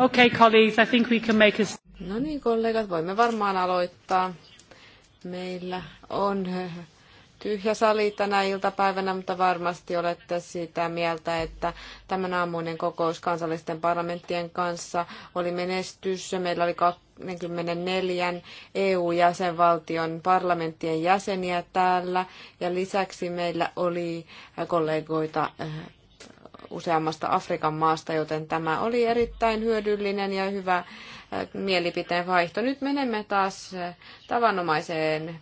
Okay, colleagues, I think we can make a... No niin, kollegat, voimme varmaan aloittaa. Meillä on tyhjä sali tänä iltapäivänä, mutta varmasti olette sitä mieltä, että tämän aamuinen kokous kansallisten parlamenttien kanssa oli menestys. Meillä oli 24 EU-jäsenvaltion parlamenttien jäseniä täällä ja lisäksi meillä oli kollegoita eh, useammasta Afrikan maasta, joten tämä oli erittäin hyödyllinen ja hyvä äh, mielipiteen vaihto. Nyt menemme taas äh, tavanomaiseen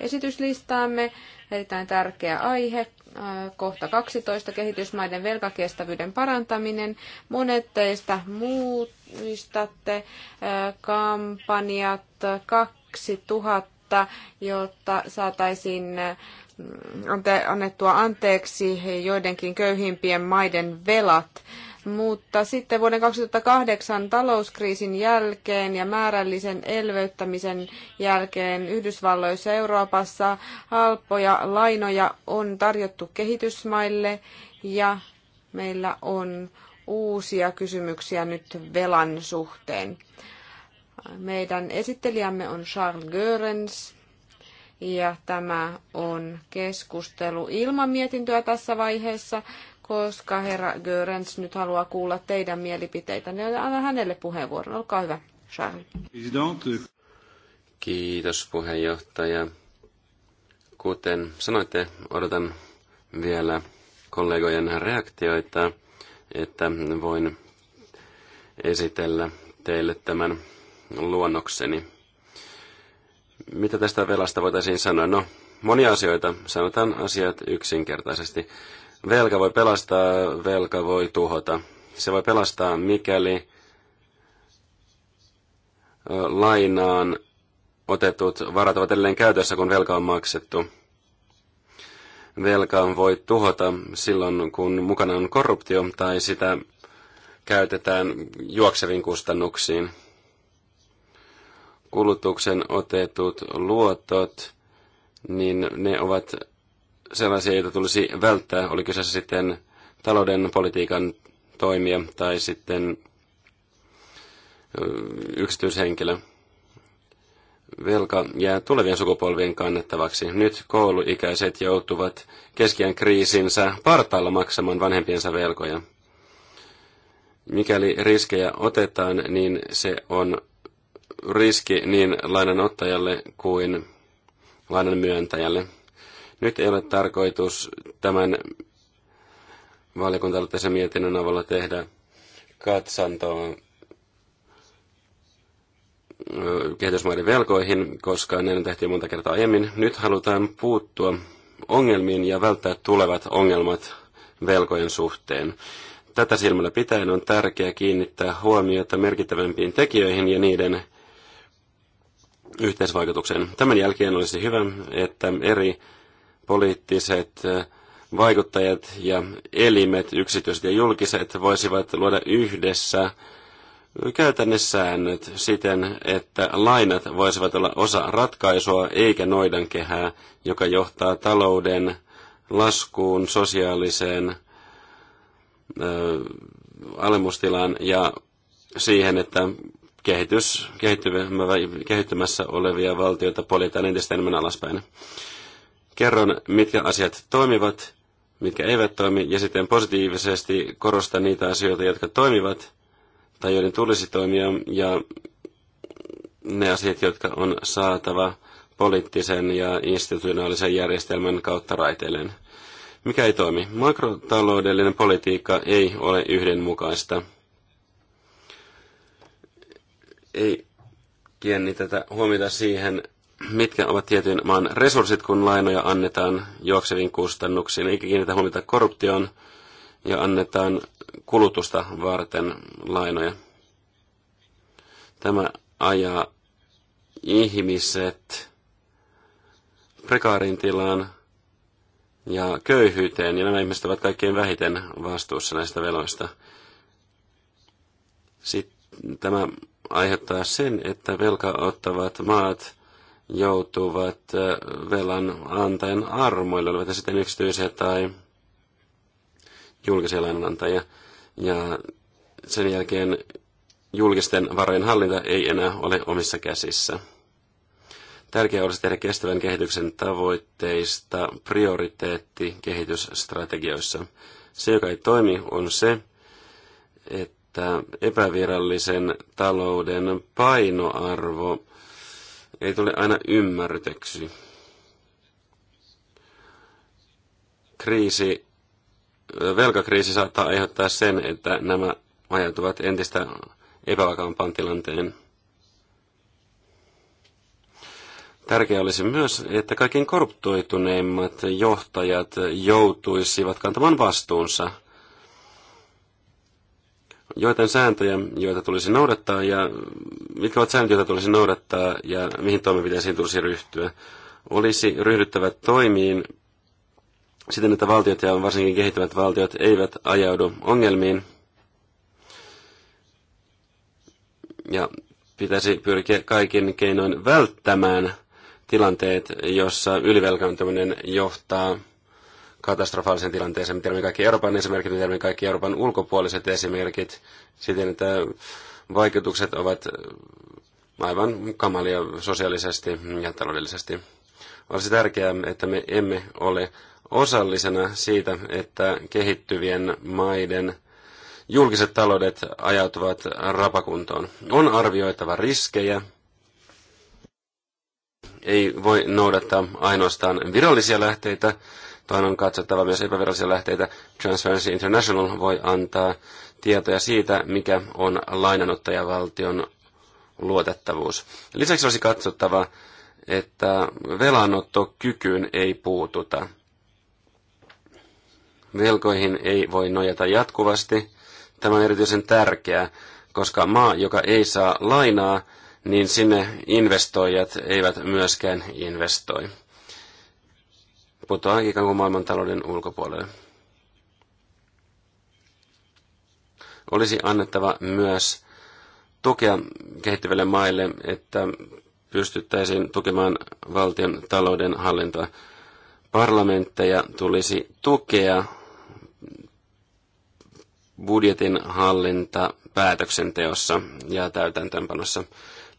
esityslistaamme. Erittäin tärkeä aihe. Äh, kohta 12. Kehitysmaiden velkakestävyyden parantaminen. Monet teistä muistatte kampanjat 2000, jotta saataisiin annettua anteeksi joidenkin köyhimpien maiden velat. Mutta sitten vuoden 2008 talouskriisin jälkeen ja määrällisen elvyttämisen jälkeen Yhdysvalloissa ja Euroopassa halpoja lainoja on tarjottu kehitysmaille ja meillä on uusia kysymyksiä nyt velan suhteen. Meidän esittelijämme on Charles Görens ja tämä on keskustelu ilman mietintöä tässä vaiheessa, koska herra Görens nyt haluaa kuulla teidän mielipiteitä. Ne anna hänelle puheenvuoron. Olkaa hyvä, Charles. Kiitos puheenjohtaja. Kuten sanoitte, odotan vielä kollegojen reaktioita, että voin esitellä teille tämän luonnokseni. Mitä tästä velasta voitaisiin sanoa? No, monia asioita. Sanotaan asiat yksinkertaisesti. Velka voi pelastaa, velka voi tuhota. Se voi pelastaa, mikäli lainaan otetut varat ovat edelleen käytössä, kun velka on maksettu. Velka voi tuhota silloin, kun mukana on korruptio tai sitä käytetään juokseviin kustannuksiin kulutuksen otetut luotot, niin ne ovat sellaisia, joita tulisi välttää, oli kyseessä sitten talouden politiikan toimia tai sitten yksityishenkilö. Velka jää tulevien sukupolvien kannettavaksi. Nyt kouluikäiset joutuvat keskiän kriisinsä partaalla maksamaan vanhempiensa velkoja. Mikäli riskejä otetaan, niin se on riski niin lainanottajalle kuin lainan myöntäjälle. Nyt ei ole tarkoitus tämän valiokunta mietinnön avulla tehdä katsantoa kehitysmaiden velkoihin, koska ne tehtiin monta kertaa aiemmin. Nyt halutaan puuttua ongelmiin ja välttää tulevat ongelmat velkojen suhteen. Tätä silmällä pitäen on tärkeää kiinnittää huomiota merkittävämpiin tekijöihin ja niiden yhteisvaikutukseen. Tämän jälkeen olisi hyvä, että eri poliittiset vaikuttajat ja elimet, yksityiset ja julkiset, voisivat luoda yhdessä käytännössäännöt siten, että lainat voisivat olla osa ratkaisua eikä noidankehää, joka johtaa talouden laskuun, sosiaaliseen ö, alemustilaan ja siihen, että kehitys, kehittymässä olevia valtioita poljetaan entistä enemmän alaspäin. Kerron, mitkä asiat toimivat, mitkä eivät toimi, ja sitten positiivisesti korostan niitä asioita, jotka toimivat tai joiden tulisi toimia, ja ne asiat, jotka on saatava poliittisen ja institutionaalisen järjestelmän kautta raiteilleen. Mikä ei toimi? Makrotaloudellinen politiikka ei ole yhdenmukaista – ei kiinnitetä huomiota siihen, mitkä ovat tietyn maan resurssit, kun lainoja annetaan juokseviin kustannuksiin, eikä kiinnitä huomiota korruptioon ja annetaan kulutusta varten lainoja. Tämä ajaa ihmiset prekaarin tilaan ja köyhyyteen, ja nämä ihmiset ovat kaikkein vähiten vastuussa näistä veloista. Sitten tämä aiheuttaa sen, että velkaottavat ottavat maat joutuvat äh, velan antajan armoille, olivat sitten yksityisiä tai julkisia lainanantajia. Ja sen jälkeen julkisten varojen hallinta ei enää ole omissa käsissä. Tärkeää olisi tehdä kestävän kehityksen tavoitteista prioriteetti kehitysstrategioissa. Se, joka ei toimi, on se, että että epävirallisen talouden painoarvo ei tule aina ymmärretyksi. Kriisi, velkakriisi saattaa aiheuttaa sen, että nämä ajautuvat entistä epävakaampaan tilanteen. Tärkeää olisi myös, että kaikkein korruptoituneimmat johtajat joutuisivat kantamaan vastuunsa – joitain sääntöjä, joita tulisi noudattaa ja mitkä ovat säännöt, joita tulisi noudattaa ja mihin toimenpiteisiin tulisi ryhtyä. Olisi ryhdyttävä toimiin siten, että valtiot ja varsinkin kehittyvät valtiot eivät ajaudu ongelmiin. Ja pitäisi pyrkiä kaikin keinoin välttämään tilanteet, jossa ylivelkaantuminen johtaa katastrofaalisen tilanteeseen. Me tiedämme kaikki Euroopan esimerkit, me tiedämme kaikki Euroopan ulkopuoliset esimerkit siten, että vaikutukset ovat aivan kamalia sosiaalisesti ja taloudellisesti. Olisi tärkeää, että me emme ole osallisena siitä, että kehittyvien maiden julkiset taloudet ajautuvat rapakuntoon. On arvioitava riskejä. Ei voi noudattaa ainoastaan virallisia lähteitä, Toin on katsottava myös epävirallisia lähteitä. Transparency International voi antaa tietoja siitä, mikä on lainanottajavaltion luotettavuus. Lisäksi olisi katsottava, että velanottokykyyn ei puututa. Velkoihin ei voi nojata jatkuvasti. Tämä on erityisen tärkeää, koska maa, joka ei saa lainaa, niin sinne investoijat eivät myöskään investoi putoaa ikään kuin maailmantalouden ulkopuolelle. Olisi annettava myös tukea kehittyville maille, että pystyttäisiin tukemaan valtion talouden hallintoa. Parlamentteja tulisi tukea budjetin hallinta päätöksenteossa ja täytäntöönpanossa.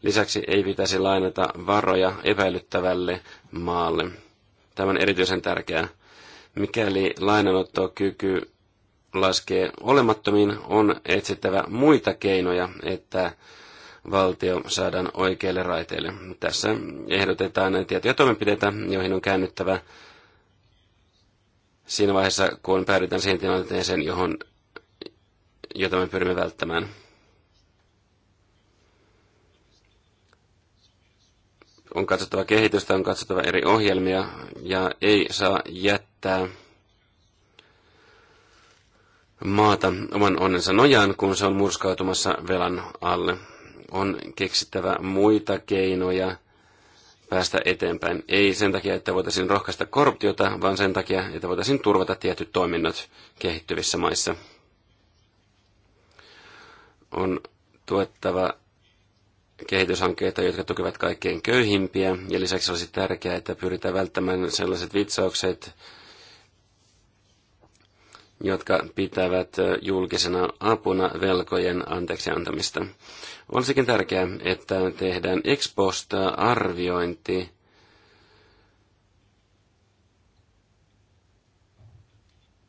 Lisäksi ei pitäisi lainata varoja epäilyttävälle maalle. Tämän erityisen tärkeää. Mikäli lainanottokyky laskee olemattomiin, on etsittävä muita keinoja, että valtio saadaan oikeille raiteille. Tässä ehdotetaan tiettyjä toimenpiteitä, joihin on käännyttävä siinä vaiheessa, kun päädytään siihen tilanteeseen, johon, jota me pyrimme välttämään. on katsottava kehitystä, on katsottava eri ohjelmia ja ei saa jättää maata oman onnensa nojaan, kun se on murskautumassa velan alle. On keksittävä muita keinoja päästä eteenpäin. Ei sen takia, että voitaisiin rohkaista korruptiota, vaan sen takia, että voitaisiin turvata tietyt toiminnot kehittyvissä maissa. On tuettava kehityshankkeita, jotka tukevat kaikkein köyhimpiä. Ja lisäksi olisi tärkeää, että pyritään välttämään sellaiset vitsaukset, jotka pitävät julkisena apuna velkojen antamista. Olisikin tärkeää, että tehdään ex arviointi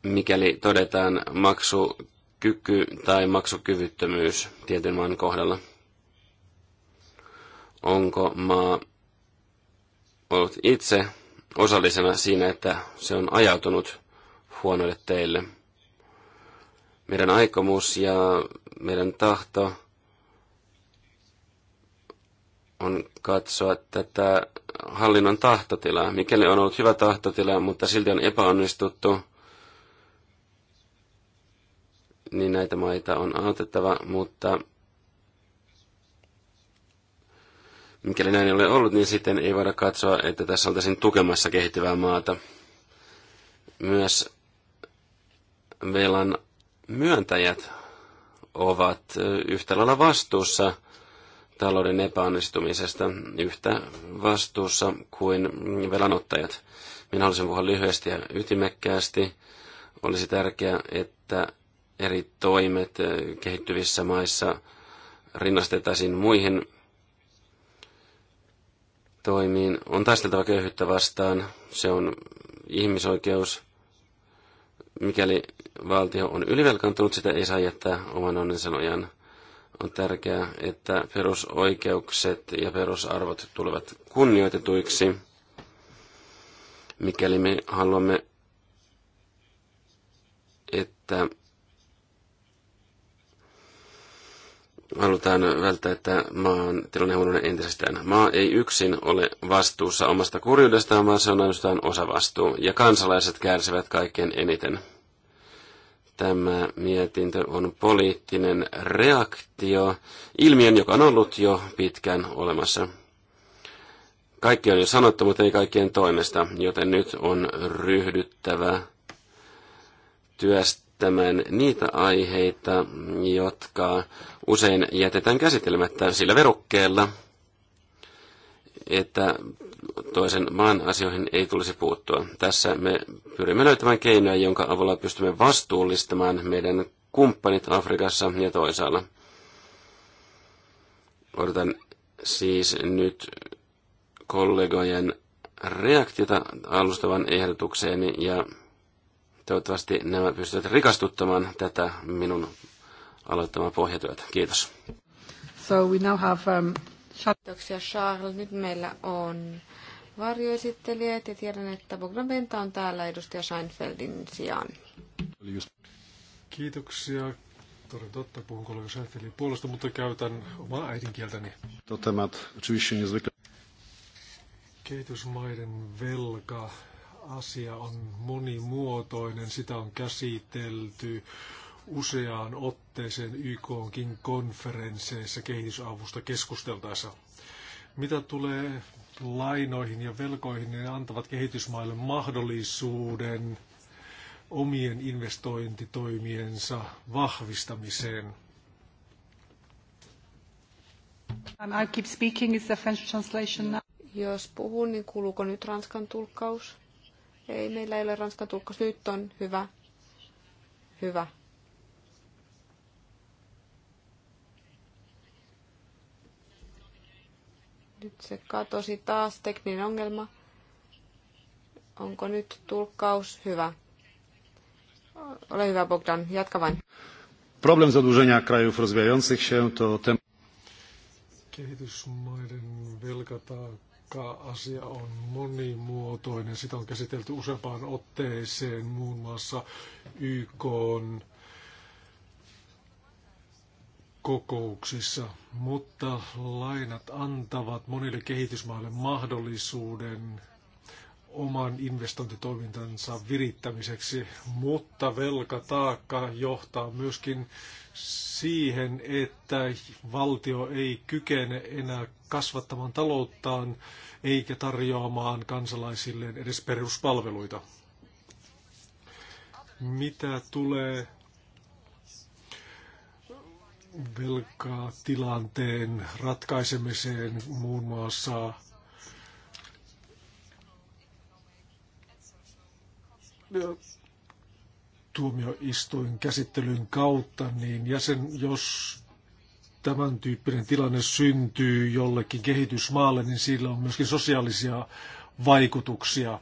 mikäli todetaan maksukyky tai maksukyvyttömyys tietyn maan kohdalla – onko maa ollut itse osallisena siinä, että se on ajautunut huonoille teille. Meidän aikomus ja meidän tahto on katsoa tätä hallinnon tahtotilaa. Mikäli on ollut hyvä tahtotila, mutta silti on epäonnistuttu, niin näitä maita on autettava, mutta Mikäli näin ei ole ollut, niin sitten ei voida katsoa, että tässä oltaisiin tukemassa kehittyvää maata. Myös velan myöntäjät ovat yhtä lailla vastuussa talouden epäonnistumisesta, yhtä vastuussa kuin velanottajat. Minä haluaisin puhua lyhyesti ja ytimekkäästi. Olisi tärkeää, että eri toimet kehittyvissä maissa rinnastettaisiin muihin toimiin. On taisteltava köyhyyttä vastaan. Se on ihmisoikeus. Mikäli valtio on ylivelkaantunut, sitä ei saa jättää oman onnensa On tärkeää, että perusoikeukset ja perusarvot tulevat kunnioitetuiksi. Mikäli me haluamme, että halutaan välttää, että maan tilanne huononee entisestään. Maa ei yksin ole vastuussa omasta kurjuudestaan, vaan se on ainoastaan vastuu. ja kansalaiset kärsivät kaikkein eniten. Tämä mietintö on poliittinen reaktio ilmiön, joka on ollut jo pitkään olemassa. Kaikki on jo sanottu, mutta ei kaikkien toimesta, joten nyt on ryhdyttävä työstä käsittämään niitä aiheita, jotka usein jätetään käsittelemättä sillä verukkeella, että toisen maan asioihin ei tulisi puuttua. Tässä me pyrimme löytämään keinoja, jonka avulla pystymme vastuullistamaan meidän kumppanit Afrikassa ja toisaalla. Odotan siis nyt kollegojen reaktiota alustavan ehdotukseeni ja Toivottavasti nämä pystyvät rikastuttamaan tätä minun aloittamaa pohjatyötä. Kiitos. So we now have, um, Kiitoksia Charles. Nyt meillä on varjoesittelijät ja tiedän, että Bogdan Venta on täällä edustaja Seinfeldin sijaan. Kiitoksia. Toden totta, puhun kollega Seinfeldin puolesta, mutta käytän omaa äidinkieltäni. oczywiście Kehitysmaiden velka asia on monimuotoinen, sitä on käsitelty useaan otteeseen YKkin konferensseissa kehitysavusta keskusteltaessa. Mitä tulee lainoihin ja velkoihin, ne antavat kehitysmaille mahdollisuuden omien investointitoimiensa vahvistamiseen. I keep speaking, the French translation now. Jos puhun, niin kuuluuko nyt ranskan tulkkaus? Ei, meillä ei ole ranskan tulkkaus. Nyt on hyvä. Hyvä. Nyt se katosi taas, tekninen ongelma. Onko nyt tulkkaus hyvä? Ole hyvä Bogdan, jatka vain. Problem zadłużenia krajów rozwijających się to tem... Kehitysmaiden velkataakka vaikka asia on monimuotoinen. Sitä on käsitelty useampaan otteeseen, muun muassa YK kokouksissa, mutta lainat antavat monille kehitysmaille mahdollisuuden oman investointitoimintansa virittämiseksi, mutta velkataakka johtaa myöskin siihen, että valtio ei kykene enää kasvattamaan talouttaan eikä tarjoamaan kansalaisilleen edes peruspalveluita. Mitä tulee velkatilanteen tilanteen ratkaisemiseen muun muassa tuomioistuin käsittelyn kautta, niin jäsen, jos tämän tyyppinen tilanne syntyy jollekin kehitysmaalle, niin sillä on myöskin sosiaalisia vaikutuksia.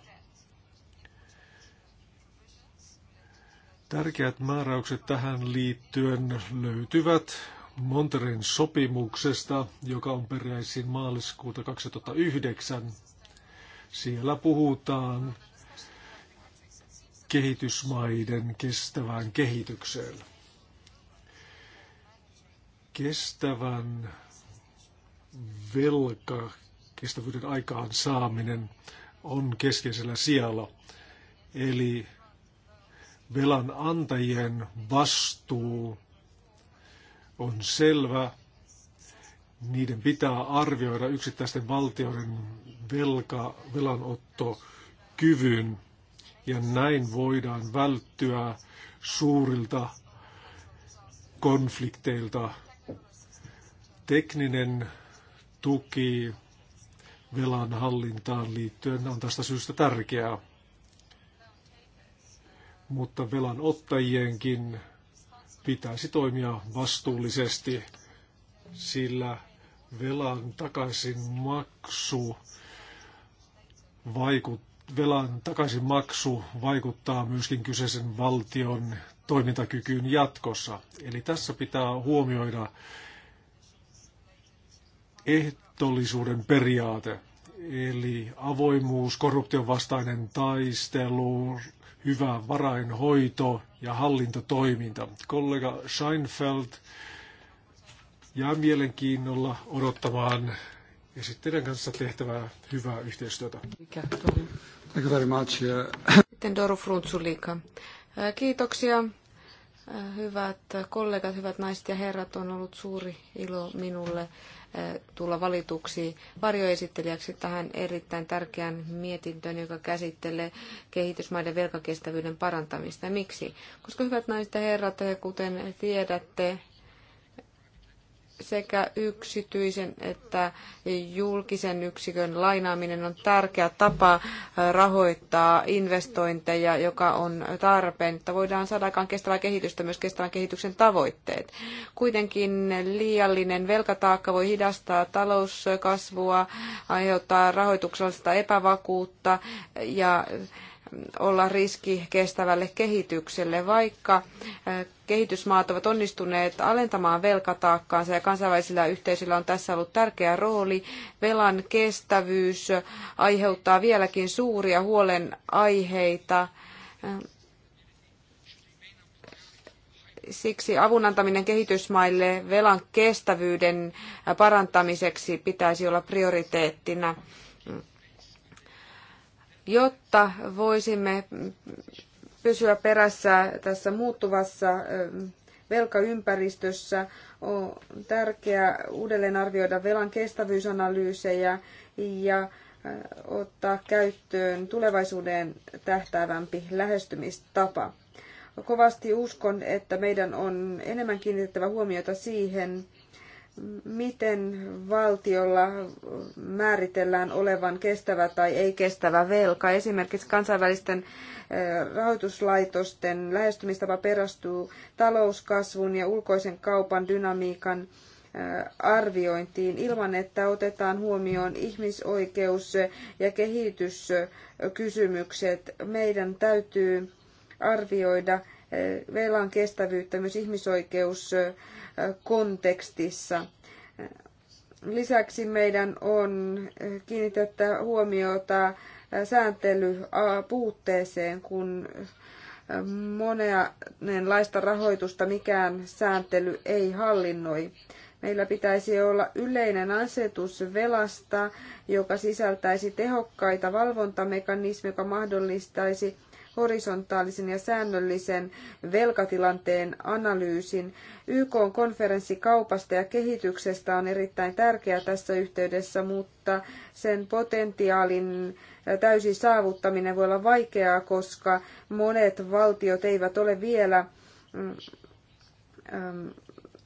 Tärkeät määräykset tähän liittyen löytyvät Monterin sopimuksesta, joka on peräisin maaliskuuta 2009. Siellä puhutaan kehitysmaiden kestävään kehitykseen. Kestävän velka, kestävyyden aikaan saaminen on keskeisellä sijalla. Eli velan antajien vastuu on selvä. Niiden pitää arvioida yksittäisten valtioiden velka, velanottokyvyn ja näin voidaan välttyä suurilta konflikteilta. Tekninen tuki velan hallintaan liittyen on tästä syystä tärkeää. Mutta velan ottajienkin pitäisi toimia vastuullisesti, sillä velan takaisin maksu vaikuttaa velan takaisinmaksu vaikuttaa myöskin kyseisen valtion toimintakykyyn jatkossa. Eli tässä pitää huomioida ehtollisuuden periaate, eli avoimuus, korruption vastainen taistelu, hyvä varainhoito ja hallintotoiminta. Kollega Scheinfeld jää mielenkiinnolla odottamaan esittelijän kanssa tehtävää hyvää yhteistyötä. Thank you very much. Uh, Sitten Doru Frunzulika. Kiitoksia. Hyvät kollegat, hyvät naiset ja herrat, on ollut suuri ilo minulle tulla valituksi varjoesittelijäksi tähän erittäin tärkeään mietintöön, joka käsittelee kehitysmaiden velkakestävyyden parantamista. Miksi? Koska hyvät naiset ja herrat, kuten tiedätte, sekä yksityisen että julkisen yksikön lainaaminen on tärkeä tapa rahoittaa investointeja, joka on tarpeen, että voidaan saada aikaan kestävää kehitystä, myös kestävän kehityksen tavoitteet. Kuitenkin liiallinen velkataakka voi hidastaa talouskasvua, aiheuttaa rahoituksellista epävakuutta ja olla riski kestävälle kehitykselle, vaikka kehitysmaat ovat onnistuneet alentamaan velkataakkaansa ja kansainvälisillä yhteisöillä on tässä ollut tärkeä rooli. Velan kestävyys aiheuttaa vieläkin suuria huolenaiheita. Siksi avun antaminen kehitysmaille velan kestävyyden parantamiseksi pitäisi olla prioriteettina jotta voisimme pysyä perässä tässä muuttuvassa velkaympäristössä. On tärkeää uudelleen arvioida velan kestävyysanalyysejä ja ottaa käyttöön tulevaisuuden tähtäävämpi lähestymistapa. Kovasti uskon, että meidän on enemmän kiinnitettävä huomiota siihen, miten valtiolla määritellään olevan kestävä tai ei kestävä velka. Esimerkiksi kansainvälisten rahoituslaitosten lähestymistapa perustuu talouskasvun ja ulkoisen kaupan dynamiikan arviointiin ilman, että otetaan huomioon ihmisoikeus- ja kehityskysymykset. Meidän täytyy arvioida velan kestävyyttä myös ihmisoikeus- kontekstissa. Lisäksi meidän on kiinnitettävä huomiota sääntelypuutteeseen, kun monenlaista rahoitusta mikään sääntely ei hallinnoi. Meillä pitäisi olla yleinen asetus velasta, joka sisältäisi tehokkaita valvontamekanismeja, joka mahdollistaisi horisontaalisen ja säännöllisen velkatilanteen analyysin. YK-konferenssi kaupasta ja kehityksestä on erittäin tärkeä tässä yhteydessä, mutta sen potentiaalin täysi saavuttaminen voi olla vaikeaa, koska monet valtiot eivät ole vielä mm,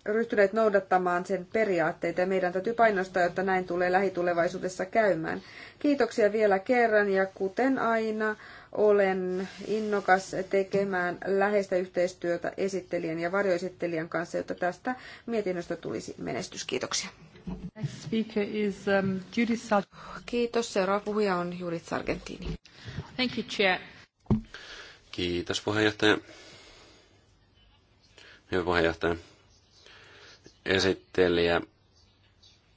ryhtyneet noudattamaan sen periaatteita ja meidän täytyy painostaa, jotta näin tulee lähitulevaisuudessa käymään. Kiitoksia vielä kerran ja kuten aina olen innokas tekemään läheistä yhteistyötä esittelijän ja varjoesittelijän kanssa, jotta tästä mietinnöstä tulisi menestys. Kiitoksia. Um, Kiitos. Seuraava puhuja on Judith Sargentini. Thank you, Chair. Kiitos puheenjohtaja. Hyvä puheenjohtaja. Esittelijä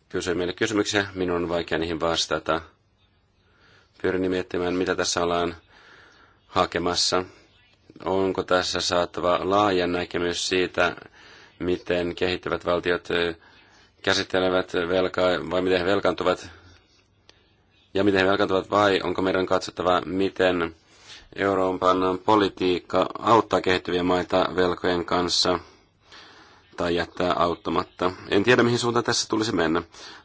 kysyi meille kysymyksiä. Minun on vaikea niihin vastata. Pyrin miettimään, mitä tässä ollaan hakemassa. Onko tässä saatava laaja näkemys siitä, miten kehittyvät valtiot käsittelevät velkaa vai miten he velkaantuvat ja miten he velkaantuvat vai onko meidän katsottava, miten Euroopan politiikka auttaa kehittyviä maita velkojen kanssa tai jättää auttamatta. En tiedä, mihin suuntaan tässä tulisi mennä.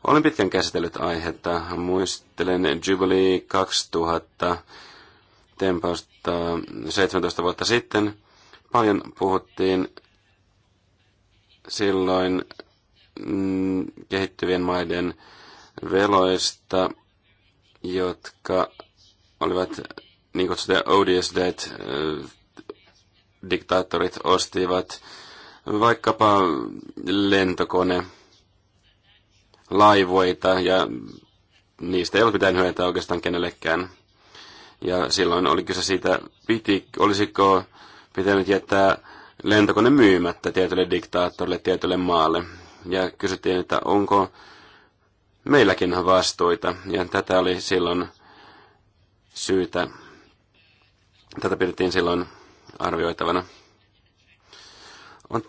Olen pitkän käsitellyt aihetta. Muistelen Jubilee 2000 tempausta 17 vuotta sitten. Paljon puhuttiin silloin mm, kehittyvien maiden veloista, jotka olivat niin kutsuttuja odious debt, diktaattorit ostivat vaikkapa lentokone, laivoita ja niistä ei ollut mitään hyötyä oikeastaan kenellekään. Ja silloin oli kyse siitä, piti, olisiko pitänyt jättää lentokone myymättä tietylle diktaattorille, tietylle maalle. Ja kysyttiin, että onko meilläkin vastuita. Ja tätä oli silloin syytä, tätä pidettiin silloin arvioitavana. On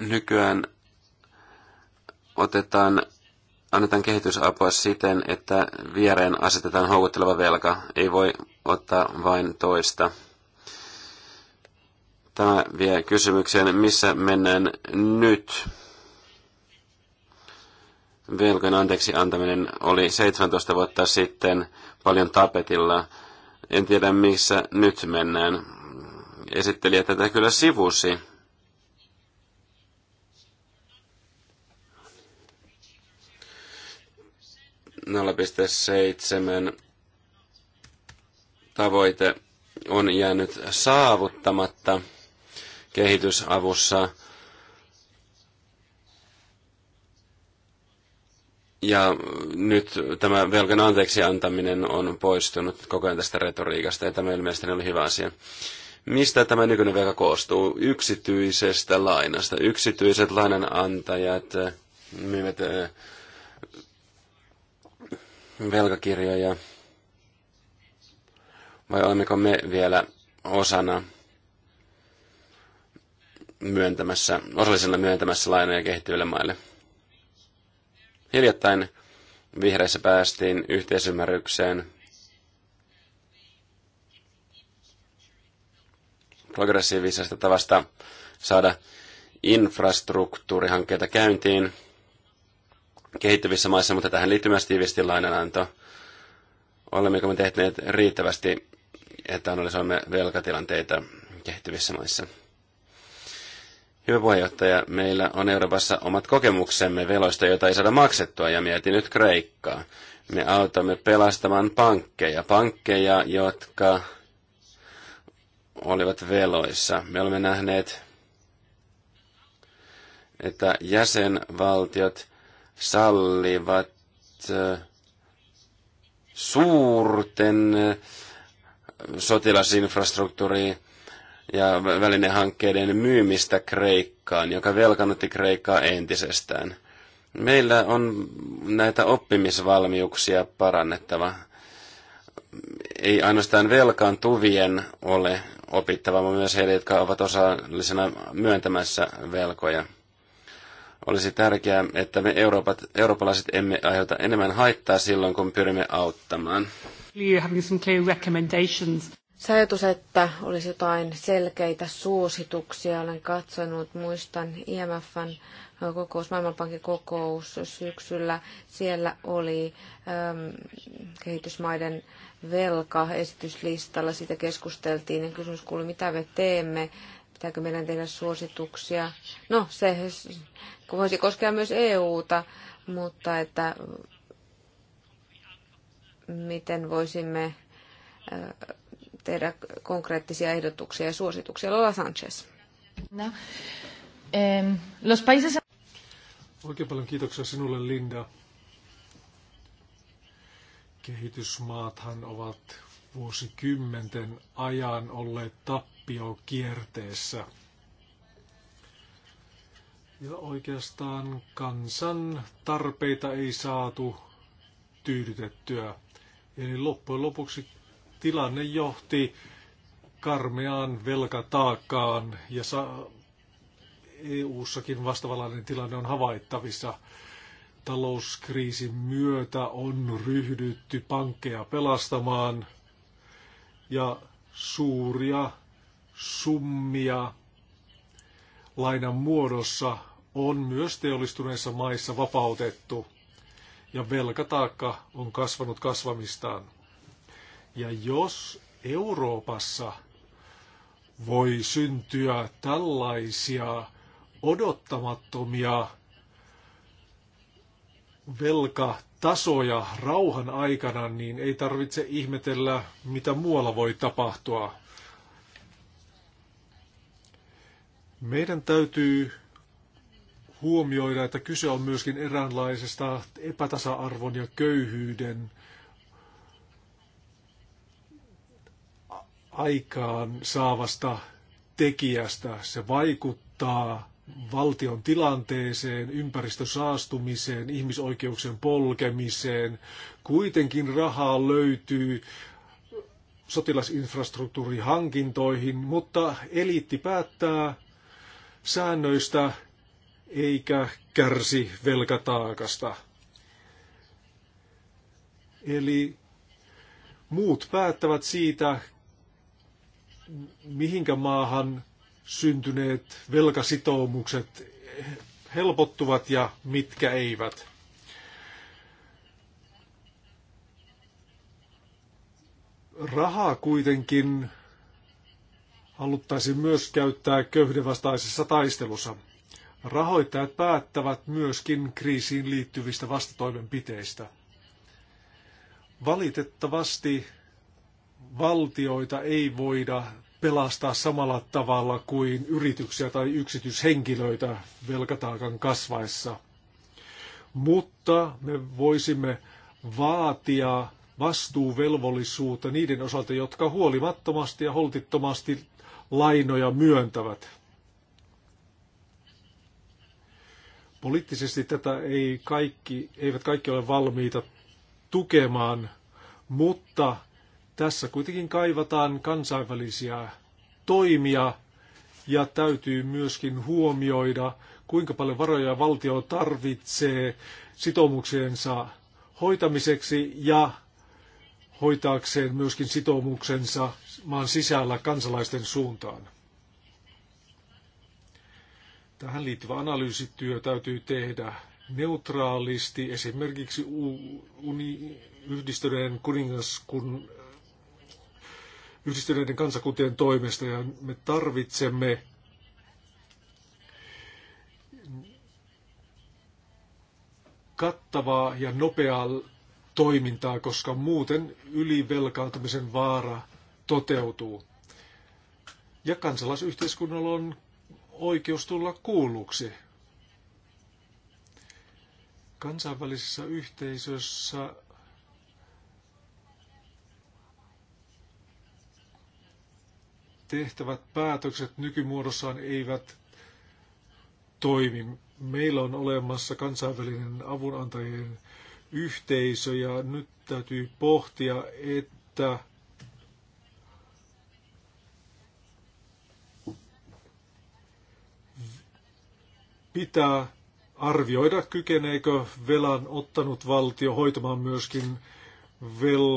nykyään otetaan annetaan kehitysapua siten, että viereen asetetaan houkutteleva velka. Ei voi ottaa vain toista. Tämä vie kysymykseen, missä mennään nyt. Velkojen anteeksi antaminen oli 17 vuotta sitten paljon tapetilla. En tiedä, missä nyt mennään. Esittelijä tätä kyllä sivusi 0,7 tavoite on jäänyt saavuttamatta kehitysavussa. Ja nyt tämä velkan anteeksi antaminen on poistunut koko ajan tästä retoriikasta, ja tämä ilmeisesti oli hyvä asia. Mistä tämä nykyinen velka koostuu? Yksityisestä lainasta. Yksityiset lainanantajat myyvät velkakirjoja, vai olemmeko me vielä osana myöntämässä, osallisena myöntämässä lainoja kehittyville maille? Hiljattain vihreissä päästiin yhteisymmärrykseen progressiivisesta tavasta saada infrastruktuurihankkeita käyntiin – kehittyvissä maissa, mutta tähän liittyy myös tiivisti lainananto. Olemmeko me tehneet riittävästi, että analysoimme velkatilanteita kehittyvissä maissa? Hyvä puheenjohtaja, meillä on Euroopassa omat kokemuksemme veloista, joita ei saada maksettua, ja mietin nyt Kreikkaa. Me autamme pelastamaan pankkeja, pankkeja, jotka olivat veloissa. Me olemme nähneet, että jäsenvaltiot sallivat äh, suurten äh, sotilasinfrastruktuuriin ja välinehankkeiden myymistä Kreikkaan, joka velkannutti Kreikkaa entisestään. Meillä on näitä oppimisvalmiuksia parannettava. Ei ainoastaan velkaantuvien ole opittava, vaan myös heille, jotka ovat osallisena myöntämässä velkoja. Olisi tärkeää, että me Euroopat, eurooppalaiset emme aiheuta enemmän haittaa silloin, kun pyrimme auttamaan. Se ajatus, että olisi jotain selkeitä suosituksia, olen katsonut, muistan IMFn kokous, Maailmanpankin kokous syksyllä. Siellä oli äm, kehitysmaiden velka esityslistalla, siitä keskusteltiin ja kysymys kuului, mitä me teemme Pitääkö meidän tehdä suosituksia? No, se voisi koskea myös EUta, mutta että miten voisimme tehdä konkreettisia ehdotuksia ja suosituksia. Lola Sanchez. No. Eh, los países... Oikein paljon kiitoksia sinulle, Linda. Kehitysmaathan ovat vuosikymmenten ajan olleet tappiokierteessä. Ja oikeastaan kansan tarpeita ei saatu tyydytettyä. Eli loppujen lopuksi tilanne johti karmeaan velkataakkaan ja sa- eu ssakin vastavallainen tilanne on havaittavissa. Talouskriisin myötä on ryhdytty pankkeja pelastamaan – ja suuria summia lainan muodossa on myös teollistuneissa maissa vapautettu ja velkataakka on kasvanut kasvamistaan. Ja jos Euroopassa voi syntyä tällaisia odottamattomia velkatasoja rauhan aikana, niin ei tarvitse ihmetellä, mitä muualla voi tapahtua. Meidän täytyy huomioida, että kyse on myöskin eräänlaisesta epätasa-arvon ja köyhyyden aikaan saavasta tekijästä. Se vaikuttaa valtion tilanteeseen, ympäristösaastumiseen, ihmisoikeuksien polkemiseen. Kuitenkin rahaa löytyy sotilasinfrastruktuurihankintoihin, mutta eliitti päättää säännöistä eikä kärsi velkataakasta. Eli muut päättävät siitä, mihinkä maahan syntyneet velkasitoumukset helpottuvat ja mitkä eivät. Rahaa kuitenkin haluttaisiin myös käyttää köyhdevastaisessa taistelussa. Rahoittajat päättävät myöskin kriisiin liittyvistä vastatoimenpiteistä. Valitettavasti valtioita ei voida pelastaa samalla tavalla kuin yrityksiä tai yksityishenkilöitä velkataakan kasvaessa. Mutta me voisimme vaatia vastuuvelvollisuutta niiden osalta, jotka huolimattomasti ja holtittomasti lainoja myöntävät. Poliittisesti tätä ei kaikki, eivät kaikki ole valmiita tukemaan, mutta tässä kuitenkin kaivataan kansainvälisiä toimia ja täytyy myöskin huomioida, kuinka paljon varoja valtio tarvitsee sitoumuksiensa hoitamiseksi ja hoitaakseen myöskin sitoumuksensa maan sisällä kansalaisten suuntaan. Tähän liittyvä analyysityö täytyy tehdä neutraalisti esimerkiksi yhdistyneen kuningaskunnan yhdistyneiden kansakuntien toimesta ja me tarvitsemme kattavaa ja nopeaa toimintaa, koska muuten ylivelkaantumisen vaara toteutuu. Ja kansalaisyhteiskunnalla on oikeus tulla kuulluksi. Kansainvälisessä yhteisössä tehtävät päätökset nykymuodossaan eivät toimi. Meillä on olemassa kansainvälinen avunantajien yhteisö ja nyt täytyy pohtia, että pitää arvioida, kykeneekö velan ottanut valtio hoitamaan myöskin vel,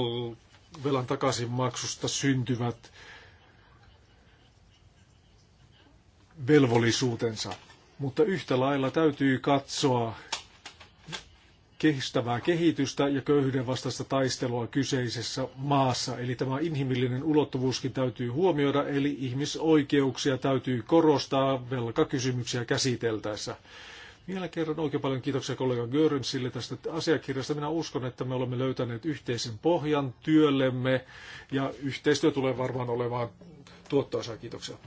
velan takaisinmaksusta syntyvät velvollisuutensa. Mutta yhtä lailla täytyy katsoa kestävää kehitystä ja köyhyyden vastaista taistelua kyseisessä maassa. Eli tämä inhimillinen ulottuvuuskin täytyy huomioida, eli ihmisoikeuksia täytyy korostaa velkakysymyksiä käsiteltäessä. Vielä kerran oikein paljon kiitoksia kollega Görymsille tästä asiakirjasta. Minä uskon, että me olemme löytäneet yhteisen pohjan työllemme ja yhteistyö tulee varmaan olemaan tuottoisaa. Kiitoksia.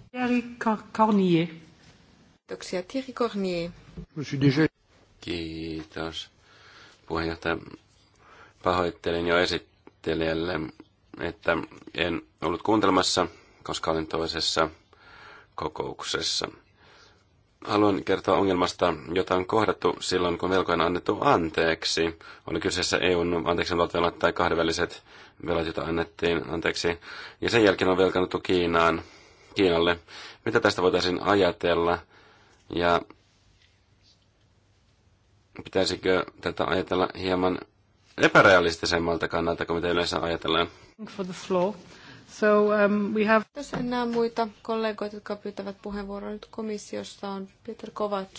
Cornier. Kiitoksia. Thierry Cornier. Kiitos. Puheenjohtaja, pahoittelen jo esittelijälle, että en ollut kuuntelemassa, koska olin toisessa kokouksessa. Haluan kertoa ongelmasta, jota on kohdattu silloin, kun velkoja on annettu anteeksi. Oli kyseessä EUn anteeksi velat tai kahdenväliset velat, joita annettiin anteeksi. Ja sen jälkeen on velkannuttu Kiinaan, Kiinalle. Mitä tästä voitaisiin ajatella? Ja pitäisikö tätä ajatella hieman epärealistisemmalta kannalta kuin mitä yleensä ajatellaan? For the So, um, we have... muita kollegoita, jotka pyytävät puheenvuoroa nyt komissiossa, on Peter Kovac.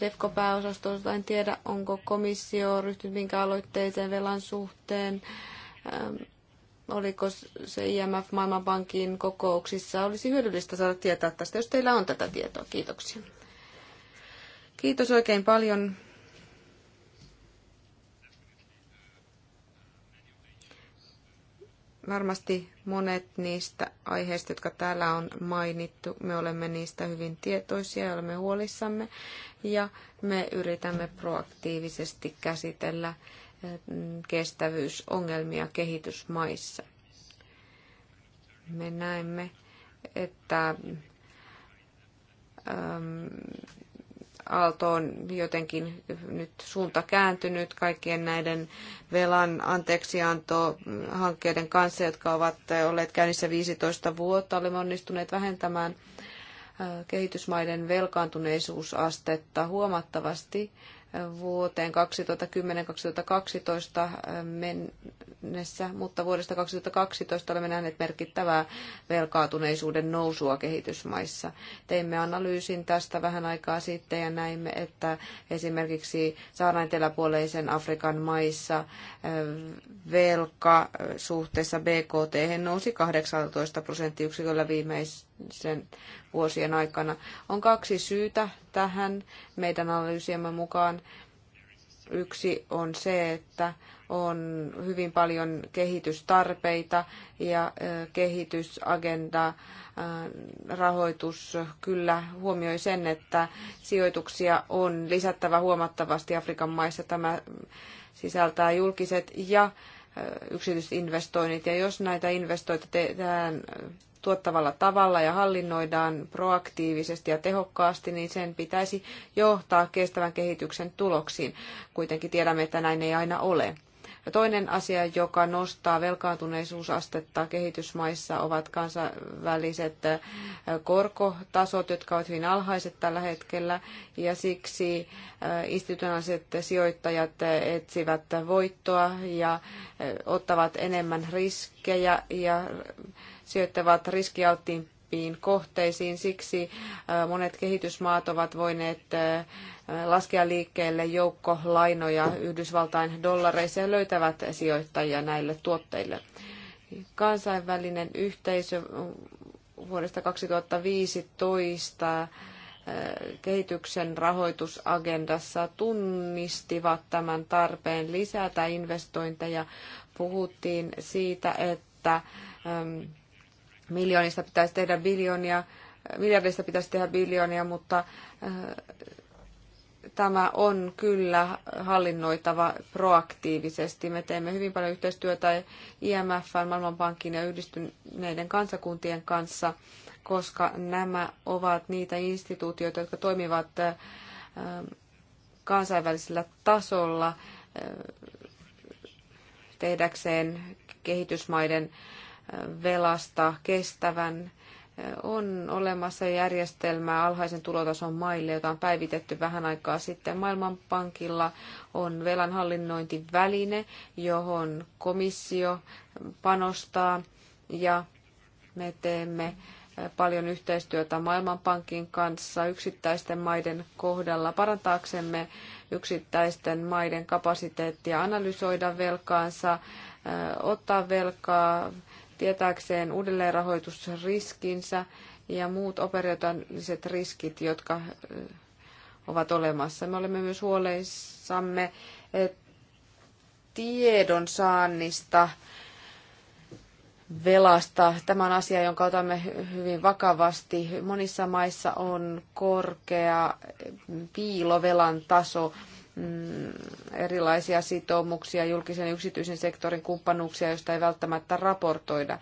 DEFCO-pääosastosta en tiedä, onko komissio ryhtynyt minkä aloitteeseen velan suhteen. Ähm, oliko se IMF Maailmanpankin kokouksissa? Olisi hyödyllistä saada tietää tästä, jos teillä on tätä tietoa. Kiitoksia. Kiitos oikein paljon Varmasti monet niistä aiheista, jotka täällä on mainittu, me olemme niistä hyvin tietoisia ja olemme huolissamme. Ja me yritämme proaktiivisesti käsitellä eh, kestävyysongelmia kehitysmaissa. Me näemme, että ehm, aalto on jotenkin nyt suunta kääntynyt kaikkien näiden velan anteeksianto-hankkeiden kanssa, jotka ovat olleet käynnissä 15 vuotta. Olemme onnistuneet vähentämään kehitysmaiden velkaantuneisuusastetta huomattavasti vuoteen 2010-2012 mennessä, mutta vuodesta 2012 olemme nähneet merkittävää velkaatuneisuuden nousua kehitysmaissa. Teimme analyysin tästä vähän aikaa sitten ja näimme, että esimerkiksi Saaran eteläpuoleisen Afrikan maissa velka suhteessa BKT nousi 18 prosenttiyksiköllä viimeisen vuosien aikana. On kaksi syytä tähän meidän analyysiemme mukaan. Yksi on se, että on hyvin paljon kehitystarpeita ja kehitysagenda rahoitus kyllä huomioi sen, että sijoituksia on lisättävä huomattavasti Afrikan maissa. Tämä sisältää julkiset ja yksityiset investoinnit. Ja jos näitä investoita tehdään tuottavalla tavalla ja hallinnoidaan proaktiivisesti ja tehokkaasti, niin sen pitäisi johtaa kestävän kehityksen tuloksiin. Kuitenkin tiedämme, että näin ei aina ole. Ja toinen asia, joka nostaa velkaantuneisuusastetta kehitysmaissa, ovat kansainväliset äh, korkotasot, jotka ovat hyvin alhaiset tällä hetkellä, ja siksi äh, institutionaaliset sijoittajat äh, etsivät voittoa ja ottavat enemmän riskejä ja sijoittavat riskialttiin tarkempiin kohteisiin. Siksi monet kehitysmaat ovat voineet laskea liikkeelle joukko lainoja Yhdysvaltain dollareissa ja löytävät sijoittajia näille tuotteille. Kansainvälinen yhteisö vuodesta 2015 kehityksen rahoitusagendassa tunnistivat tämän tarpeen lisätä investointeja. Puhuttiin siitä, että miljoonista pitäisi tehdä biljoonia, miljardista pitäisi tehdä biljoonia, mutta äh, tämä on kyllä hallinnoitava proaktiivisesti. Me teemme hyvin paljon yhteistyötä IMF, Maailmanpankin ja yhdistyneiden kansakuntien kanssa, koska nämä ovat niitä instituutioita, jotka toimivat äh, kansainvälisellä tasolla äh, tehdäkseen kehitysmaiden velasta kestävän. On olemassa järjestelmää alhaisen tulotason maille, jota on päivitetty vähän aikaa sitten. Maailmanpankilla on velanhallinnointiväline, johon komissio panostaa ja me teemme paljon yhteistyötä Maailmanpankin kanssa yksittäisten maiden kohdalla parantaaksemme yksittäisten maiden kapasiteettia analysoida velkaansa, ottaa velkaa, tietääkseen uudelleenrahoitusriskinsä ja muut operatiiviset riskit, jotka ovat olemassa. Me olemme myös huoleissamme tiedon saannista velasta. Tämä on asia, jonka otamme hyvin vakavasti. Monissa maissa on korkea piilovelan taso, Mm, erilaisia sitoumuksia, julkisen ja yksityisen sektorin kumppanuuksia, joista ei välttämättä raportoida.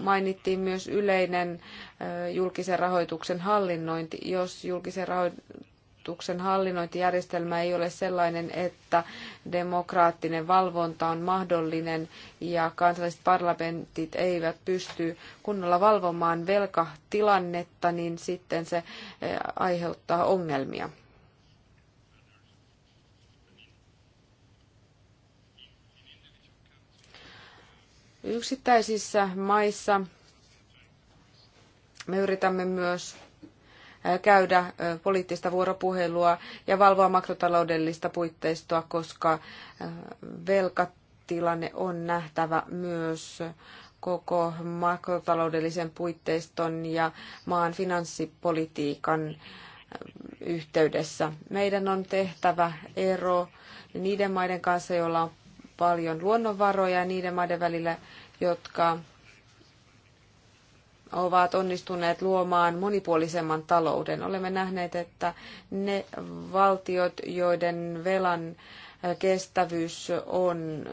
Mainittiin myös yleinen julkisen rahoituksen hallinnointi. Jos julkisen rahoituksen hallinnointijärjestelmä ei ole sellainen, että demokraattinen valvonta on mahdollinen ja kansalliset parlamentit eivät pysty kunnolla valvomaan velkatilannetta, niin sitten se aiheuttaa ongelmia. Yksittäisissä maissa me yritämme myös käydä poliittista vuoropuhelua ja valvoa makrotaloudellista puitteistoa, koska velkatilanne on nähtävä myös koko makrotaloudellisen puitteiston ja maan finanssipolitiikan yhteydessä. Meidän on tehtävä ero niiden maiden kanssa, joilla on paljon luonnonvaroja niiden maiden välillä, jotka ovat onnistuneet luomaan monipuolisemman talouden. Olemme nähneet, että ne valtiot, joiden velan kestävyys on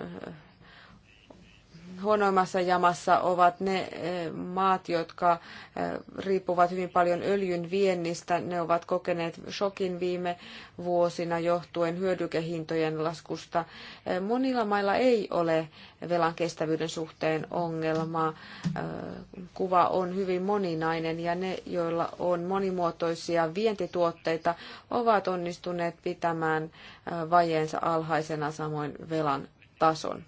huonoimmassa jamassa ovat ne eh, maat, jotka eh, riippuvat hyvin paljon öljyn viennistä. Ne ovat kokeneet shokin viime vuosina johtuen hyödykehintojen laskusta. Eh, monilla mailla ei ole velan kestävyyden suhteen ongelmaa. Kuva on hyvin moninainen ja ne, joilla on monimuotoisia vientituotteita, ovat onnistuneet pitämään vajeensa alhaisena samoin velan tason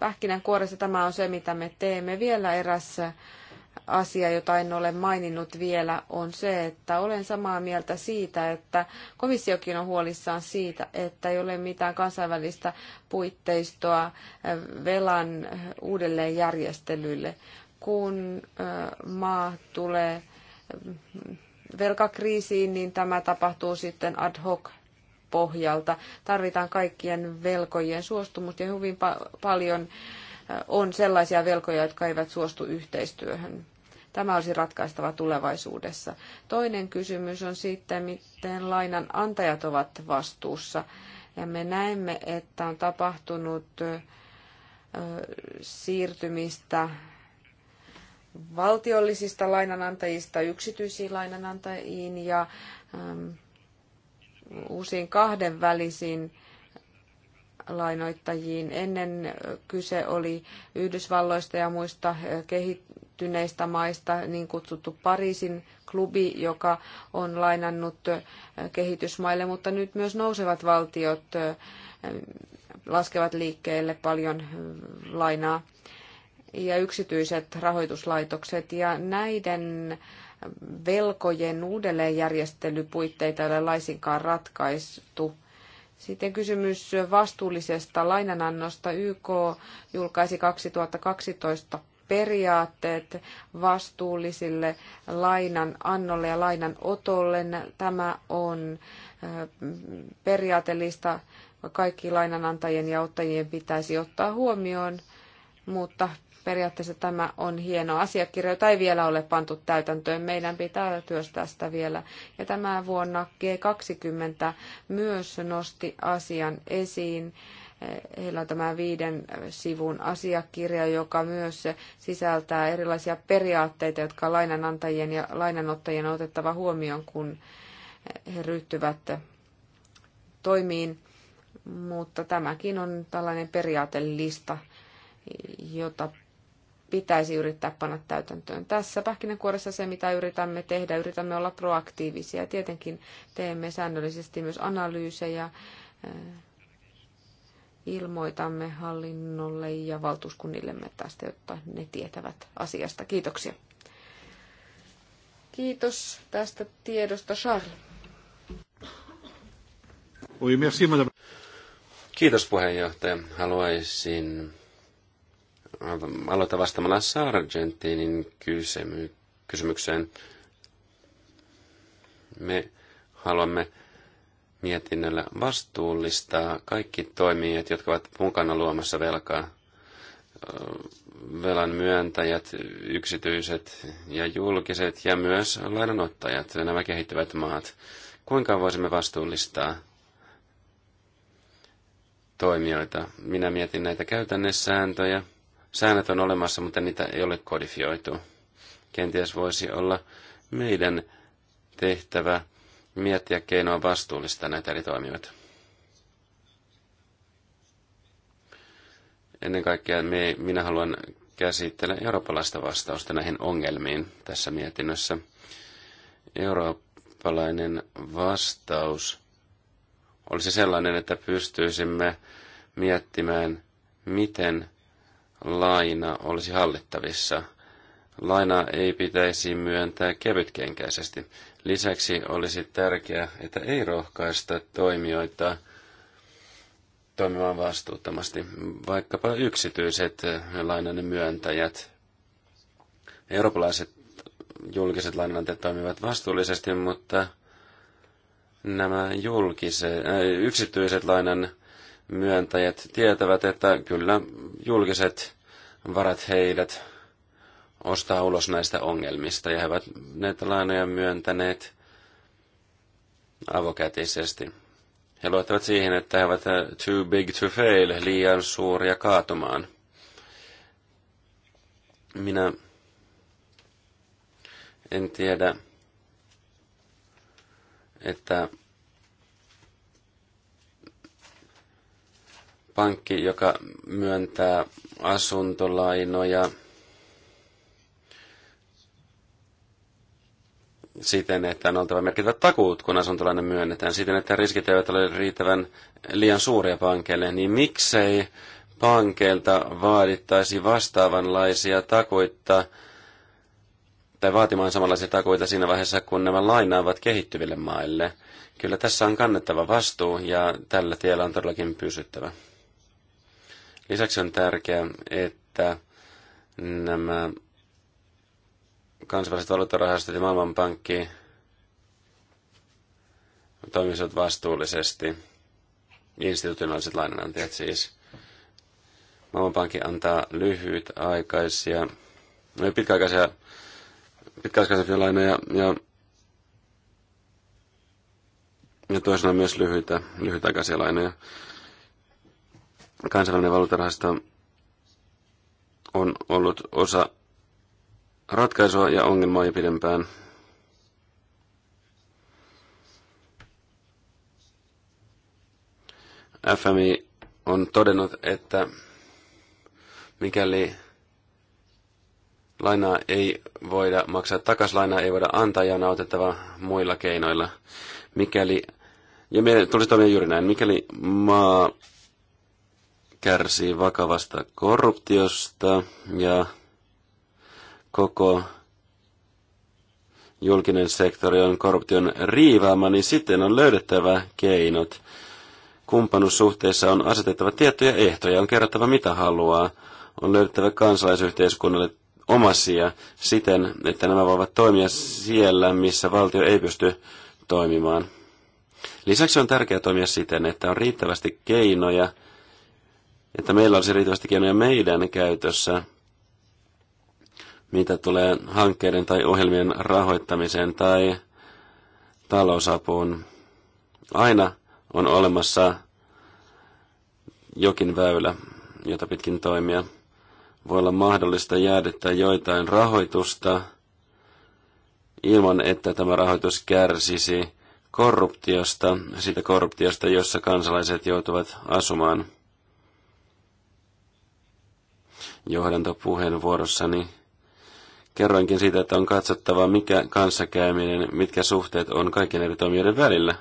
pähkinänkuoressa tämä on se, mitä me teemme. Vielä eräs asia, jota en ole maininnut vielä, on se, että olen samaa mieltä siitä, että komissiokin on huolissaan siitä, että ei ole mitään kansainvälistä puitteistoa äh, velan uudelleenjärjestelylle, kun maa tulee mm, velkakriisiin, niin tämä tapahtuu sitten ad hoc pohjalta. Tarvitaan kaikkien velkojen suostumus ja hyvin pa- paljon on sellaisia velkoja, jotka eivät suostu yhteistyöhön. Tämä olisi ratkaistava tulevaisuudessa. Toinen kysymys on sitten, miten lainan antajat ovat vastuussa. Ja me näemme, että on tapahtunut siirtymistä valtiollisista lainanantajista yksityisiin lainanantajiin ja uusiin kahdenvälisiin lainoittajiin. Ennen kyse oli Yhdysvalloista ja muista kehittyneistä maista, niin kutsuttu Pariisin klubi, joka on lainannut kehitysmaille, mutta nyt myös nousevat valtiot laskevat liikkeelle paljon lainaa ja yksityiset rahoituslaitokset. Ja näiden velkojen uudelleenjärjestelypuitteita ei ole laisinkaan ratkaistu. Sitten kysymys vastuullisesta lainanannosta. YK julkaisi 2012 periaatteet vastuullisille lainan annolle ja lainan otolle. Tämä on periaatelista kaikki lainanantajien ja ottajien pitäisi ottaa huomioon, mutta periaatteessa tämä on hieno asiakirja, jota ei vielä ole pantu täytäntöön. Meidän pitää työstää sitä vielä. Ja tämä vuonna G20 myös nosti asian esiin. Heillä on tämä viiden sivun asiakirja, joka myös sisältää erilaisia periaatteita, jotka lainanantajien ja lainanottajien on otettava huomioon, kun he ryhtyvät toimiin. Mutta tämäkin on tällainen periaatelista, jota pitäisi yrittää panna täytäntöön. Tässä pähkinänkuoressa se, mitä yritämme tehdä, yritämme olla proaktiivisia. Tietenkin teemme säännöllisesti myös analyysejä, eh, ilmoitamme hallinnolle ja valtuuskunnillemme tästä, jotta ne tietävät asiasta. Kiitoksia. Kiitos tästä tiedosta, Charles. Kiitos puheenjohtaja. Haluaisin aloita vastaamalla Sargentinin kysymy- kysymykseen. Me haluamme mietinnöllä vastuullistaa kaikki toimijat, jotka ovat mukana luomassa velkaa. Velan myöntäjät, yksityiset ja julkiset ja myös lainanottajat, nämä kehittyvät maat. Kuinka voisimme vastuullistaa toimijoita? Minä mietin näitä käytännössääntöjä. sääntöjä Säännöt on olemassa, mutta niitä ei ole kodifioitu. Kenties voisi olla meidän tehtävä miettiä keinoa vastuullista näitä eri toimijoita. Ennen kaikkea me, minä haluan käsitellä eurooppalaista vastausta näihin ongelmiin tässä mietinnössä. Eurooppalainen vastaus olisi sellainen, että pystyisimme miettimään, miten laina olisi hallittavissa. Laina ei pitäisi myöntää kevytkenkäisesti. Lisäksi olisi tärkeää, että ei rohkaista toimijoita toimimaan vastuuttomasti, vaikkapa yksityiset lainan myöntäjät. Eurooppalaiset julkiset lainanantajat toimivat vastuullisesti, mutta nämä julkise, äh, yksityiset lainan myöntäjät tietävät, että kyllä julkiset varat heidät ostaa ulos näistä ongelmista, ja he ovat näitä lainoja myöntäneet avokätisesti. He luottavat siihen, että he ovat eh, too big to fail, liian suuria kaatumaan. Minä en tiedä, että pankki, joka myöntää asuntolainoja siten, että on oltava merkittävät takuut, kun asuntolainen myönnetään, siten, että riskit eivät ole riittävän liian suuria pankeille, niin miksei pankeilta vaadittaisi vastaavanlaisia takuita tai vaatimaan samanlaisia takuita siinä vaiheessa, kun nämä lainaavat kehittyville maille. Kyllä tässä on kannettava vastuu ja tällä tiellä on todellakin pysyttävä. Lisäksi on tärkeää, että nämä kansainväliset valuuttarahastot ja maailmanpankki toimisivat vastuullisesti. Institutionaaliset lainanantajat siis. Maailmanpankki antaa lyhytaikaisia, no, pitkäaikaisia, pitkäaikaisia lainoja ja, ja toisena myös lyhyitä, lyhytaikaisia lainoja. Kansainvälinen valuutarahasto on ollut osa ratkaisua ja ongelmaa jo pidempään. FMI on todennut, että mikäli lainaa ei voida maksaa takaisin, lainaa ei voida antaa ja on autettava muilla keinoilla. Mikäli, ja meidän tulisi toimia juuri näin, mikäli maa kärsii vakavasta korruptiosta ja koko julkinen sektori on korruption riivaama, niin sitten on löydettävä keinot. kumppanussuhteissa on asetettava tiettyjä ehtoja, on kerrottava mitä haluaa, on löydettävä kansalaisyhteiskunnalle omasia siten, että nämä voivat toimia siellä, missä valtio ei pysty toimimaan. Lisäksi on tärkeää toimia siten, että on riittävästi keinoja että meillä olisi riittävästi keinoja meidän käytössä, mitä tulee hankkeiden tai ohjelmien rahoittamiseen tai talousapuun. Aina on olemassa jokin väylä, jota pitkin toimia. Voi olla mahdollista jäädyttää joitain rahoitusta ilman, että tämä rahoitus kärsisi korruptiosta, siitä korruptiosta, jossa kansalaiset joutuvat asumaan – johdantopuheenvuorossani kerroinkin siitä, että on katsottava, mikä kanssakäyminen, mitkä suhteet on kaiken eri toimijoiden välillä.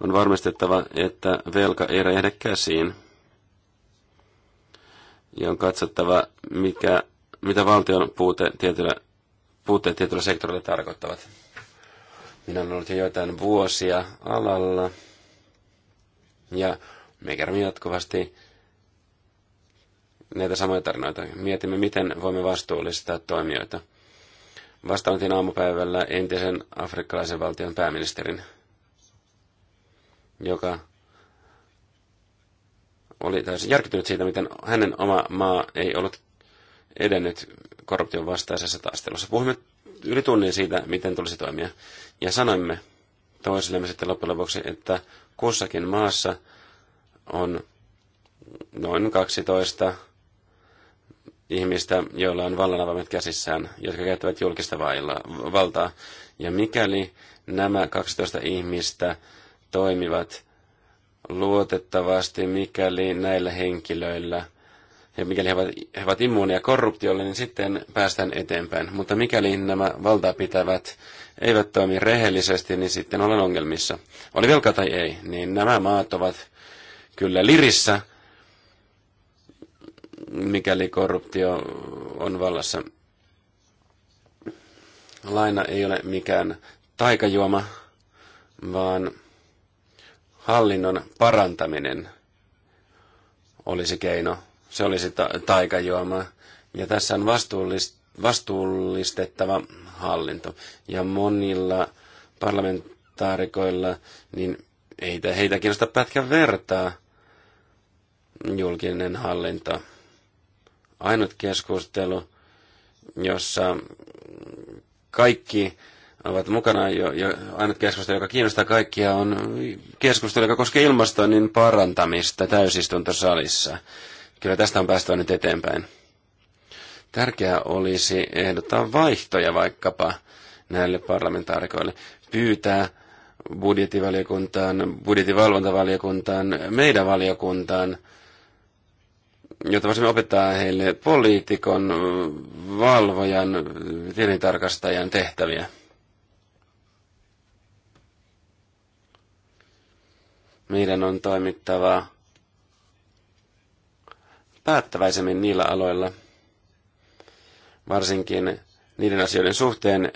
On varmistettava, että velka ei räjähdä käsiin. Ja on katsottava, mikä, mitä valtion puute tietyllä, puutteet tietyllä sektorilla tarkoittavat. Minä olen ollut jo joitain vuosia alalla. Ja me kerromme jatkuvasti näitä samoja tarinoita. Mietimme, miten voimme vastuullistaa toimijoita. Vastaantin aamupäivällä entisen afrikkalaisen valtion pääministerin, joka oli täysin järkytynyt siitä, miten hänen oma maa ei ollut edennyt korruption vastaisessa taistelussa. Puhumme yli tunnin siitä, miten tulisi toimia. Ja sanoimme toisillemme sitten loppujen lopuksi, että kussakin maassa on noin 12 ihmistä, joilla on vallanavaimet käsissään, jotka käyttävät julkista valtaa. Ja mikäli nämä 12 ihmistä toimivat luotettavasti, mikäli näillä henkilöillä, ja mikäli he ovat, he ovat immuunia korruptiolle, niin sitten päästään eteenpäin. Mutta mikäli nämä valtaa pitävät eivät toimi rehellisesti, niin sitten olen ongelmissa. Oli velka tai ei, niin nämä maat ovat kyllä lirissä – mikäli korruptio on vallassa. Laina ei ole mikään taikajuoma, vaan hallinnon parantaminen olisi keino. Se olisi ta- taikajuoma. Ja tässä on vastuullista vastuullistettava hallinto. Ja monilla parlamentaarikoilla, niin ei heitä kiinnosta pätkän vertaa julkinen hallinto ainut keskustelu, jossa kaikki ovat mukana, jo, jo, ainut keskustelu, joka kiinnostaa kaikkia, on keskustelu, joka koskee ilmastoinnin parantamista täysistuntosalissa. Kyllä tästä on päästävä nyt eteenpäin. Tärkeää olisi ehdottaa vaihtoja vaikkapa näille parlamentaarikoille. Pyytää budjettivaliokuntaan, budjettivalvontavaliokuntaan, meidän valiokuntaan – jota voisimme opettaa heille poliitikon, valvojan, tilintarkastajan tehtäviä. Meidän on toimittava päättäväisemmin niillä aloilla, varsinkin niiden asioiden suhteen,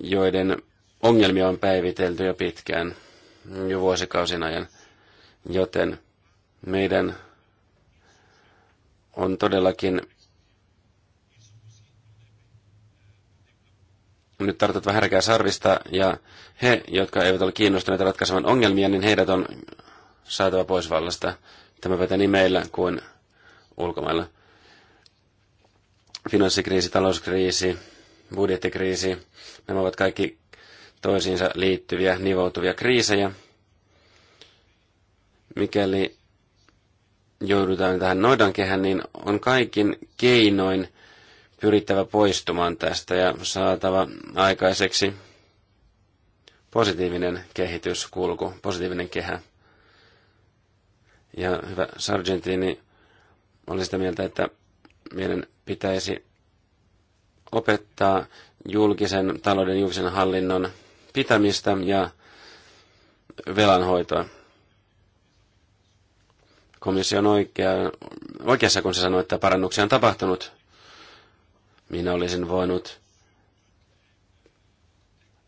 joiden ongelmia on päivitelty jo pitkään, jo vuosikausin ajan, joten – meidän on todellakin nyt tartut vähän härkää sarvista, ja he, jotka eivät ole kiinnostuneita ratkaisemaan ongelmia, niin heidät on saatava pois vallasta. Tämä pätee niin meillä kuin ulkomailla. Finanssikriisi, talouskriisi, budjettikriisi, nämä ovat kaikki toisiinsa liittyviä, nivoutuvia kriisejä. Mikäli joudutaan tähän noidankehään, niin on kaikin keinoin pyrittävä poistumaan tästä ja saatava aikaiseksi positiivinen kehityskulku, positiivinen kehä. Ja hyvä Sargentini oli sitä mieltä, että meidän pitäisi opettaa julkisen talouden, julkisen hallinnon pitämistä ja velanhoitoa komissio on oikea, oikeassa, kun se sanoi, että parannuksia on tapahtunut. Minä olisin voinut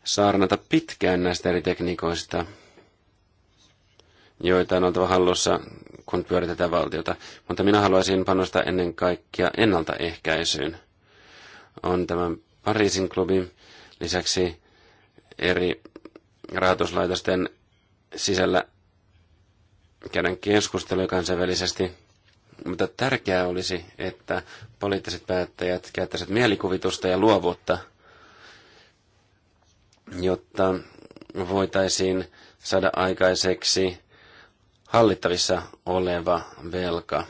saarnata pitkään näistä eri tekniikoista, joita on oltava hallussa, kun pyöritetään valtiota. Mutta minä haluaisin panostaa ennen kaikkea ennaltaehkäisyyn. On tämän Pariisin klubin lisäksi eri rahoituslaitosten sisällä käydään keskustelua kansainvälisesti, mutta tärkeää olisi, että poliittiset päättäjät käyttäisivät mielikuvitusta ja luovuutta, jotta voitaisiin saada aikaiseksi hallittavissa oleva velka.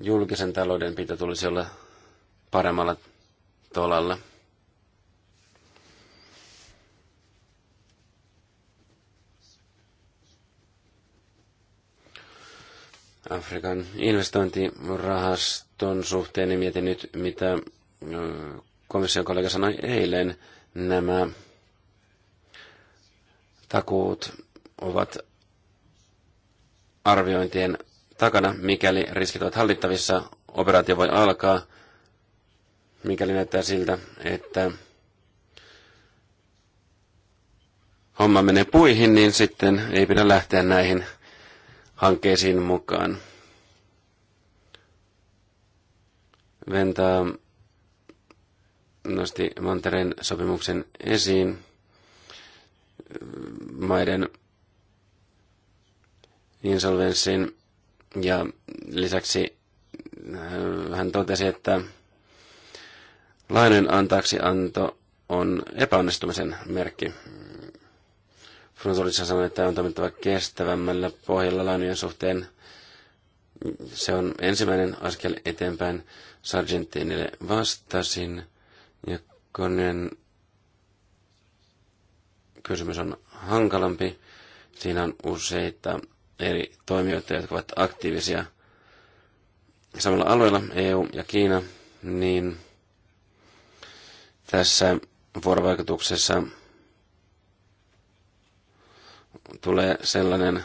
Julkisen talouden pitä tulisi olla paremmalla tolalla. Afrikan investointirahaston suhteen, niin mietin nyt, mitä komission kollega sanoi eilen. Nämä takuut ovat arviointien takana, mikäli riskit ovat hallittavissa, operaatio voi alkaa, mikäli näyttää siltä, että homma menee puihin, niin sitten ei pidä lähteä näihin hankkeisiin mukaan. Ventaa nosti Mantereen sopimuksen esiin maiden insolvenssin ja lisäksi äh, hän totesi, että lainojen antaaksi anto on epäonnistumisen merkki. Olitsa sanoi, että on toimittava kestävämmällä pohjalla lainojen suhteen. Se on ensimmäinen askel eteenpäin. Sargentinille vastasin. Ja konen kysymys on hankalampi. Siinä on useita eri toimijoita, jotka ovat aktiivisia samalla alueella, EU ja Kiina, niin tässä vuorovaikutuksessa tulee sellainen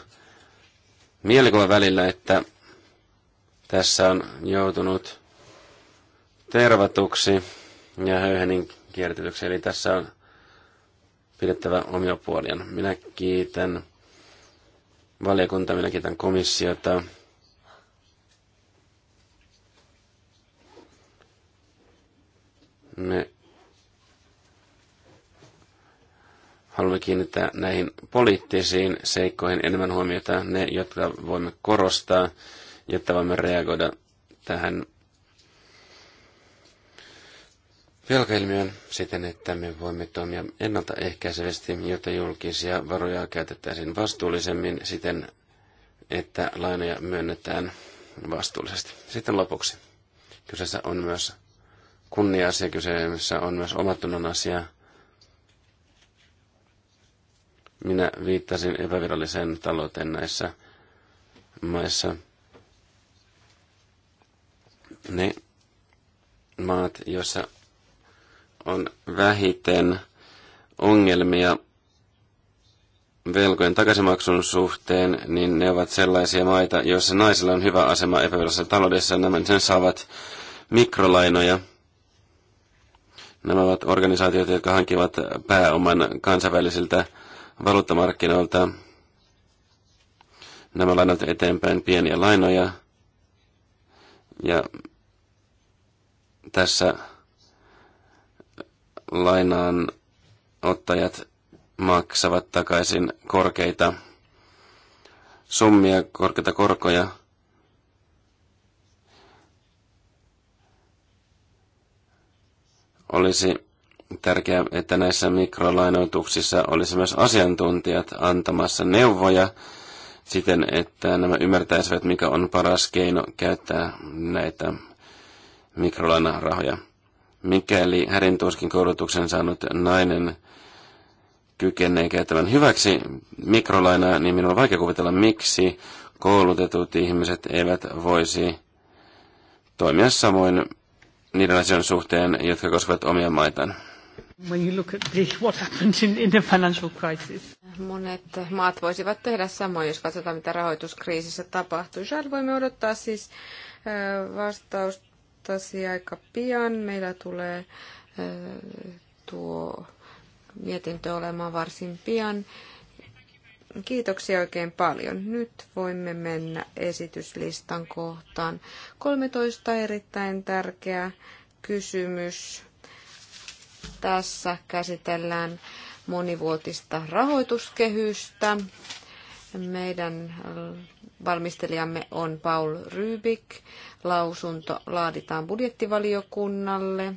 mielikuva välillä, että tässä on joutunut tervatuksi ja höyhenin kiertetyksi. Eli tässä on pidettävä omia puolia. Minä kiitän valiokuntaa, minä kiitän komissiota. Me haluamme kiinnittää näihin poliittisiin seikkoihin enemmän huomiota, ne, jotka voimme korostaa, jotta voimme reagoida tähän velkailmiön siten, että me voimme toimia ennaltaehkäisevästi, jotta julkisia varoja käytettäisiin vastuullisemmin siten, että lainoja myönnetään vastuullisesti. Sitten lopuksi. Kyseessä on myös kunnia-asia, kyseessä on myös omatunnon asia, Minä viittasin epäviralliseen talouteen näissä maissa. Ne maat, joissa on vähiten ongelmia velkojen takaisinmaksun suhteen, niin ne ovat sellaisia maita, joissa naisilla on hyvä asema epävirallisessa taloudessa. Nämä sen saavat mikrolainoja. Nämä ovat organisaatiot, jotka hankivat pääoman kansainvälisiltä valuuttamarkkinoilta nämä lainat eteenpäin, pieniä lainoja. Ja tässä lainaan ottajat maksavat takaisin korkeita summia, korkeita korkoja. Olisi tärkeää, että näissä mikrolainoituksissa olisi myös asiantuntijat antamassa neuvoja siten, että nämä ymmärtäisivät, mikä on paras keino käyttää näitä mikrolainarahoja. Mikäli härintuuskin koulutuksen saanut nainen kykenee käyttämään hyväksi mikrolainaa, niin minulla on vaikea kuvitella, miksi koulutetut ihmiset eivät voisi toimia samoin niiden asioiden suhteen, jotka koskevat omia maitaan. When you look at what happened in, in the financial crisis. Monet maat voisivat tehdä samoin, jos katsotaan, mitä rahoituskriisissä tapahtui. Charles, voimme odottaa siis äh, vastaustasi aika pian. Meillä tulee äh, tuo mietintö olemaan varsin pian. Kiitoksia oikein paljon. Nyt voimme mennä esityslistan kohtaan. 13 erittäin tärkeä kysymys tässä käsitellään monivuotista rahoituskehystä. Meidän valmistelijamme on Paul Rybik. Lausunto laaditaan budjettivaliokunnalle.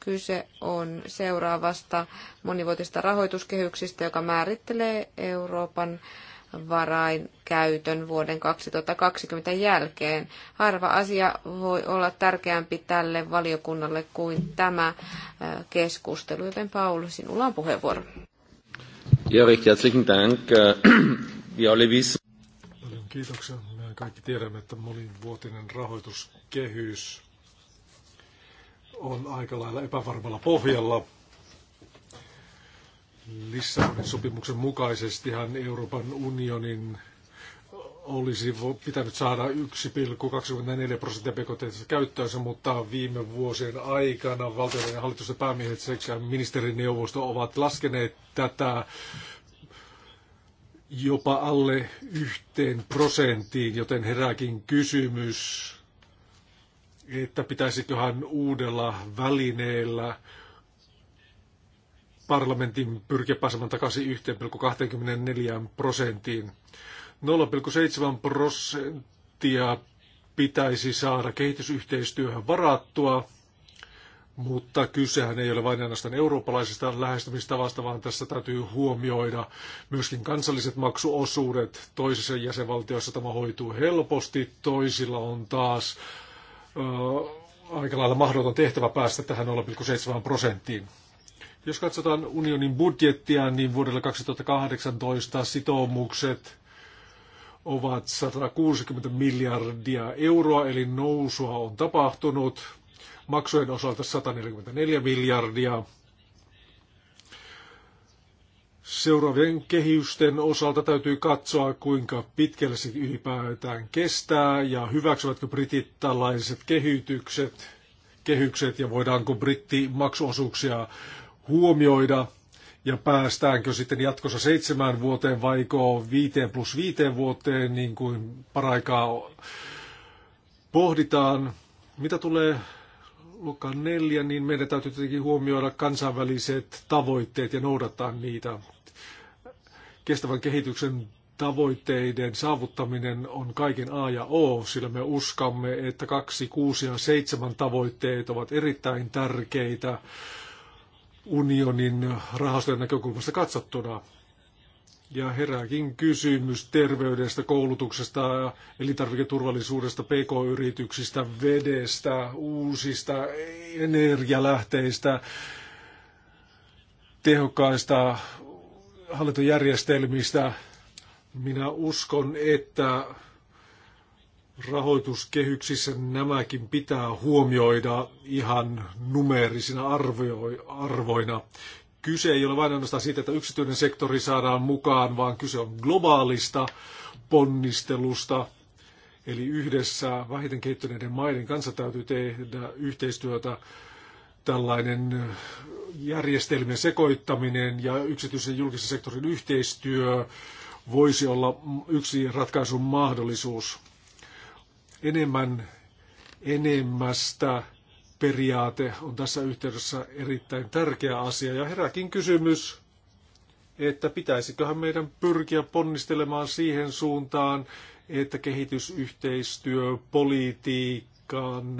Kyse on seuraavasta monivuotista rahoituskehyksistä, joka määrittelee Euroopan varainkäytön vuoden 2020 jälkeen. Harva asia voi olla tärkeämpi tälle valiokunnalle kuin tämä äh, keskustelu, joten Paul, sinulla on puheenvuoro. Ja herzlichen Dank. Wir alle wissen. Paljon kiitoksia. Me kaikki tiedämme, että monivuotinen rahoituskehys on aika lailla epävarmalla pohjalla Lissabonin sopimuksen mukaisestihan Euroopan unionin olisi pitänyt saada 1,24 prosenttia BKT käyttöönsä, mutta viime vuosien aikana valtioiden hallitusten päämiehet sekä ministerineuvosto ovat laskeneet tätä jopa alle yhteen prosenttiin, joten herääkin kysymys, että pitäisiköhän uudella välineellä parlamentin pyrkiä pääsemään takaisin 1,24 prosenttiin. 0,7 prosenttia pitäisi saada kehitysyhteistyöhön varattua, mutta kysehän ei ole vain ainoastaan eurooppalaisesta lähestymistavasta, vaan tässä täytyy huomioida myöskin kansalliset maksuosuudet. Toisissa jäsenvaltioissa tämä hoituu helposti, toisilla on taas ö, aika lailla mahdoton tehtävä päästä tähän 0,7 prosenttiin. Jos katsotaan unionin budjettia, niin vuodelle 2018 sitoumukset ovat 160 miljardia euroa, eli nousua on tapahtunut. Maksujen osalta 144 miljardia. Seuraavien kehysten osalta täytyy katsoa, kuinka pitkälle se ylipäätään kestää ja hyväksyvätkö britit tällaiset kehitykset, kehykset ja voidaanko brittimaksuosuuksia huomioida ja päästäänkö sitten jatkossa seitsemään vuoteen vaiko viiteen plus viiteen vuoteen, niin kuin paraikaa pohditaan. Mitä tulee luokkaan neljä, niin meidän täytyy tietenkin huomioida kansainväliset tavoitteet ja noudattaa niitä. Kestävän kehityksen tavoitteiden saavuttaminen on kaiken A ja O, sillä me uskamme, että kaksi, kuusi ja seitsemän tavoitteet ovat erittäin tärkeitä unionin rahastojen näkökulmasta katsottuna. Ja herääkin kysymys terveydestä, koulutuksesta, elintarviketurvallisuudesta, pk-yrityksistä, vedestä, uusista energialähteistä, tehokkaista hallintojärjestelmistä. Minä uskon, että rahoituskehyksissä nämäkin pitää huomioida ihan numeerisina arvoina. Kyse ei ole vain ainoastaan siitä, että yksityinen sektori saadaan mukaan, vaan kyse on globaalista ponnistelusta. Eli yhdessä vähiten kehittyneiden maiden kanssa täytyy tehdä yhteistyötä tällainen järjestelmien sekoittaminen ja yksityisen ja julkisen sektorin yhteistyö voisi olla yksi ratkaisun mahdollisuus enemmän enemmästä periaate on tässä yhteydessä erittäin tärkeä asia. Ja heräkin kysymys, että pitäisiköhän meidän pyrkiä ponnistelemaan siihen suuntaan, että kehitysyhteistyöpolitiikan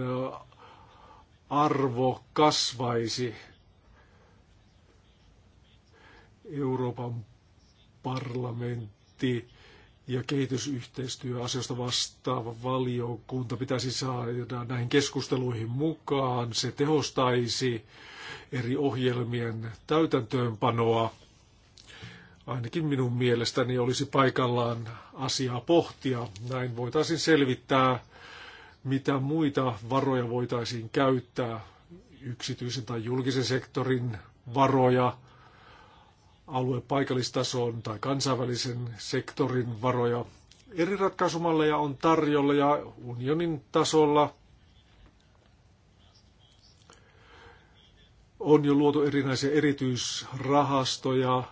arvo kasvaisi Euroopan parlamentti ja kehitysyhteistyöasioista vastaava valiokunta pitäisi saada näihin keskusteluihin mukaan. Se tehostaisi eri ohjelmien täytäntöönpanoa. Ainakin minun mielestäni olisi paikallaan asiaa pohtia. Näin voitaisiin selvittää, mitä muita varoja voitaisiin käyttää, yksityisen tai julkisen sektorin varoja – alue paikallistason tai kansainvälisen sektorin varoja. Eri ratkaisumalleja on tarjolla ja unionin tasolla on jo luotu erinäisiä erityisrahastoja,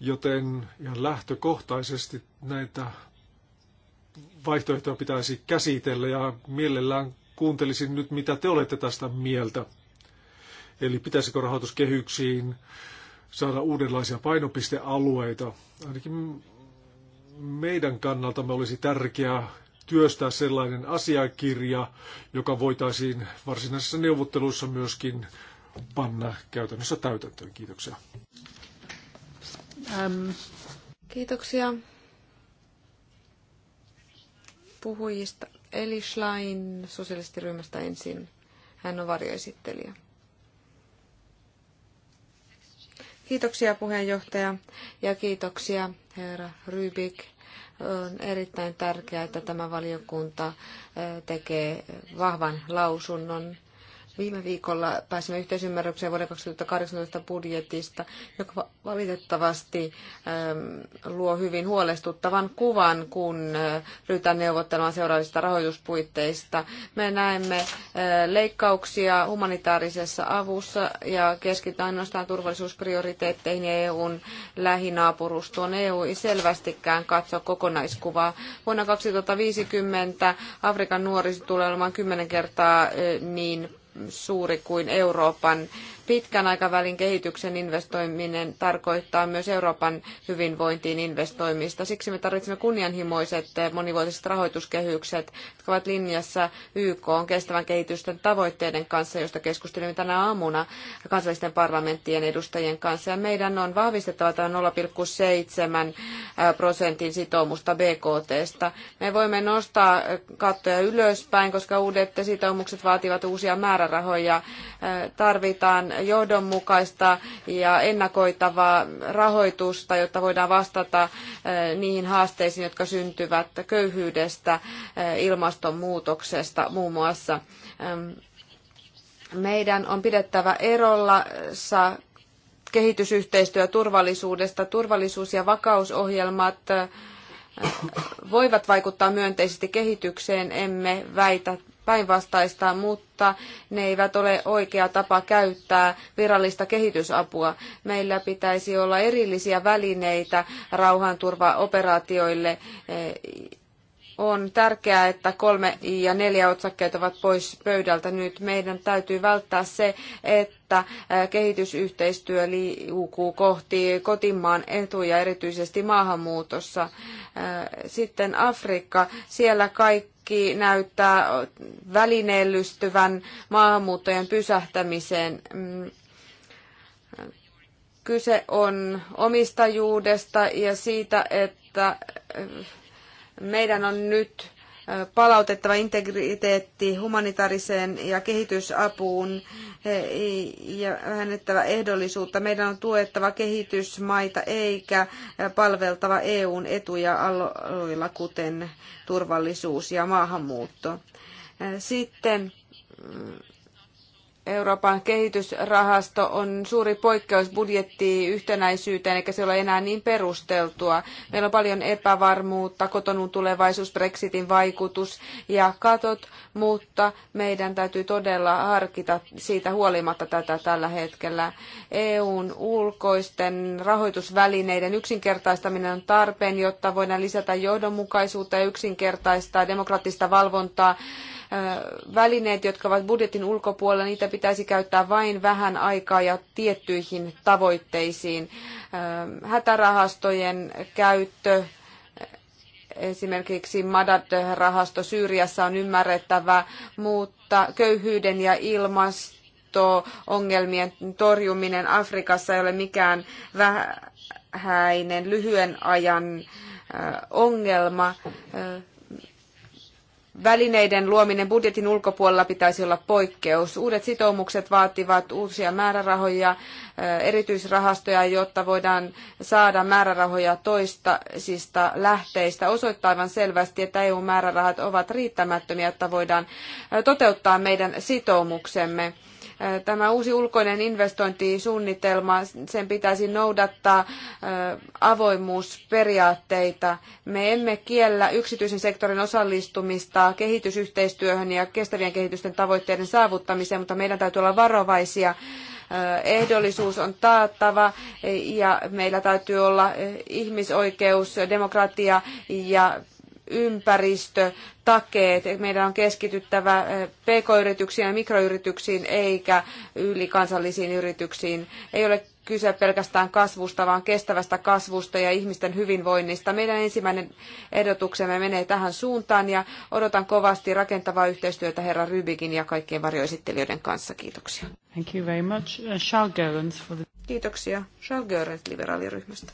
joten ihan lähtökohtaisesti näitä vaihtoehtoja pitäisi käsitellä ja mielellään kuuntelisin nyt, mitä te olette tästä mieltä. Eli pitäisikö rahoituskehyksiin saada uudenlaisia painopistealueita? Ainakin meidän kannalta me olisi tärkeää työstää sellainen asiakirja, joka voitaisiin varsinaisissa neuvotteluissa myöskin panna käytännössä täytäntöön. Kiitoksia. Ähm, kiitoksia puhujista. Eli Schlein sosialistiryhmästä ensin. Hän on varjoesittelijä. Kiitoksia puheenjohtaja ja kiitoksia herra Rybik. On erittäin tärkeää, että tämä valiokunta tekee vahvan lausunnon Viime viikolla pääsimme yhteisymmärrykseen vuoden 2018 budjetista, joka valitettavasti ähm, luo hyvin huolestuttavan kuvan, kun äh, ryhdytään neuvottelemaan seuraavista rahoituspuitteista. Me näemme äh, leikkauksia humanitaarisessa avussa ja keskitytään ainoastaan turvallisuusprioriteetteihin ja EUn lähinaapurustoon. EU ei selvästikään katso kokonaiskuvaa. Vuonna 2050 Afrikan nuorisi tulee olemaan kymmenen kertaa äh, niin suuri kuin Euroopan pitkän aikavälin kehityksen investoiminen tarkoittaa myös Euroopan hyvinvointiin investoimista. Siksi me tarvitsemme kunnianhimoiset monivuotiset rahoituskehykset, jotka ovat linjassa YK on kestävän kehitysten tavoitteiden kanssa, josta keskustelimme tänä aamuna kansallisten parlamenttien edustajien kanssa. Ja meidän on vahvistettava tämä 0,7 prosentin sitoumusta BKTstä. Me voimme nostaa kattoja ylöspäin, koska uudet sitoumukset vaativat uusia määrärahoja. Tarvitaan johdonmukaista ja ennakoitavaa rahoitusta, jotta voidaan vastata eh, niihin haasteisiin, jotka syntyvät köyhyydestä, eh, ilmastonmuutoksesta muun muassa. Meidän on pidettävä erollassa kehitysyhteistyö turvallisuudesta. Turvallisuus- ja vakausohjelmat eh, voivat vaikuttaa myönteisesti kehitykseen, emme väitä päinvastaista, mutta ne eivät ole oikea tapa käyttää virallista kehitysapua. Meillä pitäisi olla erillisiä välineitä rauhanturvaoperaatioille on tärkeää, että kolme ja neljä otsakkeet ovat pois pöydältä nyt. Meidän täytyy välttää se, että kehitysyhteistyö liukuu kohti kotimaan etuja, erityisesti maahanmuutossa. Sitten Afrikka, siellä kaikki näyttää välineellistyvän maahanmuuttojen pysähtämiseen mm. kyse on omistajuudesta ja siitä, että meidän on nyt palautettava integriteetti humanitaariseen ja kehitysapuun ja vähennettävä ehdollisuutta. Meidän on tuettava kehitysmaita eikä palveltava EUn etuja aloilla, kuten turvallisuus ja maahanmuutto. Sitten Euroopan kehitysrahasto on suuri poikkeus budjetti yhtenäisyyteen, eikä se ole enää niin perusteltua. Meillä on paljon epävarmuutta, kotonun tulevaisuus, Brexitin vaikutus ja katot, mutta meidän täytyy todella harkita siitä huolimatta tätä tällä hetkellä. EUn ulkoisten rahoitusvälineiden yksinkertaistaminen on tarpeen, jotta voidaan lisätä johdonmukaisuutta ja yksinkertaistaa demokraattista valvontaa välineet, jotka ovat budjetin ulkopuolella, niitä pitäisi käyttää vain vähän aikaa ja tiettyihin tavoitteisiin. Hätärahastojen käyttö, esimerkiksi Madad-rahasto Syyriassa on ymmärrettävä, mutta köyhyyden ja ilmasto-ongelmien torjuminen Afrikassa ei ole mikään vähäinen lyhyen ajan ongelma välineiden luominen budjetin ulkopuolella pitäisi olla poikkeus. Uudet sitoumukset vaativat uusia määrärahoja, erityisrahastoja, jotta voidaan saada määrärahoja toistaisista lähteistä. Osoittaa aivan selvästi, että EU-määrärahat ovat riittämättömiä, jotta voidaan toteuttaa meidän sitoumuksemme. Tämä uusi ulkoinen investointisuunnitelma, sen pitäisi noudattaa avoimuusperiaatteita. Me emme kiellä yksityisen sektorin osallistumista kehitysyhteistyöhön ja kestävien kehitysten tavoitteiden saavuttamiseen, mutta meidän täytyy olla varovaisia ehdollisuus on taattava ja meillä täytyy olla ihmisoikeus, demokratia ja ympäristötakeet. Meidän on keskityttävä eh, pk-yrityksiin ja mikroyrityksiin eikä ylikansallisiin yrityksiin. Ei ole kyse pelkästään kasvusta, vaan kestävästä kasvusta ja ihmisten hyvinvoinnista. Meidän ensimmäinen ehdotuksemme menee tähän suuntaan ja odotan kovasti rakentavaa yhteistyötä herra Rybikin ja kaikkien varjoesittelijöiden kanssa. Kiitoksia. Thank you very much. Uh, Kiitoksia. Charles Görens liberaaliryhmästä.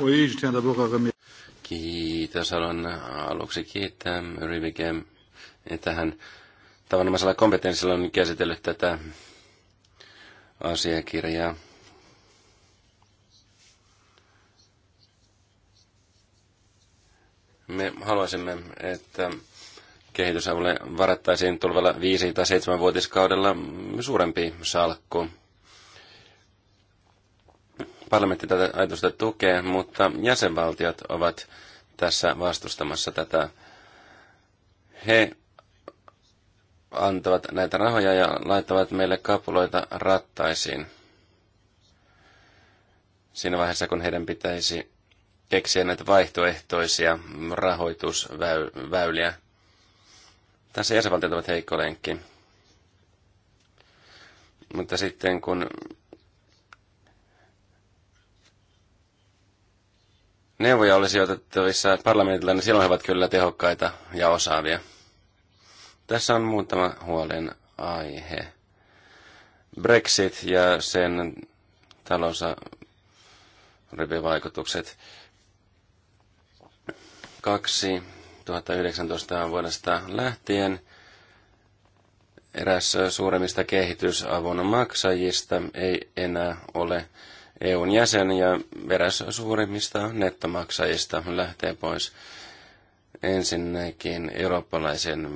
Oui, je tiens Kiitos. Haluan aluksi kiittää Rivike, että hän tavanomaisella kompetenssilla on käsitellyt tätä asiakirjaa. Me haluaisimme, että kehitysavulle varattaisiin tulevalla viisi tai seitsemänvuotiskaudella vuotiskaudella suurempi salkku – Parlamentti tätä ajatusta tukee, mutta jäsenvaltiot ovat tässä vastustamassa tätä. He antavat näitä rahoja ja laittavat meille kapuloita rattaisiin siinä vaiheessa, kun heidän pitäisi keksiä näitä vaihtoehtoisia rahoitusväyliä. Tässä jäsenvaltiot ovat heikko lenkki. Mutta sitten kun neuvoja olisi otettavissa parlamentilla, niin silloin he ovat kyllä tehokkaita ja osaavia. Tässä on muutama huolen aihe. Brexit ja sen talonsa rivivaikutukset. 2019 vuodesta lähtien eräs suuremmista kehitysavun maksajista ei enää ole EUn jäsen ja veräs suurimmista nettomaksajista lähtee pois ensinnäkin eurooppalaisen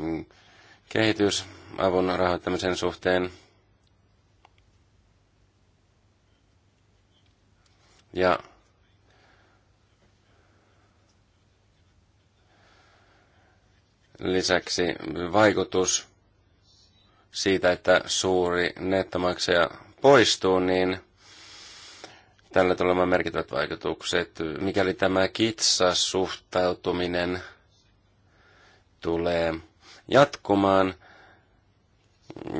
kehitysavun rahoittamisen suhteen. Ja lisäksi vaikutus siitä, että suuri nettomaksaja poistuu, niin – Tällä tulee olemaan merkittävät vaikutukset. Mikäli tämä kitsas suhtautuminen tulee jatkumaan,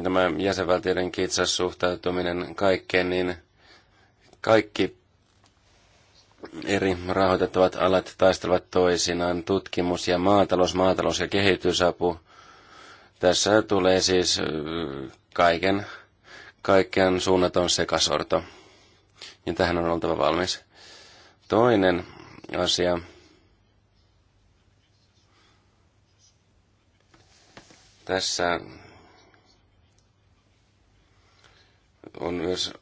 tämä jäsenvaltioiden kitsas suhtautuminen kaikkeen, niin kaikki eri rahoitettavat alat taistelevat toisinaan. Tutkimus ja maatalous, maatalous ja kehitysapu. Tässä tulee siis kaiken, kaiken suunnaton sekasorto ja niin tähän on oltava valmis. Toinen asia. Tässä on myös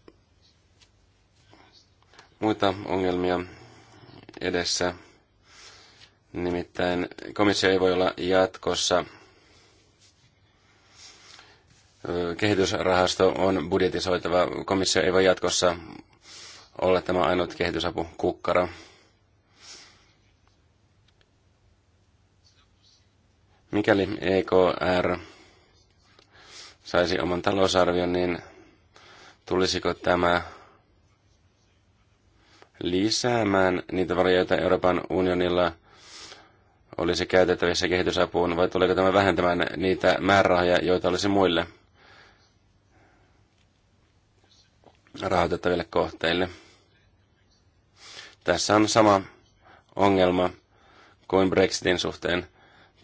muita ongelmia edessä. Nimittäin komissio ei voi olla jatkossa. Kehitysrahasto on budjetisoitava. Komissio ei voi jatkossa olla tämä ainut kehitysapu kukkara. Mikäli EKR saisi oman talousarvion, niin tulisiko tämä lisäämään niitä varoja, joita Euroopan unionilla olisi käytettävissä kehitysapuun, vai tuleeko tämä vähentämään niitä määrärahoja, joita olisi muille rahoitettaville kohteille? Tässä on sama ongelma kuin Brexitin suhteen.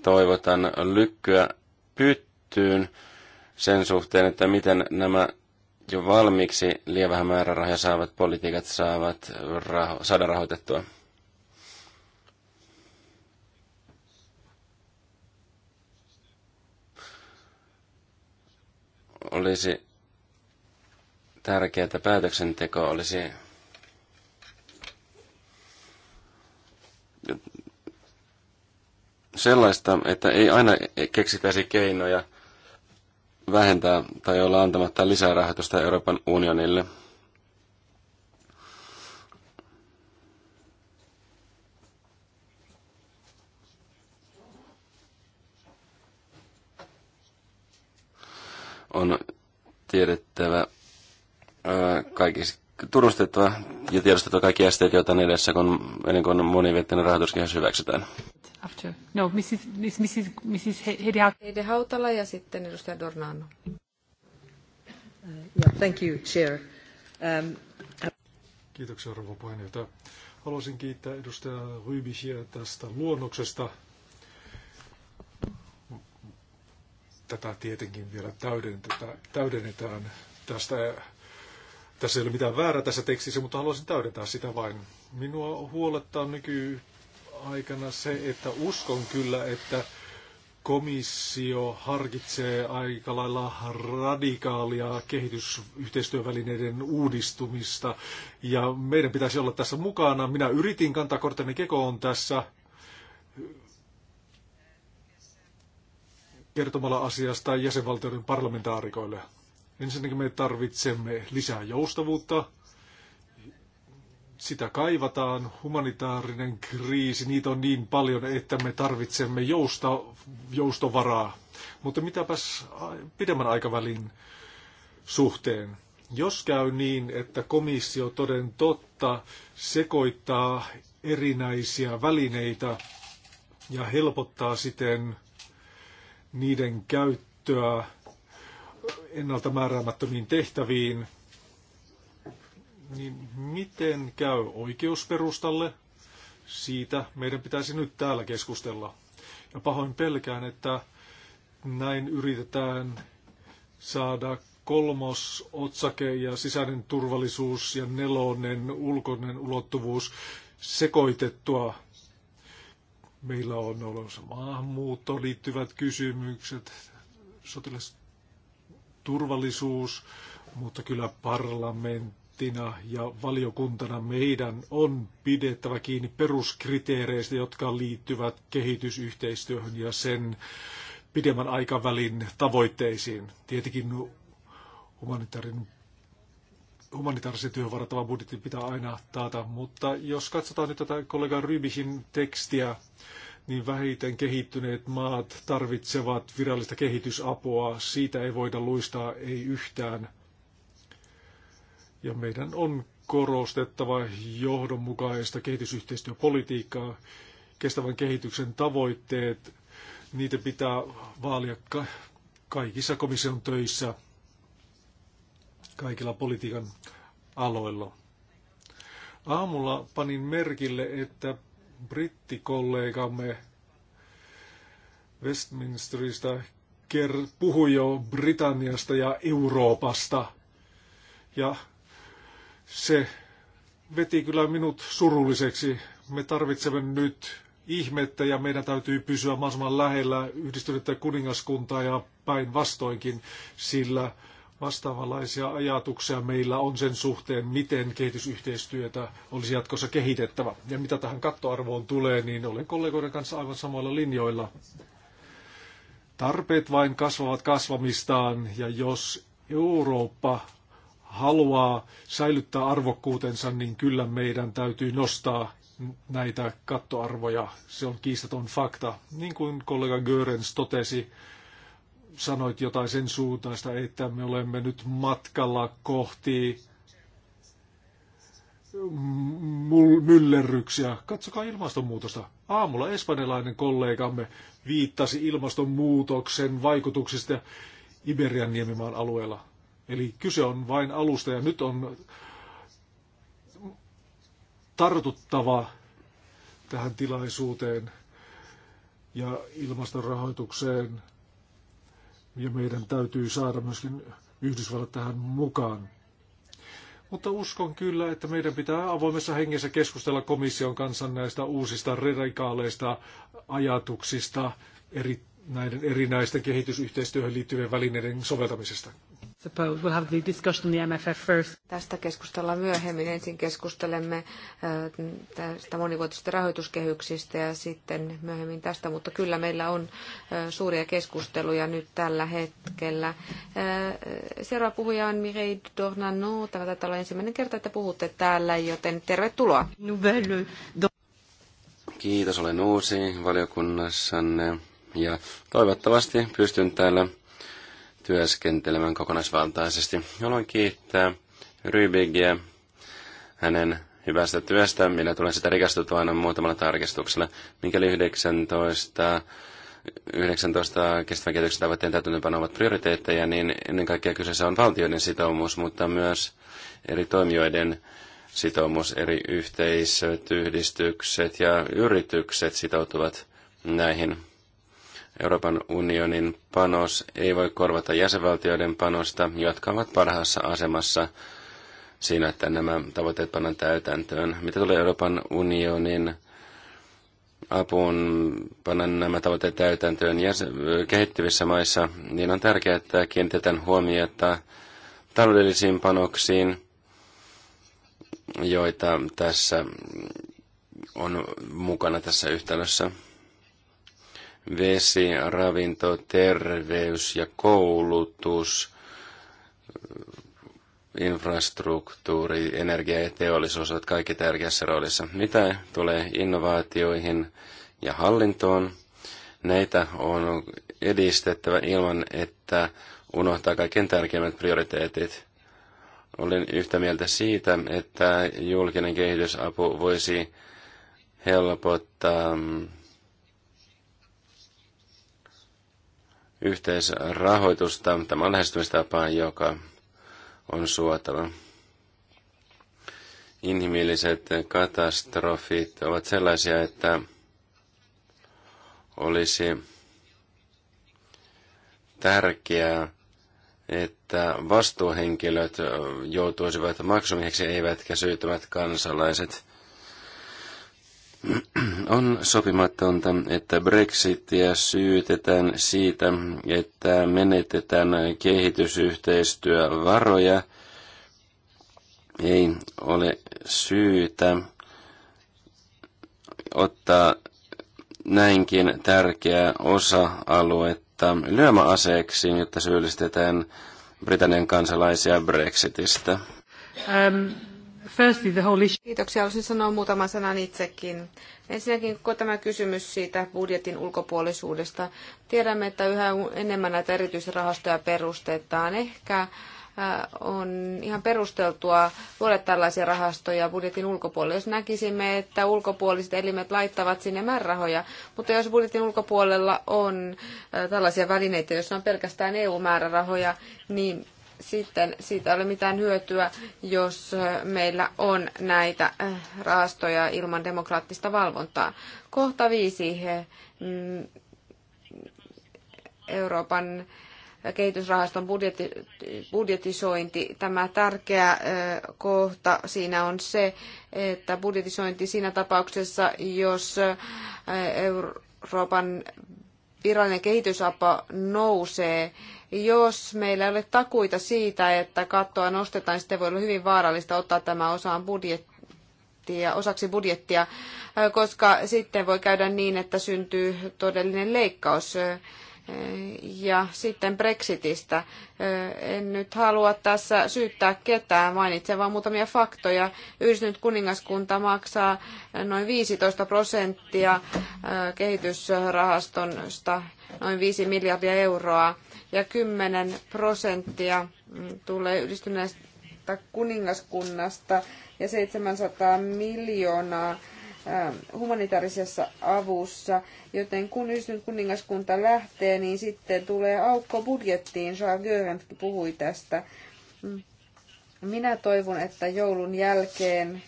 Toivotan lykkyä pyttyyn sen suhteen, että miten nämä jo valmiiksi lievähän määrärahoja saavat politiikat saavat raho- saada rahoitettua. Olisi tärkeää, että päätöksenteko olisi sellaista, että ei aina keksitäisi keinoja vähentää tai olla antamatta lisää rahoitusta Euroopan unionille. On tiedettävä kaikista turvastettua ja tiedostettua kaikki esteet, joita on edessä, kun, ennen kuin monivettinen rahoituskehys hyväksytään. After. No, Mrs. Mrs. Mrs. Heidi, Heidi Hautala ja sitten edustaja Dornano. Uh, yeah, thank you, Chair. Um, Kiitoksia, arvo puheenjohtaja. Haluaisin kiittää edustaja Rybisiä tästä luonnoksesta. Tätä tietenkin vielä täydennetään tästä tässä ei ole mitään väärää tässä tekstissä, mutta haluaisin täydentää sitä vain. Minua huolettaa nykyaikana se, että uskon kyllä, että komissio harkitsee aika lailla radikaalia kehitysyhteistyövälineiden uudistumista. Ja meidän pitäisi olla tässä mukana. Minä yritin kantaa korteni kekoon tässä kertomalla asiasta jäsenvaltioiden parlamentaarikoille. Ensinnäkin me tarvitsemme lisää joustavuutta. Sitä kaivataan, humanitaarinen kriisi, niitä on niin paljon, että me tarvitsemme jousta, joustovaraa. Mutta mitäpäs pidemmän aikavälin suhteen? Jos käy niin, että komissio toden totta sekoittaa erinäisiä välineitä ja helpottaa siten niiden käyttöä ennalta määräämättömiin tehtäviin, niin miten käy oikeusperustalle? Siitä meidän pitäisi nyt täällä keskustella. Ja pahoin pelkään, että näin yritetään saada kolmos otsake ja sisäinen turvallisuus ja nelonen ulkoinen ulottuvuus sekoitettua. Meillä on olemassa maahanmuuttoon liittyvät kysymykset, sotilas turvallisuus, mutta kyllä parlamenttina ja valiokuntana meidän on pidettävä kiinni peruskriteereistä, jotka liittyvät kehitysyhteistyöhön ja sen pidemmän aikavälin tavoitteisiin. Tietenkin humanitaarinen humanitaarisen työn varattava budjetti pitää aina taata, mutta jos katsotaan nyt tätä kollega Rybihin tekstiä, niin vähiten kehittyneet maat tarvitsevat virallista kehitysapua. Siitä ei voida luistaa ei yhtään. Ja meidän on korostettava johdonmukaista kehitysyhteistyöpolitiikkaa, kestävän kehityksen tavoitteet, niitä pitää vaalia kaikissa komission töissä, kaikilla politiikan aloilla. Aamulla panin merkille, että brittikollegamme Westminsteristä ker- puhui jo Britanniasta ja Euroopasta. Ja se veti kyllä minut surulliseksi. Me tarvitsemme nyt ihmettä ja meidän täytyy pysyä mahdollisimman lähellä yhdistynyttä kuningaskuntaa ja päinvastoinkin, sillä vastaavanlaisia ajatuksia meillä on sen suhteen, miten kehitysyhteistyötä olisi jatkossa kehitettävä. Ja mitä tähän kattoarvoon tulee, niin olen kollegoiden kanssa aivan samoilla linjoilla. Tarpeet vain kasvavat kasvamistaan, ja jos Eurooppa haluaa säilyttää arvokkuutensa, niin kyllä meidän täytyy nostaa näitä kattoarvoja. Se on kiistaton fakta. Niin kuin kollega Görens totesi, sanoit jotain sen suuntaista, että me olemme nyt matkalla kohti myllerryksiä. Katsokaa ilmastonmuutosta. Aamulla espanjalainen kollegamme viittasi ilmastonmuutoksen vaikutuksista Iberian niemimaan alueella. Eli kyse on vain alusta ja nyt on tartuttava tähän tilaisuuteen ja ilmastorahoitukseen ja meidän täytyy saada myöskin Yhdysvallat tähän mukaan. Mutta uskon kyllä, että meidän pitää avoimessa hengessä keskustella komission kanssa näistä uusista radikaaleista ajatuksista eri, näiden erinäisten kehitysyhteistyöhön liittyvien välineiden soveltamisesta. Tästä keskustellaan myöhemmin. Ensin keskustelemme äh, tästä monivuotisista rahoituskehyksistä ja sitten myöhemmin tästä, mutta kyllä meillä on äh, suuria keskusteluja nyt tällä hetkellä. Äh, seuraava puhuja on Mireille Dornano. Tämä taitaa olla ensimmäinen kerta, että puhutte täällä, joten tervetuloa. Kiitos, olen uusi valiokunnassanne ja toivottavasti pystyn täällä työskentelemään kokonaisvaltaisesti. Haluan kiittää Rybigiä hänen hyvästä työstä. Minä tulen sitä rikastutua aina muutamalla tarkistuksella. Mikäli 19 19 kestävän kehityksen tavoitteen täytäntöönpano ovat prioriteetteja, niin ennen kaikkea kyseessä on valtioiden sitoumus, mutta myös eri toimijoiden sitoumus, eri yhteisöt, yhdistykset ja yritykset sitoutuvat näihin Euroopan unionin panos ei voi korvata jäsenvaltioiden panosta, jotka ovat parhaassa asemassa siinä, että nämä tavoitteet pannaan täytäntöön. Mitä tulee Euroopan unionin apuun panna nämä tavoitteet täytäntöön kehittyvissä maissa, niin on tärkeää, että kiinnitetään huomiota taloudellisiin panoksiin, joita tässä on mukana tässä yhtälössä vesi, ravinto, terveys ja koulutus, infrastruktuuri, energia ja teollisuus ovat kaikki tärkeässä roolissa. Mitä tulee innovaatioihin ja hallintoon, näitä on edistettävä ilman, että unohtaa kaikkein tärkeimmät prioriteetit. Olen yhtä mieltä siitä, että julkinen kehitysapu voisi helpottaa mm, yhteisrahoitusta. Tämä on lähestymistapa, joka on suotava. Inhimilliset katastrofit ovat sellaisia, että olisi tärkeää, että vastuuhenkilöt joutuisivat maksumieheksi eivätkä syytymät kansalaiset – on sopimatonta, että Brexitia syytetään siitä, että menetetään kehitysyhteistyövaroja. Ei ole syytä ottaa näinkin tärkeää osa-aluetta lyömäaseeksi, jotta syyllistetään Britannian kansalaisia Brexitistä. Um. Firstly, the whole issue. Kiitoksia. Haluaisin sanoa muutaman sanan itsekin. Ensinnäkin koko tämä kysymys siitä budjetin ulkopuolisuudesta. Tiedämme, että yhä enemmän näitä erityisrahastoja perustetaan. Ehkä äh, on ihan perusteltua luoda tällaisia rahastoja budjetin ulkopuolelle, jos näkisimme, että ulkopuoliset elimet laittavat sinne määrärahoja. Mutta jos budjetin ulkopuolella on äh, tällaisia välineitä, joissa on pelkästään EU-määrärahoja, niin sitten siitä ei ole mitään hyötyä, jos meillä on näitä äh, rahastoja ilman demokraattista valvontaa. Kohta viisi mm, Euroopan kehitysrahaston budjeti budjetisointi. Tämä tärkeä äh, kohta siinä on se, että budjetisointi siinä tapauksessa, jos äh, Euroopan virallinen kehitysapa nousee jos meillä ei ole takuita siitä, että kattoa nostetaan, niin sitten voi olla hyvin vaarallista ottaa tämä osaan budjettia, osaksi budjettia, koska sitten voi käydä niin, että syntyy todellinen leikkaus. Ja sitten Brexitistä. En nyt halua tässä syyttää ketään, mainitsen vain muutamia faktoja. Yhdistynyt kuningaskunta maksaa noin 15 prosenttia kehitysrahastosta, noin 5 miljardia euroa ja 10 prosenttia tulee yhdistyneestä kuningaskunnasta ja 700 miljoonaa ähm, humanitaarisessa avussa, joten kun yhdistynyt kuningaskunta lähtee, niin sitten tulee aukko budjettiin. Charles Görent puhui tästä. Minä toivon, että joulun jälkeen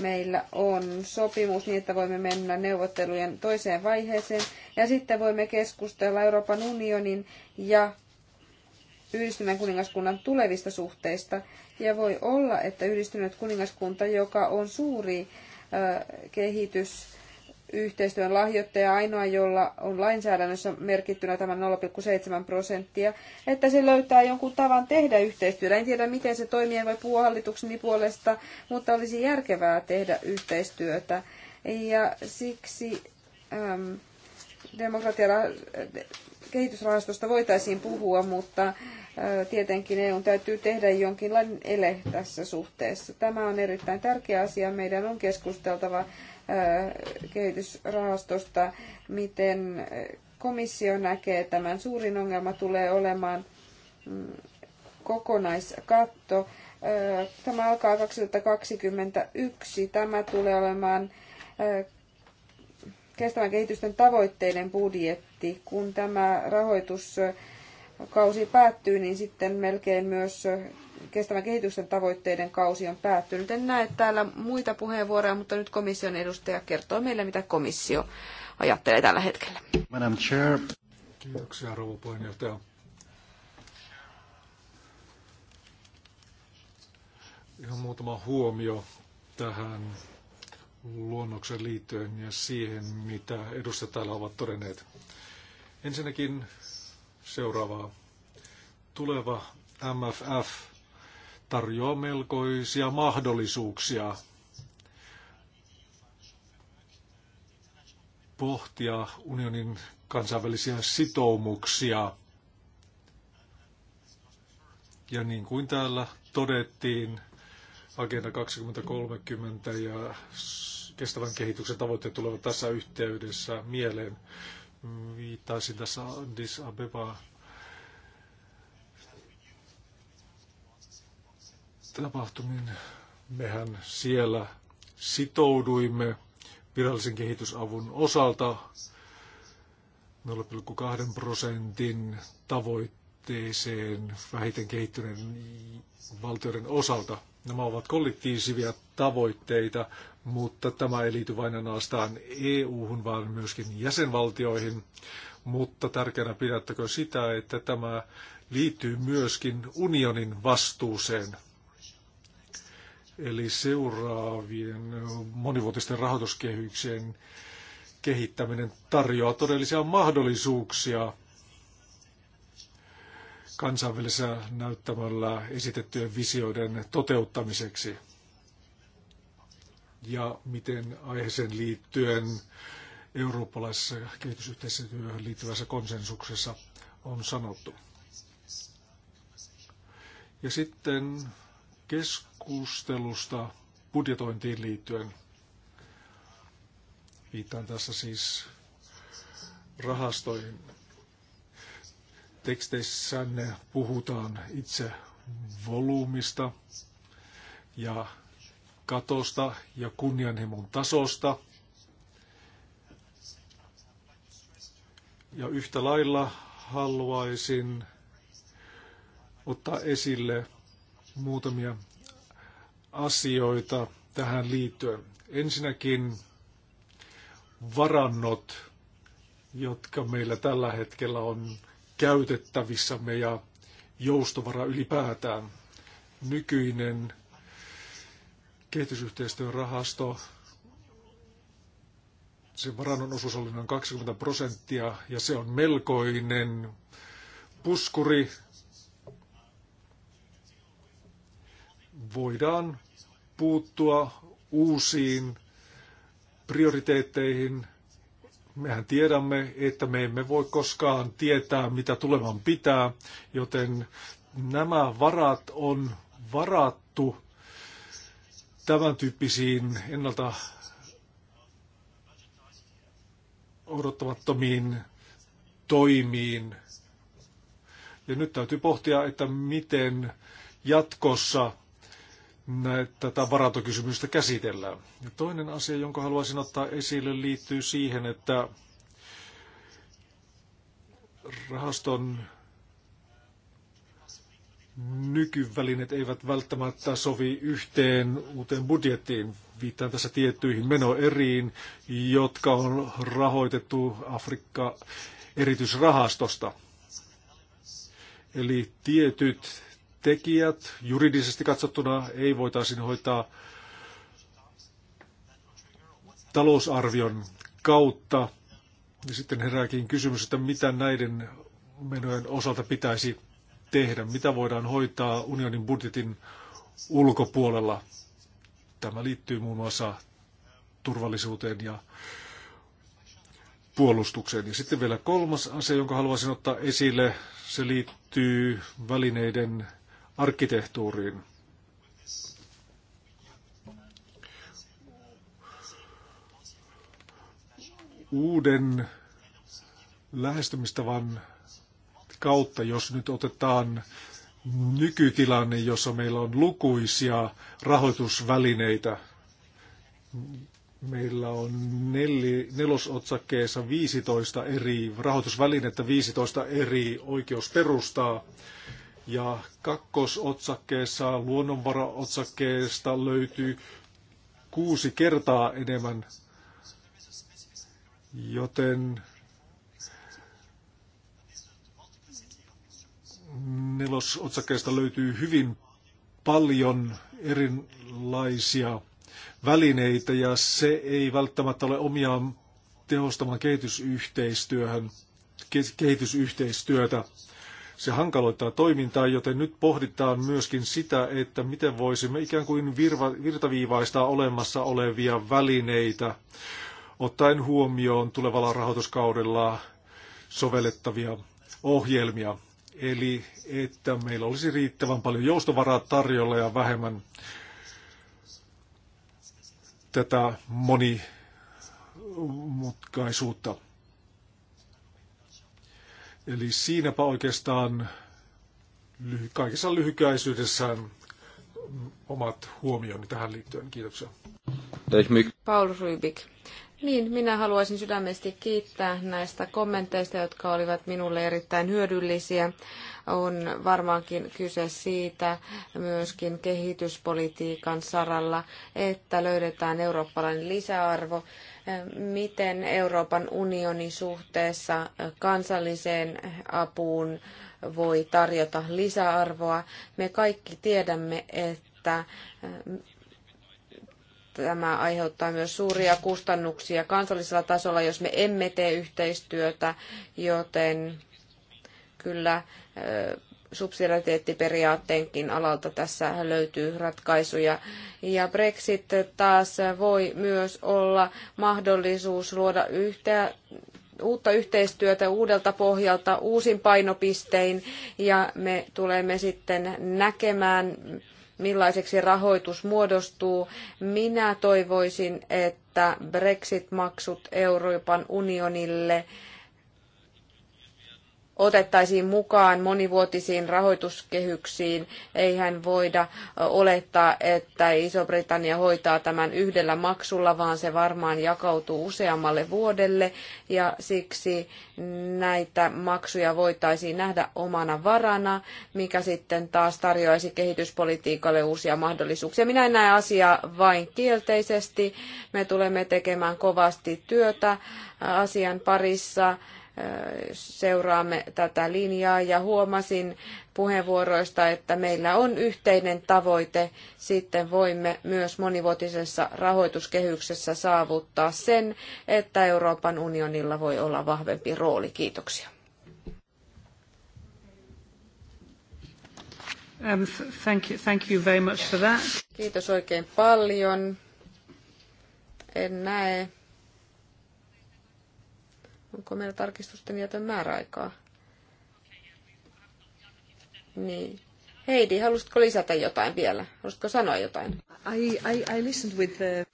meillä on sopimus niin, että voimme mennä neuvottelujen toiseen vaiheeseen ja sitten voimme keskustella Euroopan unionin ja yhdistyneen kuningaskunnan tulevista suhteista. Ja voi olla, että yhdistynyt kuningaskunta, joka on suuri kehitys, yhteistyön lahjoittaja ainoa, jolla on lainsäädännössä merkittynä tämä 0,7 prosenttia, että se löytää jonkun tavan tehdä yhteistyötä. En tiedä, miten se toimii, en voi puhua hallitukseni puolesta, mutta olisi järkevää tehdä yhteistyötä. Ja siksi äm, demokratia kehitysrahastosta voitaisiin puhua, mutta tietenkin EUn täytyy tehdä jonkinlainen ele tässä suhteessa. Tämä on erittäin tärkeä asia. Meidän on keskusteltava kehitysrahastosta, miten komissio näkee tämän. Suurin ongelma tulee olemaan mm, kokonaiskatto. Tämä alkaa 2021. Tämä tulee olemaan kestävän kehitysten tavoitteiden budjetti, kun tämä rahoitus kausi päättyy, niin sitten melkein myös kestävän kehityksen tavoitteiden kausi on päättynyt. En näe täällä muita puheenvuoroja, mutta nyt komission edustaja kertoo meille, mitä komissio ajattelee tällä hetkellä. Madam Chair. Kiitoksia, rouva puheenjohtaja. Ihan muutama huomio tähän luonnoksen liittyen ja siihen, mitä edustajat täällä ovat todenneet. Ensinnäkin seuraavaa. Tuleva MFF tarjoaa melkoisia mahdollisuuksia pohtia unionin kansainvälisiä sitoumuksia. Ja niin kuin täällä todettiin, Agenda 2030 ja kestävän kehityksen tavoitteet tulevat tässä yhteydessä mieleen. Viittaisin tässä Addis Abeba tapahtumiin. Mehän siellä sitouduimme virallisen kehitysavun osalta 0,2 prosentin tavoitteeseen vähiten kehittyneiden valtioiden osalta – Nämä ovat kollektiivisia tavoitteita, mutta tämä ei liity vain ainoastaan EU-hun, vaan myöskin jäsenvaltioihin. Mutta tärkeänä pidättekö sitä, että tämä liittyy myöskin unionin vastuuseen. Eli seuraavien monivuotisten rahoituskehyksien kehittäminen tarjoaa todellisia mahdollisuuksia kansainvälisellä näyttämällä esitettyjen visioiden toteuttamiseksi. Ja miten aiheeseen liittyen eurooppalaisessa kehitysyhteistyöhön liittyvässä konsensuksessa on sanottu. Ja sitten keskustelusta budjetointiin liittyen. Viittaan tässä siis rahastoihin teksteissänne puhutaan itse volyymista ja katosta ja kunnianhimon tasosta. Ja yhtä lailla haluaisin ottaa esille muutamia asioita tähän liittyen. Ensinnäkin varannot, jotka meillä tällä hetkellä on käytettävissämme ja joustovara ylipäätään. Nykyinen kehitysyhteistyörahasto, sen varannon osuus oli noin 20 prosenttia ja se on melkoinen puskuri. Voidaan puuttua uusiin prioriteetteihin Mehän tiedämme, että me emme voi koskaan tietää, mitä tulevan pitää, joten nämä varat on varattu tämän tyyppisiin ennalta odottamattomiin toimiin. Ja nyt täytyy pohtia, että miten jatkossa näitä, tätä varantokysymystä käsitellään. Ja toinen asia, jonka haluaisin ottaa esille, liittyy siihen, että rahaston nykyvälineet eivät välttämättä sovi yhteen uuteen budjettiin. Viittaan tässä tiettyihin menoeriin, jotka on rahoitettu Afrikka erityisrahastosta. Eli tietyt tekijät juridisesti katsottuna ei voitaisiin hoitaa talousarvion kautta. Ja sitten herääkin kysymys, että mitä näiden menojen osalta pitäisi tehdä, mitä voidaan hoitaa unionin budjetin ulkopuolella. Tämä liittyy muun muassa turvallisuuteen ja puolustukseen. Ja sitten vielä kolmas asia, jonka haluaisin ottaa esille, se liittyy välineiden arkkitehtuuriin. Uuden lähestymistavan kautta, jos nyt otetaan nykytilanne, jossa meillä on lukuisia rahoitusvälineitä. Meillä on nel, nelosotsakkeessa 15 eri rahoitusvälinettä, 15 eri oikeusperustaa. Ja kakkosotsakkeessa, luonnonvaraotsakkeesta löytyy kuusi kertaa enemmän, joten nelosotsakkeesta löytyy hyvin paljon erilaisia välineitä ja se ei välttämättä ole omiaan tehostamaan kehitysyhteistyöhön, kehitysyhteistyötä. Se hankaloittaa toimintaa, joten nyt pohditaan myöskin sitä, että miten voisimme ikään kuin virva, virtaviivaistaa olemassa olevia välineitä, ottaen huomioon tulevalla rahoituskaudella sovellettavia ohjelmia. Eli että meillä olisi riittävän paljon joustovaraa tarjolla ja vähemmän tätä monimutkaisuutta. Eli siinäpä oikeastaan lyhy- kaikessa lyhykäisyydessään omat huomioni tähän liittyen. Kiitoksia. Paul Rybik. Niin, minä haluaisin sydämesti kiittää näistä kommenteista, jotka olivat minulle erittäin hyödyllisiä. On varmaankin kyse siitä myöskin kehityspolitiikan saralla, että löydetään eurooppalainen lisäarvo miten Euroopan unioni suhteessa kansalliseen apuun voi tarjota lisäarvoa. Me kaikki tiedämme, että tämä aiheuttaa myös suuria kustannuksia kansallisella tasolla, jos me emme tee yhteistyötä, joten kyllä subsidiariteettiperiaatteenkin alalta tässä löytyy ratkaisuja. Ja Brexit taas voi myös olla mahdollisuus luoda yhtä, uutta yhteistyötä uudelta pohjalta uusin painopistein ja me tulemme sitten näkemään millaiseksi rahoitus muodostuu. Minä toivoisin, että Brexit-maksut Euroopan unionille otettaisiin mukaan monivuotisiin rahoituskehyksiin. Eihän voida olettaa, että Iso-Britannia hoitaa tämän yhdellä maksulla, vaan se varmaan jakautuu useammalle vuodelle ja siksi näitä maksuja voitaisiin nähdä omana varana, mikä sitten taas tarjoaisi kehityspolitiikalle uusia mahdollisuuksia. Minä en näe asiaa vain kielteisesti. Me tulemme tekemään kovasti työtä asian parissa seuraamme tätä linjaa ja huomasin puheenvuoroista, että meillä on yhteinen tavoite. Sitten voimme myös monivuotisessa rahoituskehyksessä saavuttaa sen, että Euroopan unionilla voi olla vahvempi rooli. Kiitoksia. Um, thank you, thank you very much for that. Kiitos oikein paljon. En näe Onko meillä tarkistusten jätön määräaikaa? Niin. Heidi, haluaisitko lisätä jotain vielä? Haluaisitko sanoa jotain? I, I, I listened with the...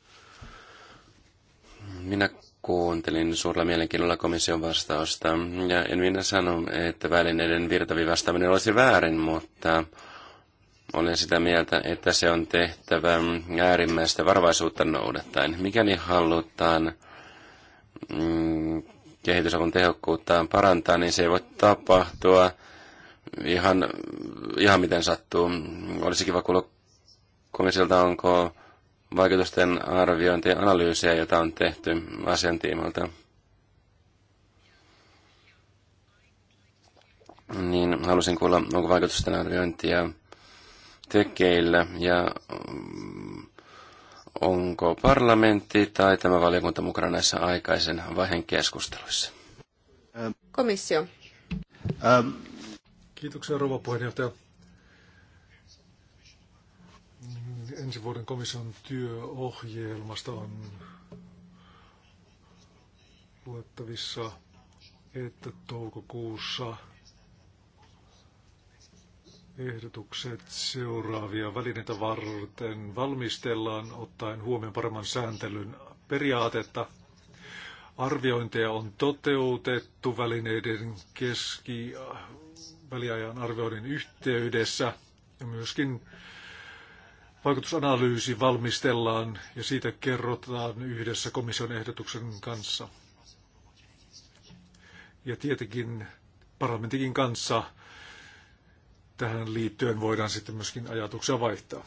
Uh, minä kuuntelin suurella mielenkiinnolla komission vastausta. Ja en minä sano, että välineiden virtavivastaminen olisi väärin, mutta olen sitä mieltä, että se on tehtävä äärimmäistä varovaisuutta noudattaen. Mikäli halutaan mm, kehitysavun tehokkuuttaan parantaa, niin se ei voi tapahtua ihan, ihan miten sattuu. Olisi kiva kuulla komissiolta, onko vaikutusten arviointi ja analyysiä, jota on tehty asiantiimoilta. Niin halusin kuulla, onko vaikutusten arviointia tekeillä ja onko parlamentti tai tämä valiokunta mukana näissä aikaisen vaiheen keskusteluissa? Komissio. Ähm. Kiitoksia rouva puheenjohtaja. Ensi vuoden komission työohjelmasta on luettavissa, että toukokuussa – ehdotukset seuraavia välineitä varten valmistellaan ottaen huomioon paremman sääntelyn periaatetta. Arviointeja on toteutettu välineiden keski väliajan arvioinnin yhteydessä ja myöskin vaikutusanalyysi valmistellaan ja siitä kerrotaan yhdessä komission ehdotuksen kanssa. Ja tietenkin parlamentikin kanssa tähän liittyen voidaan sitten myöskin ajatuksia vaihtaa.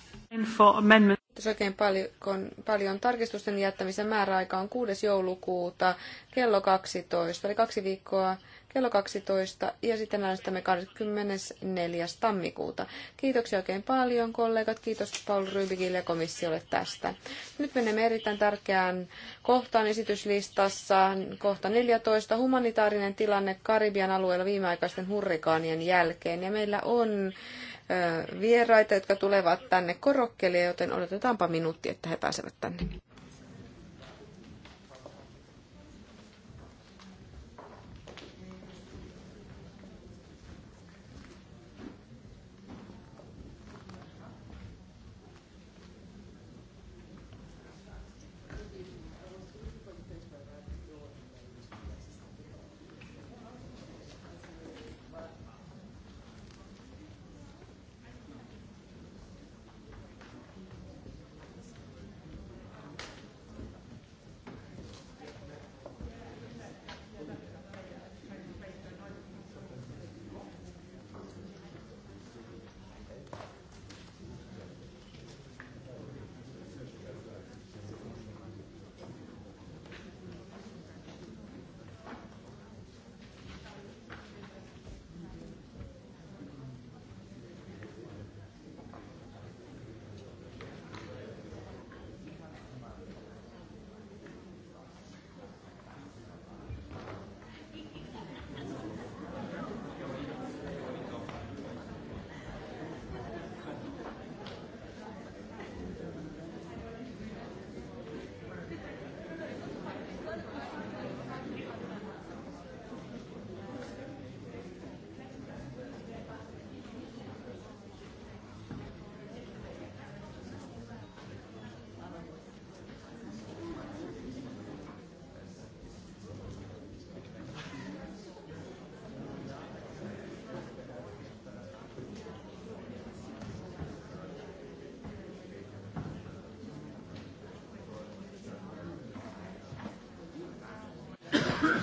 Kiitos oikein paljon, paljon. Tarkistusten jättämisen määräaika on 6. joulukuuta kello 12, eli kaksi viikkoa kello 12 ja sitten äänestämme 24. tammikuuta. Kiitoksia oikein paljon kollegat, kiitos Paul Rybikille ja komissiolle tästä. Nyt menemme erittäin tärkeään kohtaan esityslistassa, kohta 14, humanitaarinen tilanne Karibian alueella viimeaikaisten hurrikaanien jälkeen. Ja meillä on vieraita, jotka tulevat tänne korokkeelle, joten odotetaanpa minuutti, että he pääsevät tänne.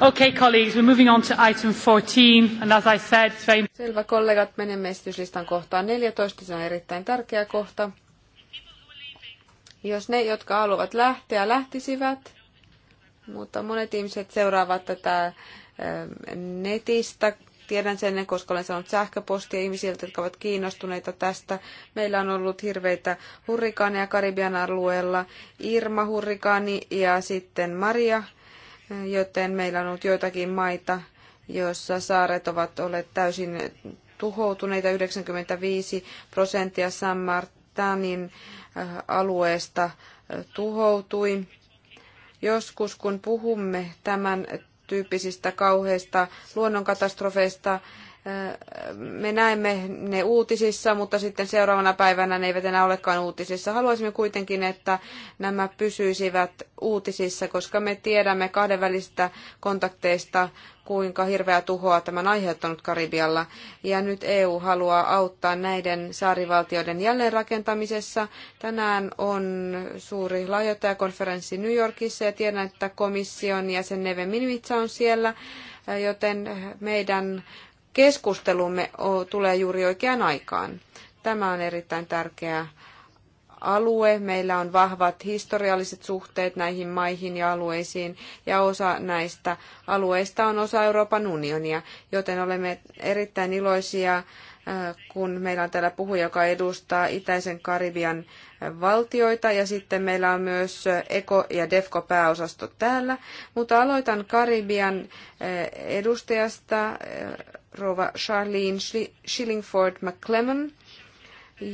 Okay, colleagues, we're moving on to item 14, and as I said, it's very... Selvä kollegat, menemme esityslistan kohtaan 14, se on erittäin tärkeä kohta. Jos ne, jotka haluavat lähteä, lähtisivät, mutta monet ihmiset seuraavat tätä ähm, netistä. Tiedän sen, koska olen saanut sähköpostia ihmisiltä, jotka ovat kiinnostuneita tästä. Meillä on ollut hirveitä hurrikaaneja Karibian alueella, Irma-hurrikaani ja sitten Maria joten meillä on ollut joitakin maita, joissa saaret ovat olleet täysin tuhoutuneita. 95 prosenttia San Martanin äh, alueesta äh, tuhoutui. Joskus kun puhumme tämän tyyppisistä kauheista luonnonkatastrofeista, me näemme ne uutisissa, mutta sitten seuraavana päivänä ne eivät enää olekaan uutisissa. Haluaisimme kuitenkin, että nämä pysyisivät uutisissa, koska me tiedämme kahdenvälisistä kontakteista, kuinka hirveää tuhoa tämä on aiheuttanut Karibialla. Ja nyt EU haluaa auttaa näiden saarivaltioiden jälleenrakentamisessa. Tänään on suuri laajoittajakonferenssi New Yorkissa ja tiedän, että komission jäsen Neve Minvitsa on siellä, joten meidän keskustelumme tulee juuri oikeaan aikaan. Tämä on erittäin tärkeä alue. Meillä on vahvat historialliset suhteet näihin maihin ja alueisiin, ja osa näistä alueista on osa Euroopan unionia, joten olemme erittäin iloisia, kun meillä on täällä puhuja, joka edustaa Itäisen Karibian valtioita, ja sitten meillä on myös ECO- ja DEFCO-pääosasto täällä. Mutta aloitan Karibian edustajasta, Rova Charlene Shillingford McClellan,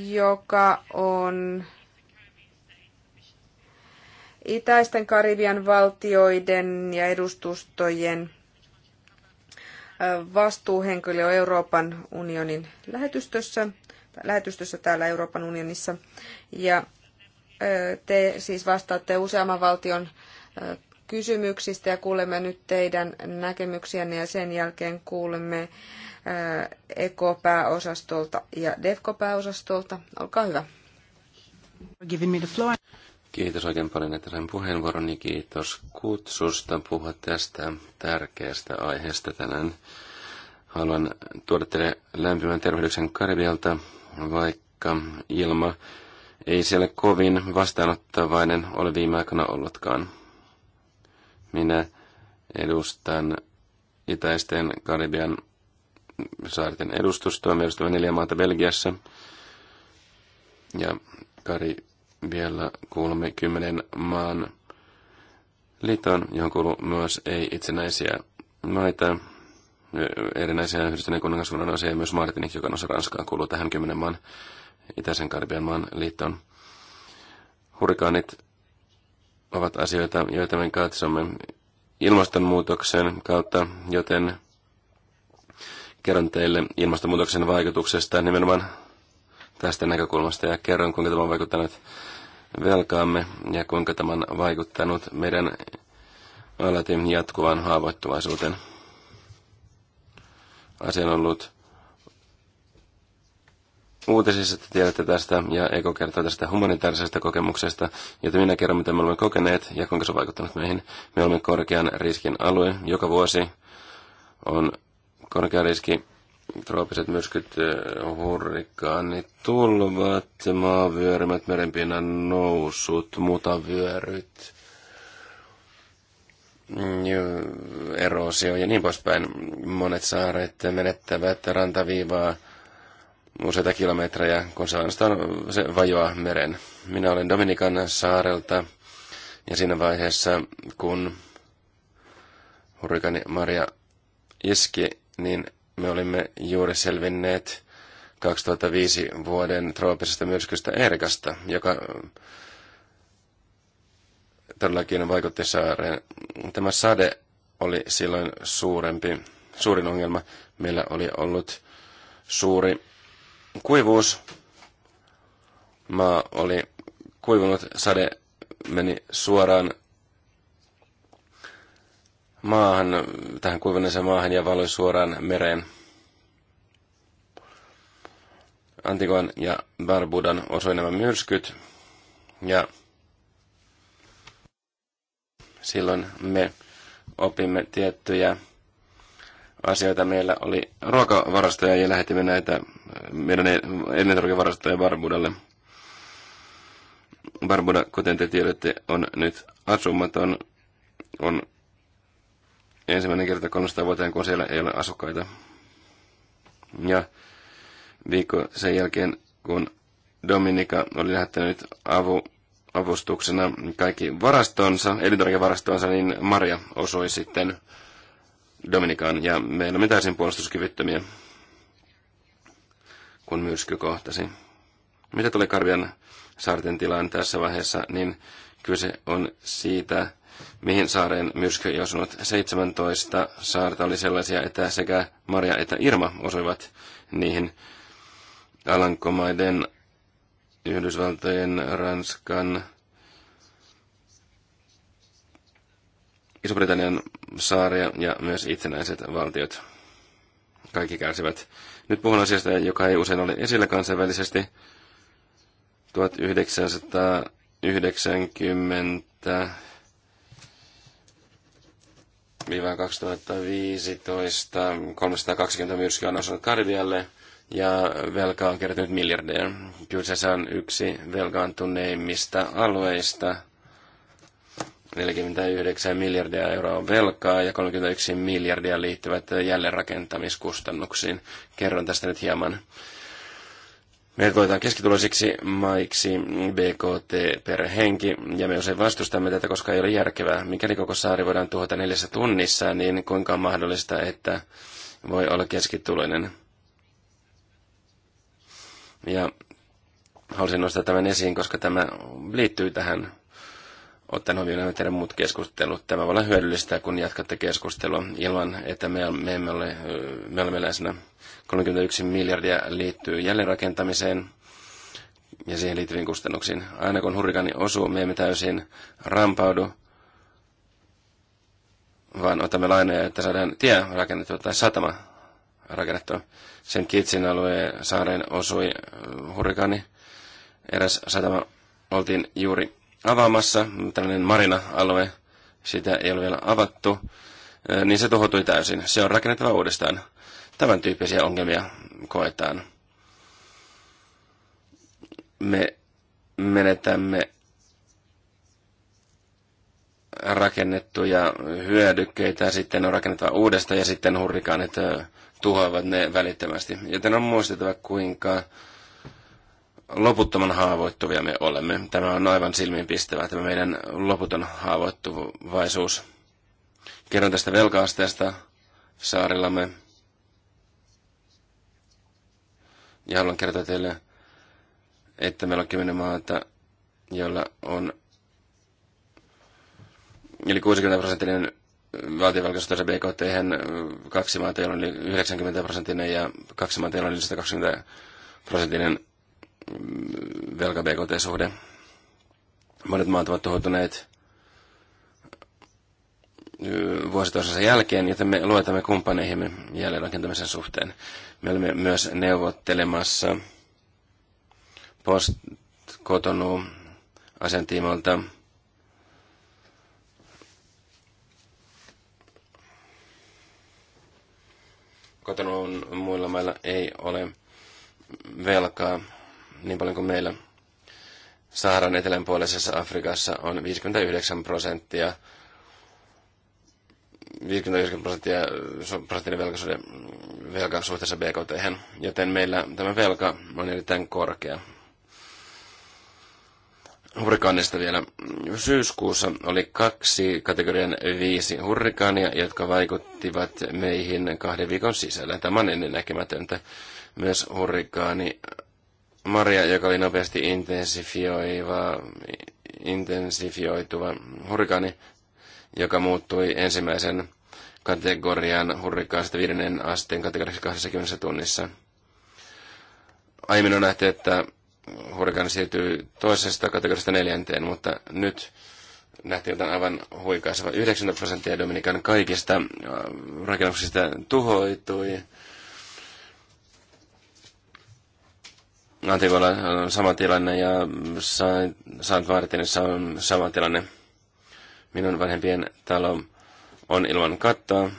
joka on itäisten Karibian valtioiden ja edustustojen vastuuhenkilö Euroopan unionin lähetystössä, lähetystössä täällä Euroopan unionissa. Ja te siis vastaatte useamman valtion kysymyksistä ja kuulemme nyt teidän näkemyksiänne ja sen jälkeen kuulemme äh, eco pääosastolta ja DEFCO-pääosastolta. Olkaa hyvä. Kiitos oikein paljon, että sain puheenvuoron ja kiitos kutsusta puhua tästä tärkeästä aiheesta tänään. Haluan tuoda teille lämpimän tervehdyksen Karibialta, vaikka ilma ei siellä kovin vastaanottavainen ole viime aikoina ollutkaan. Minä edustan itäisten Karibian saarten edustustoa. Me edustamme neljä maata Belgiassa. Ja Karibialla kuulumme kymmenen maan liiton, johon kuuluu myös ei-itsenäisiä maita, erinäisiä yhdistyneen kuningaskunnan osia ja myös Martinik, joka on osa Ranskaa, kuuluu tähän kymmenen maan itäisen Karibian maan liittoon. Hurrikaanit ovat asioita, joita me katsomme ilmastonmuutoksen kautta, joten kerron teille ilmastonmuutoksen vaikutuksesta nimenomaan tästä näkökulmasta ja kerron, kuinka tämä on vaikuttanut velkaamme ja kuinka tämä on vaikuttanut meidän alati jatkuvaan haavoittuvaisuuteen. Asia on ollut uutisissa että tiedätte tästä ja Eko kertoo tästä humanitaarisesta kokemuksesta, jota minä kerron, mitä me olemme kokeneet ja kuinka se on vaikuttanut meihin. Me olemme korkean riskin alue. Joka vuosi on korkea riski trooppiset myrskyt, eh, hurrikaanit, tulvat, maavyörymät, merenpinnan nousut, mutavyöryt, erosio ja niin poispäin. Monet saaret menettävät rantaviivaa useita kilometrejä, kun se ainoastaan se vajoaa meren. Minä olen Dominikan saarelta ja siinä vaiheessa, kun hurrikani Maria iski, niin me olimme juuri selvinneet 2005 vuoden trooppisesta myrskystä Erkasta, joka todellakin vaikutti saareen. Tämä sade oli silloin suurempi, suurin ongelma. Meillä oli ollut suuri Kuivuus. Maa oli kuivunut, sade meni suoraan maahan, tähän kuivuneeseen maahan ja valoi suoraan mereen. Antiguan ja Barbudan osoi nämä myrskyt. Ja silloin me opimme tiettyjä asioita. Meillä oli ruokavarastoja ja lähetimme näitä äh, meidän e- elintarvikevarastoja Barbudalle. Barbuda, kuten te tiedätte, on nyt asumaton. On ensimmäinen kerta 300 vuoteen, kun siellä ei ole asukkaita. Ja viikko sen jälkeen, kun Dominika oli lähettänyt avu, avustuksena kaikki varastonsa, elintarvikevarastonsa, niin Maria osui sitten Dominikaan, ja me olemme täysin puolustuskyvyttömiä, kun myrsky kohtasi. Mitä tulee Karvian saarten tilaan tässä vaiheessa, niin kyse on siitä, mihin saareen myrsky ei osunut. 17 saarta oli sellaisia, että sekä Maria että Irma osuivat niihin Alankomaiden, Yhdysvaltojen, Ranskan, Iso-Britannian saaria ja myös itsenäiset valtiot. Kaikki kärsivät. Nyt puhun asiasta, joka ei usein ole esillä kansainvälisesti. 1990 2015 320 myrskyä on osunut Karibialle ja velkaa on kertynyt miljardeja. Kyseessä on yksi velkaantuneimmista alueista – 49 miljardia euroa on velkaa ja 31 miljardia liittyvät jälleenrakentamiskustannuksiin. Kerron tästä nyt hieman. Meidät koetaan keskituloisiksi maiksi BKT per henki, ja me usein vastustamme tätä, koska ei ole järkevää. Mikäli koko saari voidaan tuhota neljässä tunnissa, niin kuinka on mahdollista, että voi olla keskituloinen? Ja halusin nostaa tämän esiin, koska tämä liittyy tähän ottanut huomioon nämä teidän muut keskustelut. Tämä voi olla hyödyllistä, kun jatkatte keskustelua ilman, että me, me emme ole, me olemme läsnä. 31 miljardia liittyy jälleenrakentamiseen ja siihen liittyviin kustannuksiin. Aina kun hurrikaani osuu, me emme täysin rampaudu, vaan otamme lainoja, että saadaan tie rakennettua tai satama rakennettua. Sen Kitsin alueen saareen osui hurrikaani. Eräs satama oltiin juuri avaamassa, tällainen marina-alue, sitä ei ole vielä avattu, niin se tuhoutui täysin. Se on rakennettava uudestaan. Tämän tyyppisiä ongelmia koetaan. Me menetämme rakennettuja hyödykkeitä, sitten on rakennettava uudestaan ja sitten hurrikaanit tuhoavat ne välittömästi. Joten on muistettava, kuinka loputtoman haavoittuvia me olemme. Tämä on aivan silmiinpistävää, tämä meidän loputon haavoittuvaisuus. Kerron tästä velkaasteesta saarillamme. Ja haluan kertoa teille, että meillä on kymmenen maata, joilla on yli 60 prosenttinen valtiovelkaisuus BKT, kaksi maata, joilla on yli 90 prosenttinen ja kaksi maata, joilla on yli 120 prosenttinen velka-BKT-suhde. Monet maat ovat tuhoutuneet vuositoisensa jälkeen, joten me luetamme kumppaneihimme jälleenrakentamisen suhteen. Me olemme myös neuvottelemassa postkotonuun kotonu asentiimolta kotonuun muilla mailla ei ole velkaa niin paljon kuin meillä. Saharan etelänpuolisessa Afrikassa on 59 prosenttia 59 prosenttia prosenttinen velka suhteessa BKT, joten meillä tämä velka on erittäin korkea. Hurrikaanista vielä. Syyskuussa oli kaksi kategorian viisi hurrikaania, jotka vaikuttivat meihin kahden viikon sisällä. Tämä on ennennäkemätöntä. Myös hurrikaani Maria, joka oli nopeasti intensifioiva, intensifioituva hurrikaani, joka muuttui ensimmäisen kategorian hurrikaasta viidennen asteen kategoriaksi 20 tunnissa. Aiemmin on nähty, että hurrikaani siirtyy toisesta kategoriasta neljänteen, mutta nyt nähtiin jotain aivan huikaisevaa. 90 prosenttia Dominikan kaikista äh, rakennuksista tuhoitui. Antikolla on sama tilanne ja Saint Martinissa on sama tilanne. Minun vanhempien talo on ilman kattoa.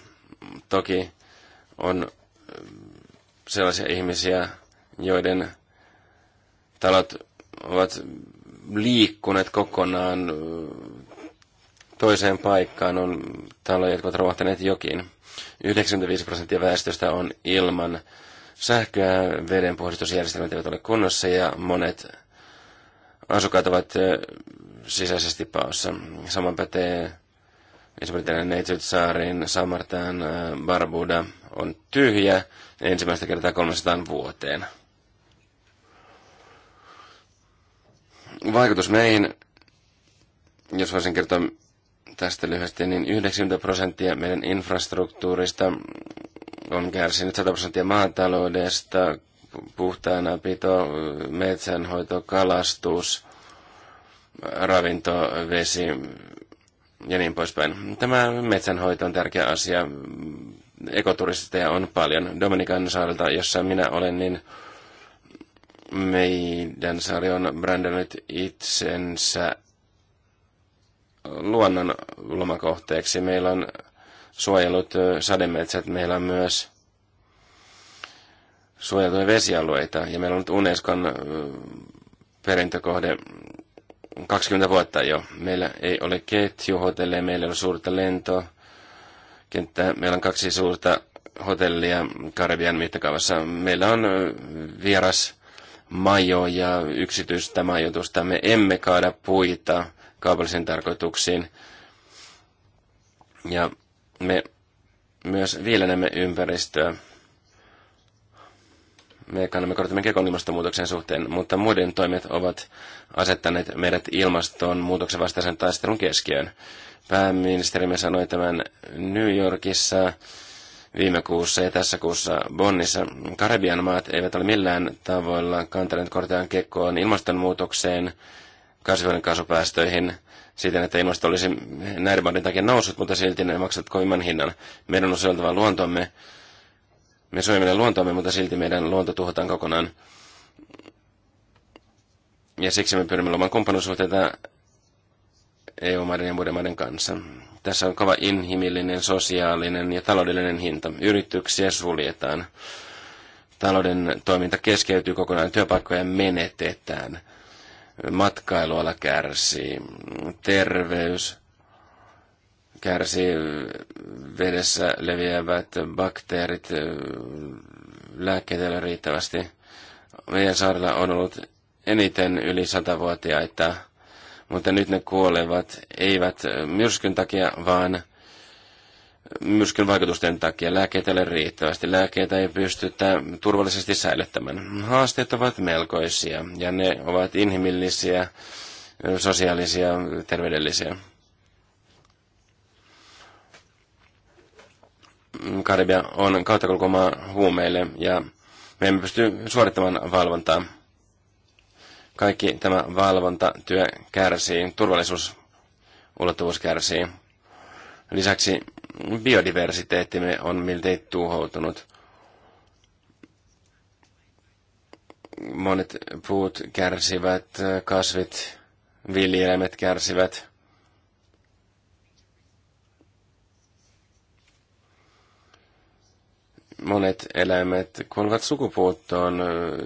Toki on äh, sellaisia ihmisiä, joiden talot ovat liikkuneet kokonaan äh, toiseen paikkaan, on taloja, jotka ovat romahtaneet jokin. 95 prosenttia väestöstä on ilman sähkö- ja vedenpuhdistusjärjestelmät eivät ole kunnossa ja monet asukkaat ovat sisäisesti paossa. Saman pätee esimerkiksi britannian Neitsytsaariin, Samartaan, Barbuda on tyhjä ensimmäistä kertaa 300 vuoteen. Vaikutus meihin, jos voisin kertoa tästä lyhyesti, niin 90 prosenttia meidän infrastruktuurista on kärsinyt 100 prosenttia maataloudesta, puhtaana pito, metsänhoito, kalastus, ravinto, vesi ja niin poispäin. Tämä metsänhoito on tärkeä asia. Ekoturisteja on paljon. Dominikan saarelta, jossa minä olen, niin meidän saari on brändänyt itsensä luonnon lomakohteeksi. Meillä on suojelut sademetsät. Meillä on myös suojeltuja vesialueita ja meillä on nyt Unescon perintökohde 20 vuotta jo. Meillä ei ole ketjuhotelleja, meillä ei ole suurta lentokenttää, meillä on kaksi suurta hotellia Karibian mittakaavassa. Meillä on vieras majo ja yksityistä majoitusta. Me emme kaada puita kaupallisiin tarkoituksiin. Ja me myös viilenemme ympäristöä. Me kannamme kortemme kekon ilmastonmuutoksen suhteen, mutta muiden toimet ovat asettaneet meidät ilmaston muutoksen vastaisen taistelun keskiöön. Pääministerimme sanoi tämän New Yorkissa viime kuussa ja tässä kuussa Bonnissa. Karibian maat eivät ole millään tavoilla kantaneet korteaan kekkoon ilmastonmuutokseen, kasvihuonekaasupäästöihin – siten, että ilmasto olisi näiden takia noussut, mutta silti ne maksavat kovimman hinnan. Meidän on suojeltava luontomme. Me suojelemme luontomme, mutta silti meidän luonto tuhotaan kokonaan. Ja siksi me pyrimme luomaan kumppanuussuhteita EU-maiden ja muiden maiden kanssa. Tässä on kova inhimillinen, sosiaalinen ja taloudellinen hinta. Yrityksiä suljetaan. Talouden toiminta keskeytyy kokonaan, työpaikkoja menetetään – matkailuala kärsii, terveys kärsii, vedessä leviävät bakteerit, lääkkeitä ei ole riittävästi. Meidän saarella on ollut eniten yli satavuotiaita, mutta nyt ne kuolevat eivät myrskyn takia, vaan – myrskyn vaikutusten takia lääkkeitä ei ole riittävästi. Lääkkeitä ei pystytä turvallisesti säilyttämään. Haasteet ovat melkoisia ja ne ovat inhimillisiä, sosiaalisia, terveydellisiä. Karibia on kauttakulkumaa huumeille ja me emme pysty suorittamaan valvontaa. Kaikki tämä valvontatyö kärsii, turvallisuusulottuvuus kärsii. Lisäksi biodiversiteettimme on miltei tuhoutunut. Monet puut kärsivät, kasvit, viljeläimet kärsivät. Monet eläimet kuuluvat sukupuuttoon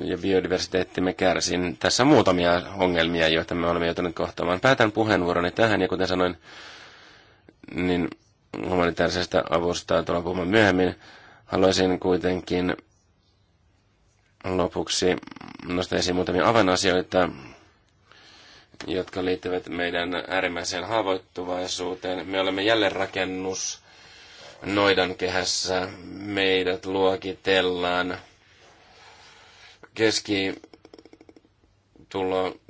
ja biodiversiteettimme kärsin. Tässä on muutamia ongelmia, joita me olemme joutuneet kohtaamaan. Päätän puheenvuoroni tähän ja kuten sanoin, niin humanitaarisesta avusta tullaan puhumaan myöhemmin. Haluaisin kuitenkin lopuksi nostaa esiin muutamia avainasioita, jotka liittyvät meidän äärimmäiseen haavoittuvaisuuteen. Me olemme jälleenrakennus noidan kehässä. Meidät luokitellaan keski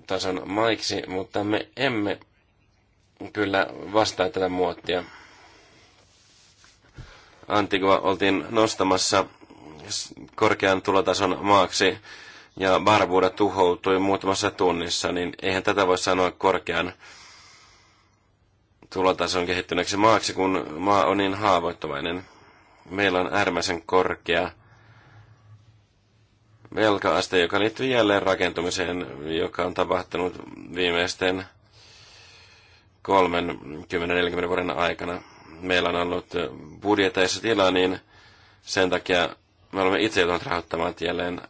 tason maiksi, mutta me emme kyllä vastaa tätä muottia. Antigua oltiin nostamassa korkean tulotason maaksi ja Barbuda tuhoutui muutamassa tunnissa, niin eihän tätä voi sanoa korkean tulotason kehittyneeksi maaksi, kun maa on niin haavoittuvainen. Meillä on äärimmäisen korkea velkaaste, joka liittyy jälleen rakentumiseen, joka on tapahtunut viimeisten 30-40 vuoden aikana meillä on ollut eh, budjeteissa tilaa, niin sen takia me olemme itse joutuneet rahoittamaan jälleen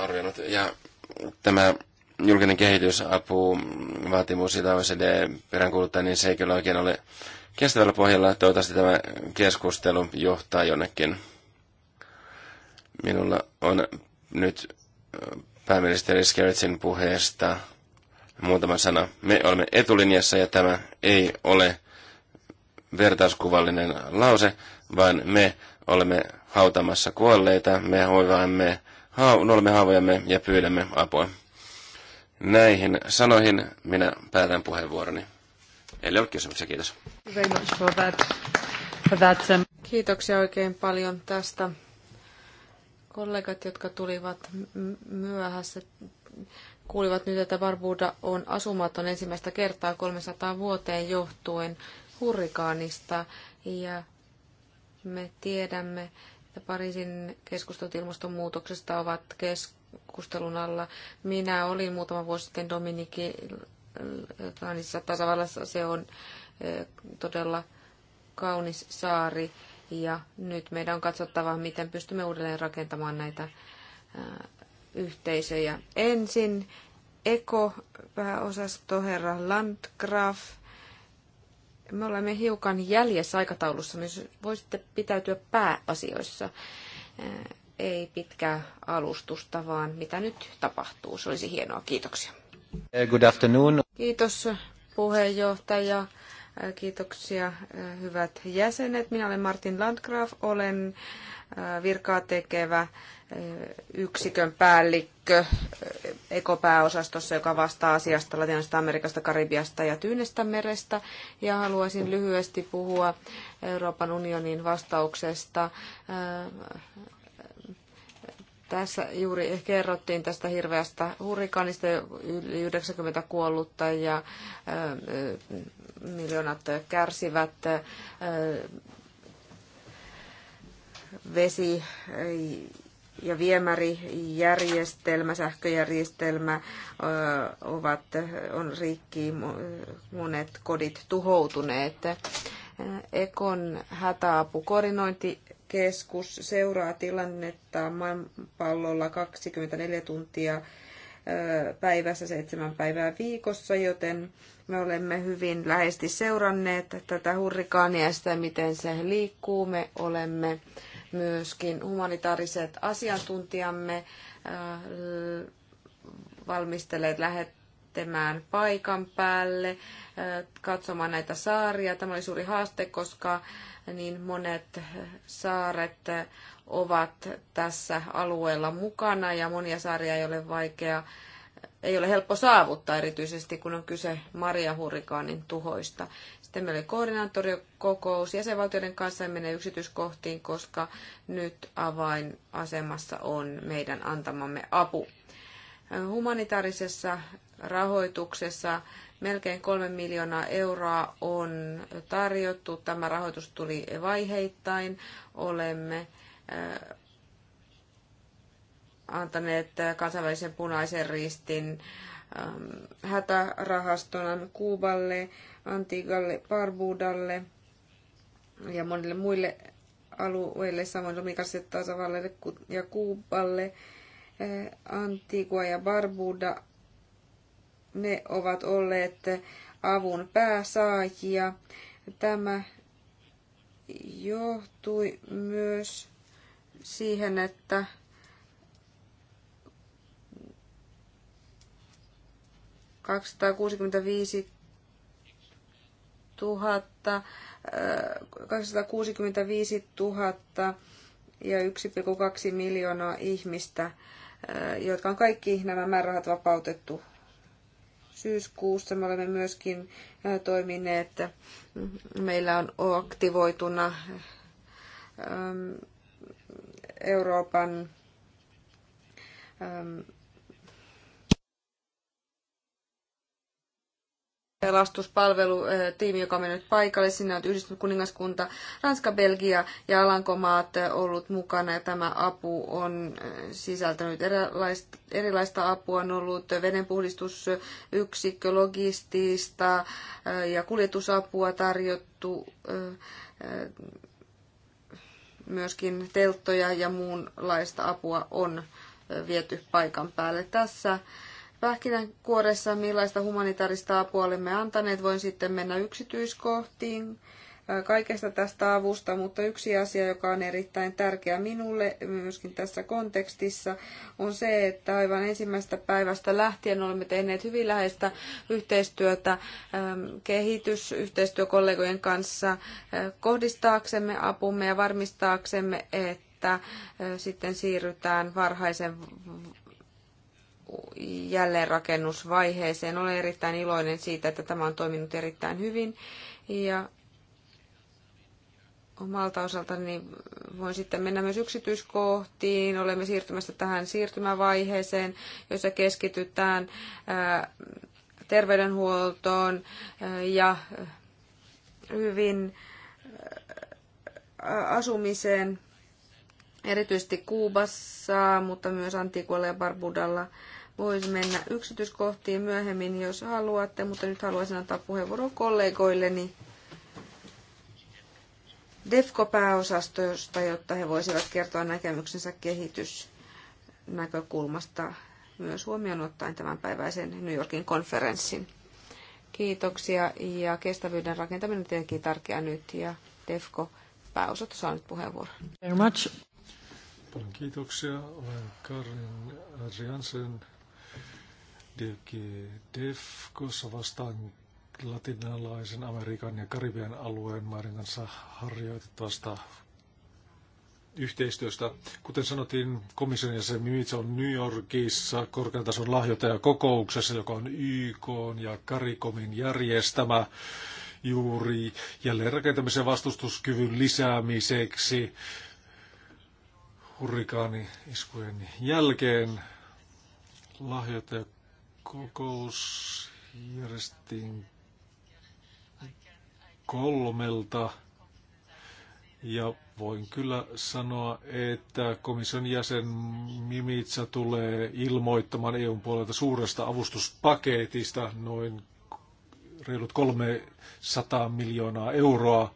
arvioinut. Ja tämä julkinen kehitysapu, vaatimus, jota OECD peräänkuuluttaa, niin se ei kyllä oikein ole kestävällä pohjalla. Toivottavasti tämä keskustelu johtaa jonnekin. Minulla on nyt pääministeri Skeritsin puheesta muutama sana. Me olemme etulinjassa ja tämä ei ole vertauskuvallinen lause, vaan me olemme hautamassa kuolleita, me hoivaamme, hau, olemme haavojamme ja pyydämme apua. Näihin sanoihin minä päätän puheenvuoroni. Eli ole kysymyksiä, kiitos. Um, Kiitoksia oikein paljon tästä Kollegat, jotka tulivat myöhässä, kuulivat nyt, että Barbuda on asumaton ensimmäistä kertaa 300 vuoteen johtuen hurrikaanista. Ja me tiedämme, että Pariisin keskustelut ilmastonmuutoksesta ovat keskustelun alla. Minä olin muutama vuosi sitten Dominikianissa tasavallassa. Se on eh, todella kaunis saari. Ja nyt meidän on katsottava, miten pystymme uudelleen rakentamaan näitä yhteisöjä. Ensin ekopääosasto herra Landgraf. Me olemme hiukan jäljessä aikataulussa, myös voisitte pitäytyä pääasioissa. Ei pitkää alustusta, vaan mitä nyt tapahtuu. Se olisi hienoa. Kiitoksia. Eh, good afternoon. Kiitos puheenjohtaja. Kiitoksia hyvät jäsenet. Minä olen Martin Landgraf, olen äh, virkaa tekevä äh, yksikön päällikkö äh, ekopääosastossa, joka vastaa asiasta Latinalaisesta Amerikasta, Karibiasta ja Tyynestä merestä. Ja haluaisin lyhyesti puhua Euroopan unionin vastauksesta tässä juuri kerrottiin tästä hirveästä hurrikaanista yli 90 kuollutta ja miljoonat kärsivät vesi- ja viemärijärjestelmä, sähköjärjestelmä ovat, on rikki, monet kodit tuhoutuneet. Ekon hätäapukoordinointi keskus seuraa tilannetta maailmanpallolla 24 tuntia päivässä seitsemän päivää viikossa, joten me olemme hyvin läheisesti seuranneet tätä hurrikaania ja sitä, miten se liikkuu. Me olemme myöskin humanitaariset asiantuntijamme valmistelleet lähettämään paikan päälle, katsomaan näitä saaria. Tämä oli suuri haaste, koska niin monet saaret ovat tässä alueella mukana ja monia saaria ei ole vaikea, ei ole helppo saavuttaa erityisesti, kun on kyse Maria-hurrikaanin tuhoista. Sitten meillä oli koordinaattorikokous jäsenvaltioiden kanssa, ja menee yksityiskohtiin, koska nyt avainasemassa on meidän antamamme apu. Humanitaarisessa rahoituksessa melkein kolme miljoonaa euroa on tarjottu. Tämä rahoitus tuli vaiheittain. Olemme antaneet kansainvälisen punaisen ristin ähm, hätärahaston Kuuballe, Antigalle, Barbudalle ja monille muille alueille, samoin Dominikassa tasavallalle ja Kuuballe. Antigua ja Barbuda, ne ovat olleet avun pääsaajia. Tämä johtui myös siihen, että ...265 000, 265 000 ja 1,2 miljoonaa ihmistä, äh, jotka on kaikki nämä määrärahat vapautettu syyskuussa. Me olemme myöskin äh, toimineet, äh, meillä on aktivoituna ähm, Euroopan ähm, pelastuspalvelutiimi, joka on mennyt paikalle. Sinne on yhdistynyt kuningaskunta, Ranska, Belgia ja Alankomaat ollut mukana. Ja tämä apu on äh, sisältänyt erilaista, erilaista apua. On ollut vedenpuhdistusyksikkö, logistiista äh, ja kuljetusapua tarjottu äh, myöskin telttoja ja muunlaista apua on viety paikan päälle. Tässä pähkinänkuoressa, millaista humanitaarista apua olemme antaneet, voin sitten mennä yksityiskohtiin kaikesta tästä avusta, mutta yksi asia, joka on erittäin tärkeä minulle myöskin tässä kontekstissa, on se, että aivan ensimmäisestä päivästä lähtien olemme tehneet hyvin läheistä yhteistyötä kehitysyhteistyökollegojen kanssa kohdistaaksemme apumme ja varmistaaksemme, että sitten siirrytään varhaisen jälleenrakennusvaiheeseen. Olen erittäin iloinen siitä, että tämä on toiminut erittäin hyvin ja omalta osaltani niin voin sitten mennä myös yksityiskohtiin. Olemme siirtymässä tähän siirtymävaiheeseen, jossa keskitytään terveydenhuoltoon ja hyvin asumiseen, erityisesti Kuubassa, mutta myös Antigualla ja Barbudalla. Voisi mennä yksityiskohtiin myöhemmin, jos haluatte, mutta nyt haluaisin antaa puheenvuoron kollegoilleni. Niin DEFCO-pääosastosta, jotta he voisivat kertoa näkemyksensä kehitysnäkökulmasta myös huomioon ottaen tämänpäiväisen New Yorkin konferenssin. Kiitoksia ja kestävyyden rakentaminen tietenkin tärkeää nyt ja DEFCO pääosat saa nyt puheenvuoron. Very much. kiitoksia. Olen Karin Jansen DG DEFCOssa vastaan latinalaisen Amerikan ja Karibian alueen maiden kanssa harjoitettavasta yhteistyöstä. Kuten sanottiin, komission jäsen Mimitsa on New Yorkissa korkean tason lahjoittajakokouksessa, joka on YK ja Karikomin järjestämä juuri jälleenrakentamisen vastustuskyvyn lisäämiseksi hurrikaani-iskujen jälkeen. Lahjoittajakokous järjestettiin kolmelta. Ja voin kyllä sanoa, että komission jäsen Mimitsa tulee ilmoittamaan EUn puolelta suuresta avustuspaketista noin reilut 300 miljoonaa euroa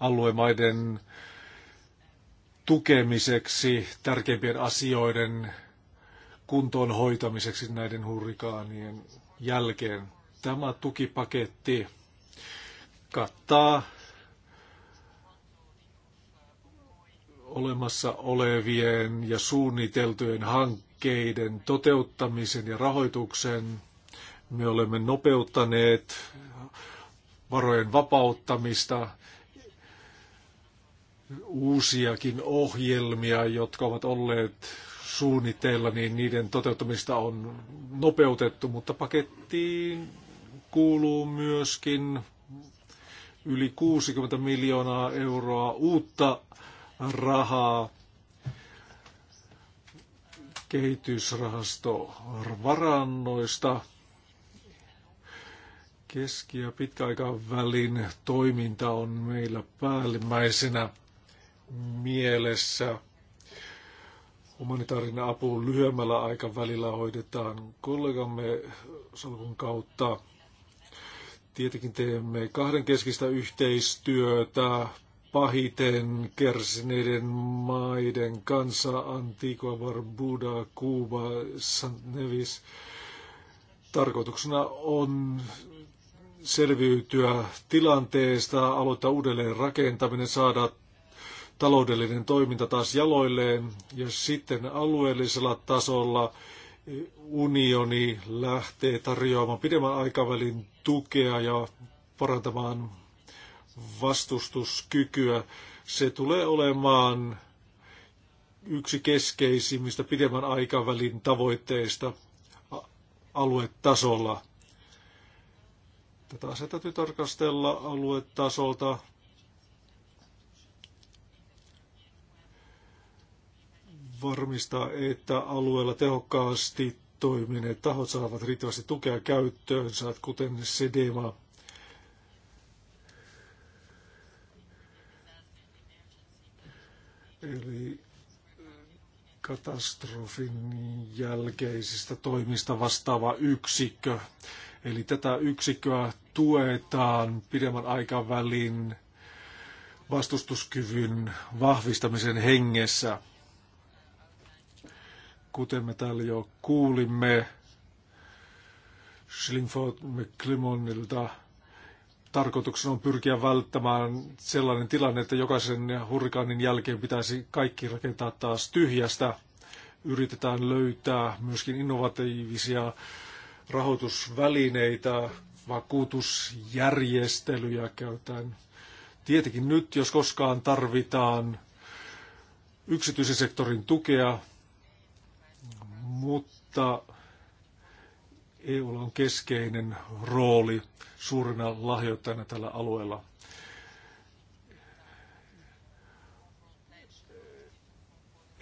aluemaiden tukemiseksi, tärkeimpien asioiden kuntoon hoitamiseksi näiden hurrikaanien jälkeen. Tämä tukipaketti kattaa olemassa olevien ja suunniteltujen hankkeiden toteuttamisen ja rahoituksen. Me olemme nopeuttaneet varojen vapauttamista, uusiakin ohjelmia, jotka ovat olleet suunnitteilla, niin niiden toteuttamista on nopeutettu, mutta pakettiin kuuluu myöskin yli 60 miljoonaa euroa uutta rahaa kehitysrahasto varannoista keski- ja pitkäaikavälin toiminta on meillä päällimmäisenä mielessä. Humanitaarinen apu lyhyemmällä aikavälillä hoidetaan kollegamme salkun kautta. Tietenkin teemme kahdenkeskistä yhteistyötä pahiten kärsineiden maiden kanssa, Antigua, Barbuda, Kuuba, St. Nevis. Tarkoituksena on selviytyä tilanteesta, aloittaa uudelleen rakentaminen, saada taloudellinen toiminta taas jaloilleen ja sitten alueellisella tasolla – unioni lähtee tarjoamaan pidemmän aikavälin tukea ja parantamaan vastustuskykyä. Se tulee olemaan yksi keskeisimmistä pidemmän aikavälin tavoitteista aluetasolla. Tätä asiaa täytyy tarkastella aluetasolta varmistaa, että alueella tehokkaasti toimineet tahot saavat riittävästi tukea käyttöönsä, kuten CDMA. Eli katastrofin jälkeisistä toimista vastaava yksikkö. Eli tätä yksikköä tuetaan pidemmän aikavälin vastustuskyvyn vahvistamisen hengessä. Kuten me täällä jo kuulimme Schlingford McClimonilta, tarkoituksena on pyrkiä välttämään sellainen tilanne, että jokaisen hurrikaanin jälkeen pitäisi kaikki rakentaa taas tyhjästä. Yritetään löytää myöskin innovatiivisia rahoitusvälineitä, vakuutusjärjestelyjä käytetään. Tietenkin nyt, jos koskaan tarvitaan yksityisen sektorin tukea, mutta EUlla on keskeinen rooli suurena lahjoittajana tällä alueella.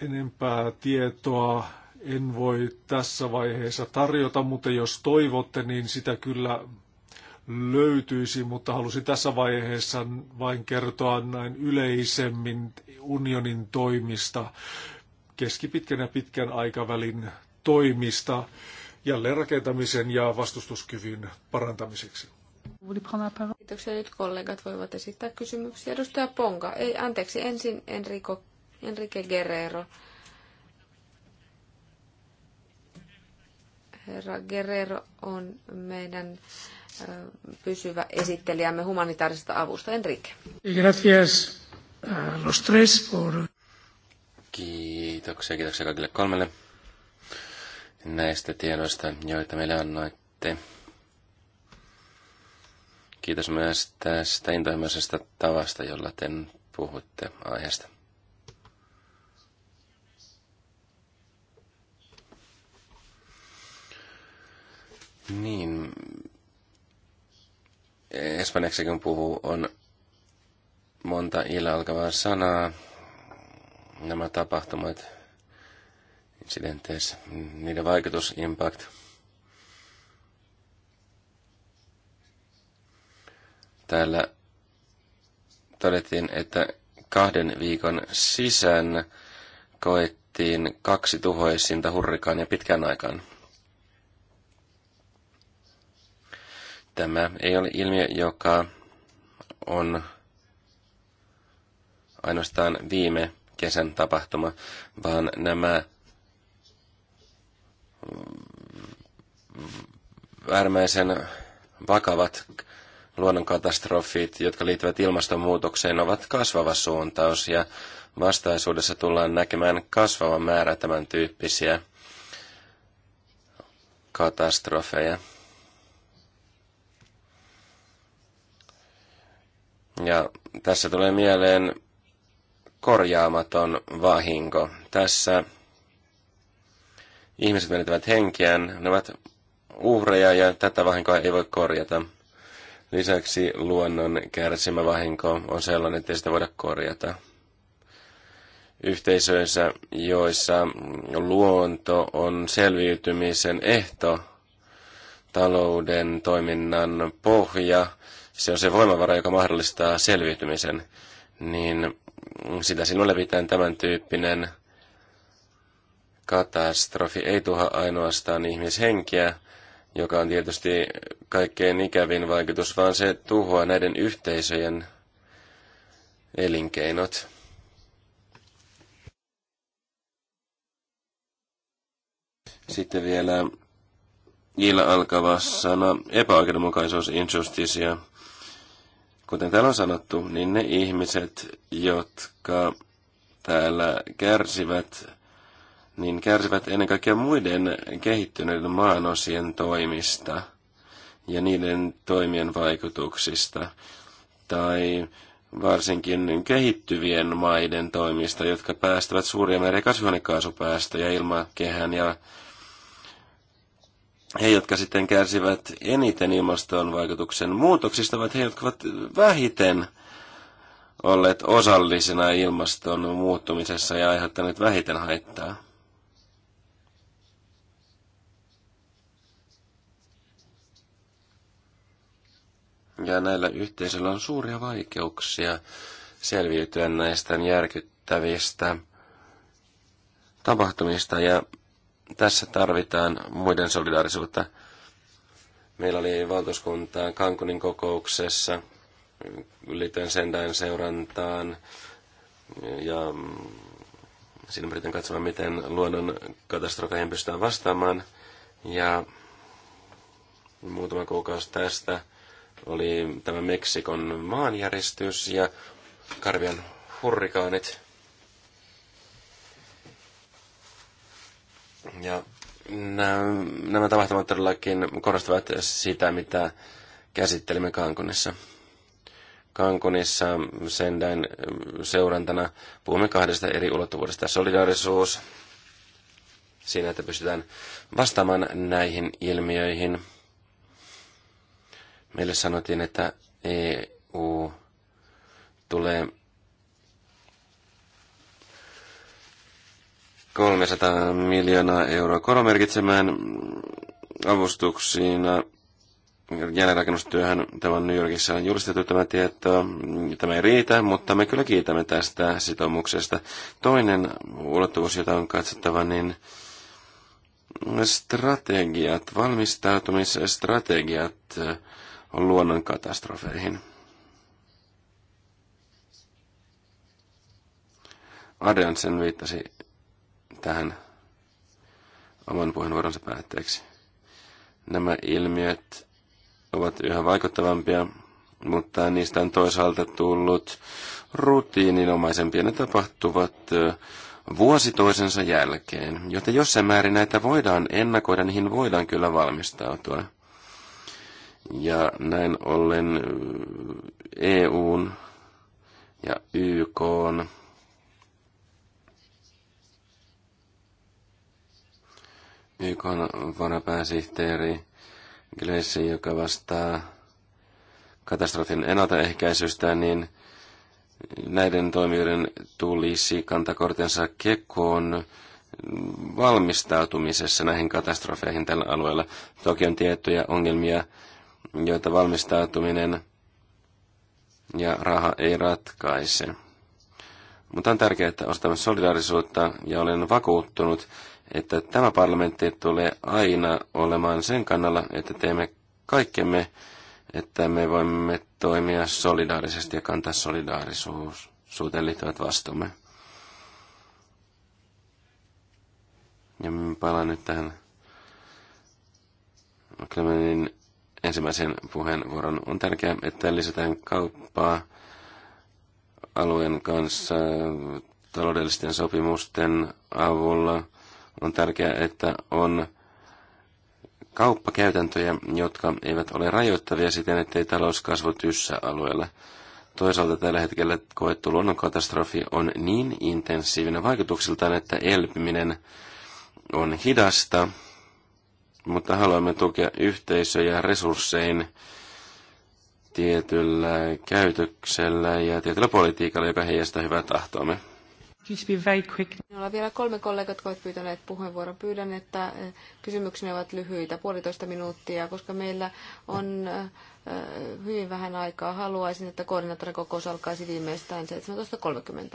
Enempää tietoa en voi tässä vaiheessa tarjota, mutta jos toivotte, niin sitä kyllä löytyisi, mutta halusin tässä vaiheessa vain kertoa näin yleisemmin unionin toimista keskipitkän ja pitkän aikavälin toimista jälleenrakentamisen ja vastustuskyvyn parantamiseksi. Kiitoksia. Nyt kollegat voivat esittää kysymyksiä. Edustaja Ponga, ei anteeksi, ensin Enrico, Enrique Guerrero. Herra Guerrero on meidän pysyvä esittelijämme humanitaarisesta avusta. Enrique. Gracias los tres por... Kiitoksia, kiitoksia kaikille kolmelle näistä tiedoista, joita meille annoitte. Kiitos myös tästä intohimoisesta tavasta, jolla te puhutte aiheesta. Niin, espanjaksi kun puhuu, on monta illa alkavaa sanaa, nämä tapahtumat, incidenteissä, niiden vaikutus, impact. Täällä todettiin, että kahden viikon sisään koettiin kaksi tuhoisinta hurrikaania pitkän aikaan. Tämä ei ole ilmiö, joka on ainoastaan viime kesän tapahtuma, vaan nämä mm, äärimmäisen vakavat luonnonkatastrofit, jotka liittyvät ilmastonmuutokseen, ovat kasvava suuntaus ja vastaisuudessa tullaan näkemään kasvava määrä tämän tyyppisiä katastrofeja. Ja tässä tulee mieleen korjaamaton vahinko. Tässä ihmiset menettävät henkeään, ne ovat uhreja ja tätä vahinkoa ei voi korjata. Lisäksi luonnon kärsimä vahinko on sellainen, että sitä voida korjata. Yhteisöissä, joissa luonto on selviytymisen ehto, talouden toiminnan pohja, se on se voimavara, joka mahdollistaa selviytymisen, niin sillä sinulle mitään tämän tyyppinen katastrofi ei tuha ainoastaan ihmishenkiä, joka on tietysti kaikkein ikävin vaikutus, vaan se tuhoaa näiden yhteisöjen elinkeinot. Sitten vielä illa alkava sana epäoikeudenmukaisuus, injustice ja Kuten täällä on sanottu, niin ne ihmiset, jotka täällä kärsivät, niin kärsivät ennen kaikkea muiden kehittyneiden maanosien toimista ja niiden toimien vaikutuksista. Tai varsinkin kehittyvien maiden toimista, jotka päästävät suuria määriä kasvihuonekaasupäästöjä ilmakehään ja he, jotka sitten kärsivät eniten ilmaston vaikutuksen muutoksista, ovat he, jotka ovat vähiten olleet osallisena ilmaston muuttumisessa ja aiheuttaneet vähiten haittaa. Ja näillä yhteisöillä on suuria vaikeuksia selviytyä näistä järkyttävistä tapahtumista ja tässä tarvitaan muiden solidaarisuutta. Meillä oli valtuuskuntaa Kankunin kokouksessa liittyen Sendain seurantaan ja siinä pyritään katsomaan, miten luonnon katastrofeihin pystytään vastaamaan. Ja muutama kuukausi tästä oli tämä Meksikon maanjäristys ja Karvian hurrikaanit. Ja nämä tapahtumat todellakin korostavat sitä, mitä käsittelimme Kankunissa. Kankunissa Sendäin seurantana puhumme kahdesta eri ulottuvuudesta. Solidaarisuus, siinä että pystytään vastaamaan näihin ilmiöihin. Meille sanottiin, että EU tulee 300 miljoonaa euroa koromerkitsemään avustuksiina jälleenrakennustyöhön. Tämä on New Yorkissa on julistettu tämä tieto. Tämä ei riitä, mutta me kyllä kiitämme tästä sitoumuksesta. Toinen ulottuvuus, jota on katsottava, niin strategiat, valmistautumisstrategiat on luonnon katastrofeihin. Adriansen viittasi tähän oman puheenvuoronsa päätteeksi. Nämä ilmiöt ovat yhä vaikuttavampia, mutta niistä on toisaalta tullut rutiininomaisempia. Ne tapahtuvat vuosi toisensa jälkeen, joten jossain määrin näitä voidaan ennakoida, niihin voidaan kyllä valmistautua. Ja näin ollen EUn ja YKn YK varapääsihteeri Gleissi, joka vastaa katastrofin ennaltaehkäisystä, niin näiden toimijoiden tulisi kantakortensa kekoon valmistautumisessa näihin katastrofeihin tällä alueella. Toki on tiettyjä ongelmia, joita valmistautuminen ja raha ei ratkaise. Mutta on tärkeää, että ostamme solidaarisuutta ja olen vakuuttunut, että tämä parlamentti tulee aina olemaan sen kannalla, että teemme kaikkemme, että me voimme toimia solidaarisesti ja kantaa solidaarisuuteen liittyvät vastuumme. Ja palaan nyt tähän Clemenin ensimmäisen puheenvuoron. On tärkeää, että lisätään kauppaa alueen kanssa taloudellisten sopimusten avulla – on tärkeää, että on kauppakäytäntöjä, jotka eivät ole rajoittavia siten, ettei talouskasvu tyssä alueella. Toisaalta tällä hetkellä koettu luonnonkatastrofi on niin intensiivinen vaikutuksiltaan, että elpyminen on hidasta, mutta haluamme tukea yhteisöjä resurssein tietyllä käytöksellä ja tietyllä politiikalla, joka heijastaa hyvää tahtoamme. Minulla on vielä kolme kollegat, jotka ovat pyytäneet puheenvuoron. Pyydän, että eh, kysymykseni ovat lyhyitä, puolitoista minuuttia, koska meillä on eh, hyvin vähän aikaa. Haluaisin, että koordinaattorin kokous alkaisi viimeistään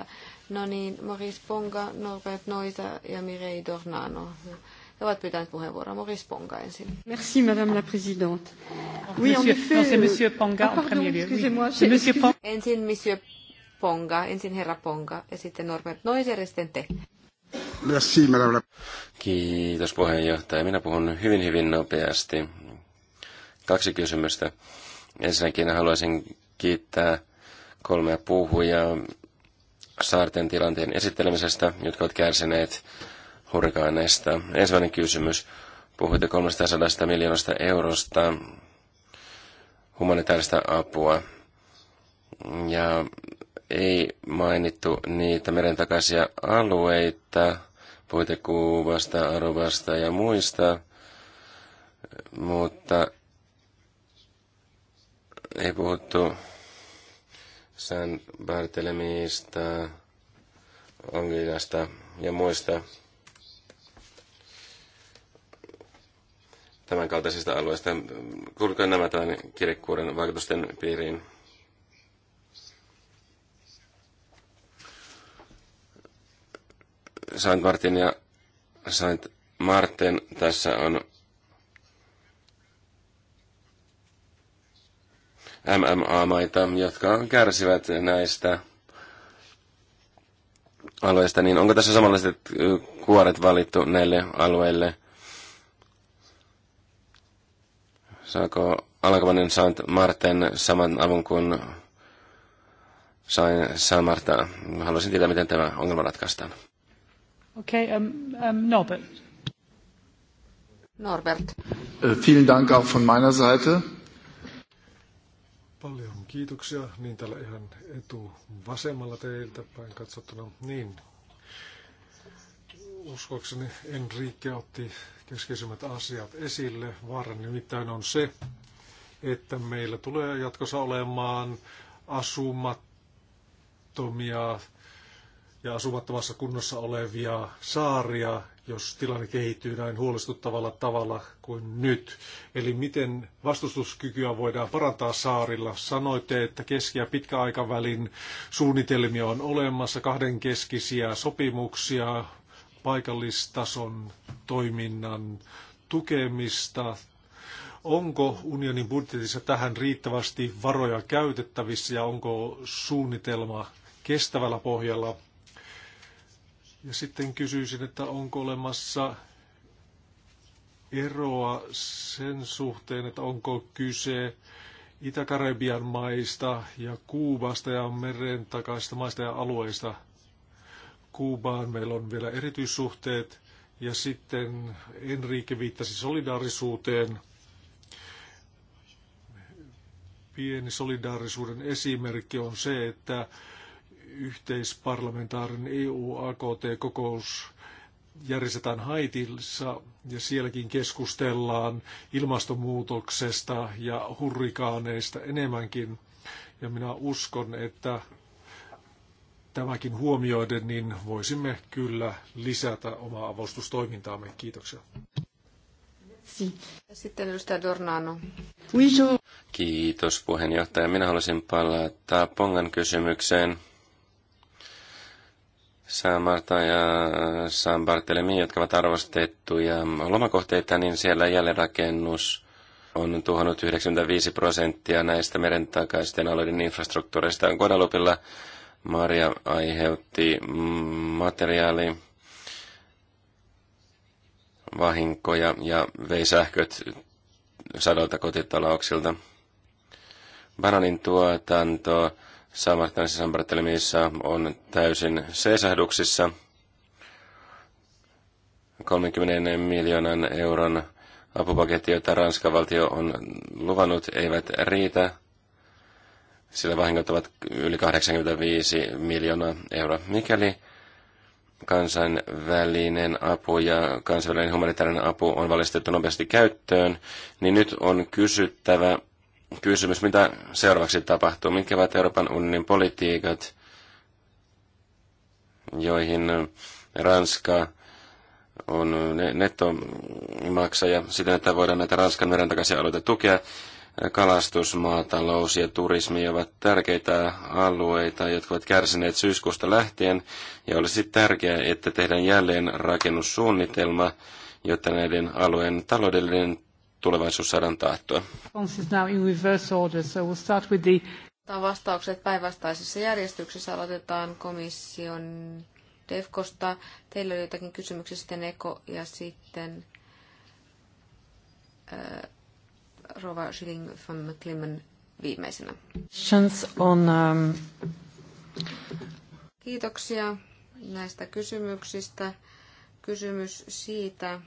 17.30. No niin, Maurice Ponga, Norbert Noisa ja Mirei Dornano. He ovat pyytäneet puheenvuoroa. Maurice Ponga ensin. Merci, madame la présidente. Oui, en effet... Non, c'est monsieur Ponga ah, en premier lieu. Ensin monsieur Ponga, ensin herra Ponga ja sitten Norbert Noiser ja sitten te. Kiitos puheenjohtaja. Minä puhun hyvin hyvin nopeasti. Kaksi kysymystä. Ensinnäkin haluaisin kiittää kolmea puhujaa saarten tilanteen esittelemisestä, jotka ovat kärsineet hurrikaaneista. Ensimmäinen kysymys. Puhuitte 300 miljoonasta eurosta humanitaarista apua. Ja ei mainittu niitä meren takaisia alueita, puitekuvasta, arvasta ja muista, mutta ei puhuttu San Bartelemista, Angliasta ja muista tämänkaltaisista alueista. Kuulkaa nämä tämän kirjekuoren vaikutusten piiriin. Saint Martin ja Saint Martin tässä on MMA-maita, jotka kärsivät näistä alueista, niin onko tässä samanlaiset kuoret valittu näille alueille? Saako alkavainen Saint Martin saman avun kuin Saint Martin? Haluaisin tietää, miten tämä ongelma ratkaistaan. Okei, okay, um, um, Norbert. Norbert. Äh, vielen Dank auch von meiner Seite. Paljon kiitoksia. Niin täällä ihan etu vasemmalla teiltä päin katsottuna. Niin, uskoakseni Enrique otti keskeisimmät asiat esille. Vaara nimittäin on se, että meillä tulee jatkossa olemaan asumattomia ja asumattomassa kunnossa olevia saaria, jos tilanne kehittyy näin huolestuttavalla tavalla kuin nyt. Eli miten vastustuskykyä voidaan parantaa saarilla? Sanoitte, että keski- ja pitkäaikavälin suunnitelmia on olemassa, kahdenkeskisiä sopimuksia, paikallistason toiminnan tukemista. Onko unionin budjetissa tähän riittävästi varoja käytettävissä ja onko suunnitelma kestävällä pohjalla ja sitten kysyisin, että onko olemassa eroa sen suhteen, että onko kyse itä karebian maista ja Kuubasta ja meren takaisista maista ja alueista. Kuubaan meillä on vielä erityissuhteet ja sitten Enrique viittasi solidaarisuuteen. Pieni solidaarisuuden esimerkki on se, että yhteisparlamentaarinen EU-AKT-kokous järjestetään Haitissa ja sielläkin keskustellaan ilmastonmuutoksesta ja hurrikaaneista enemmänkin. Ja minä uskon, että tämäkin huomioiden, niin voisimme kyllä lisätä omaa avustustoimintaamme. Kiitoksia. Sitten edustaja Dornano. Kiitos puheenjohtaja. Minä haluaisin palata Pongan kysymykseen. San Marta ja San Bartelemi, jotka ovat arvostettuja lomakohteita, niin siellä jälleenrakennus on tuhannut 95 prosenttia näistä meren takaisten alueiden infrastruktuureista. Guadalupilla Maria aiheutti materiaali vahinkoja ja vei sähköt sadalta kotitalouksilta. Bananin tuotanto Samarkandissa San on täysin seisahduksissa. 30 miljoonan euron apupaketti, jota Ranskan valtio on luvannut, eivät riitä, sillä vahingot ovat yli 85 miljoonaa euroa. Mikäli kansainvälinen apu ja kansainvälinen humanitaarinen apu on valistettu nopeasti käyttöön, niin nyt on kysyttävä, kysymys, mitä seuraavaksi tapahtuu, mitkä ovat Euroopan unionin politiikat, joihin Ranska on nettomaksaja siten, että voidaan näitä Ranskan meren takaisia alueita tukea. Kalastus, maatalous ja turismi ovat tärkeitä alueita, jotka ovat kärsineet syyskuusta lähtien, ja olisi tärkeää, että tehdään jälleen rakennussuunnitelma, jotta näiden alueen taloudellinen tulevaisuus saadaan taattua. Tämä vastaukset päinvastaisessa järjestyksessä aloitetaan komission DEFKosta. Teillä oli jotakin kysymyksiä sitten Eko ja sitten äh, Rova Schilling van McClimman viimeisenä. On, um... Kiitoksia näistä kysymyksistä. Kysymys siitä,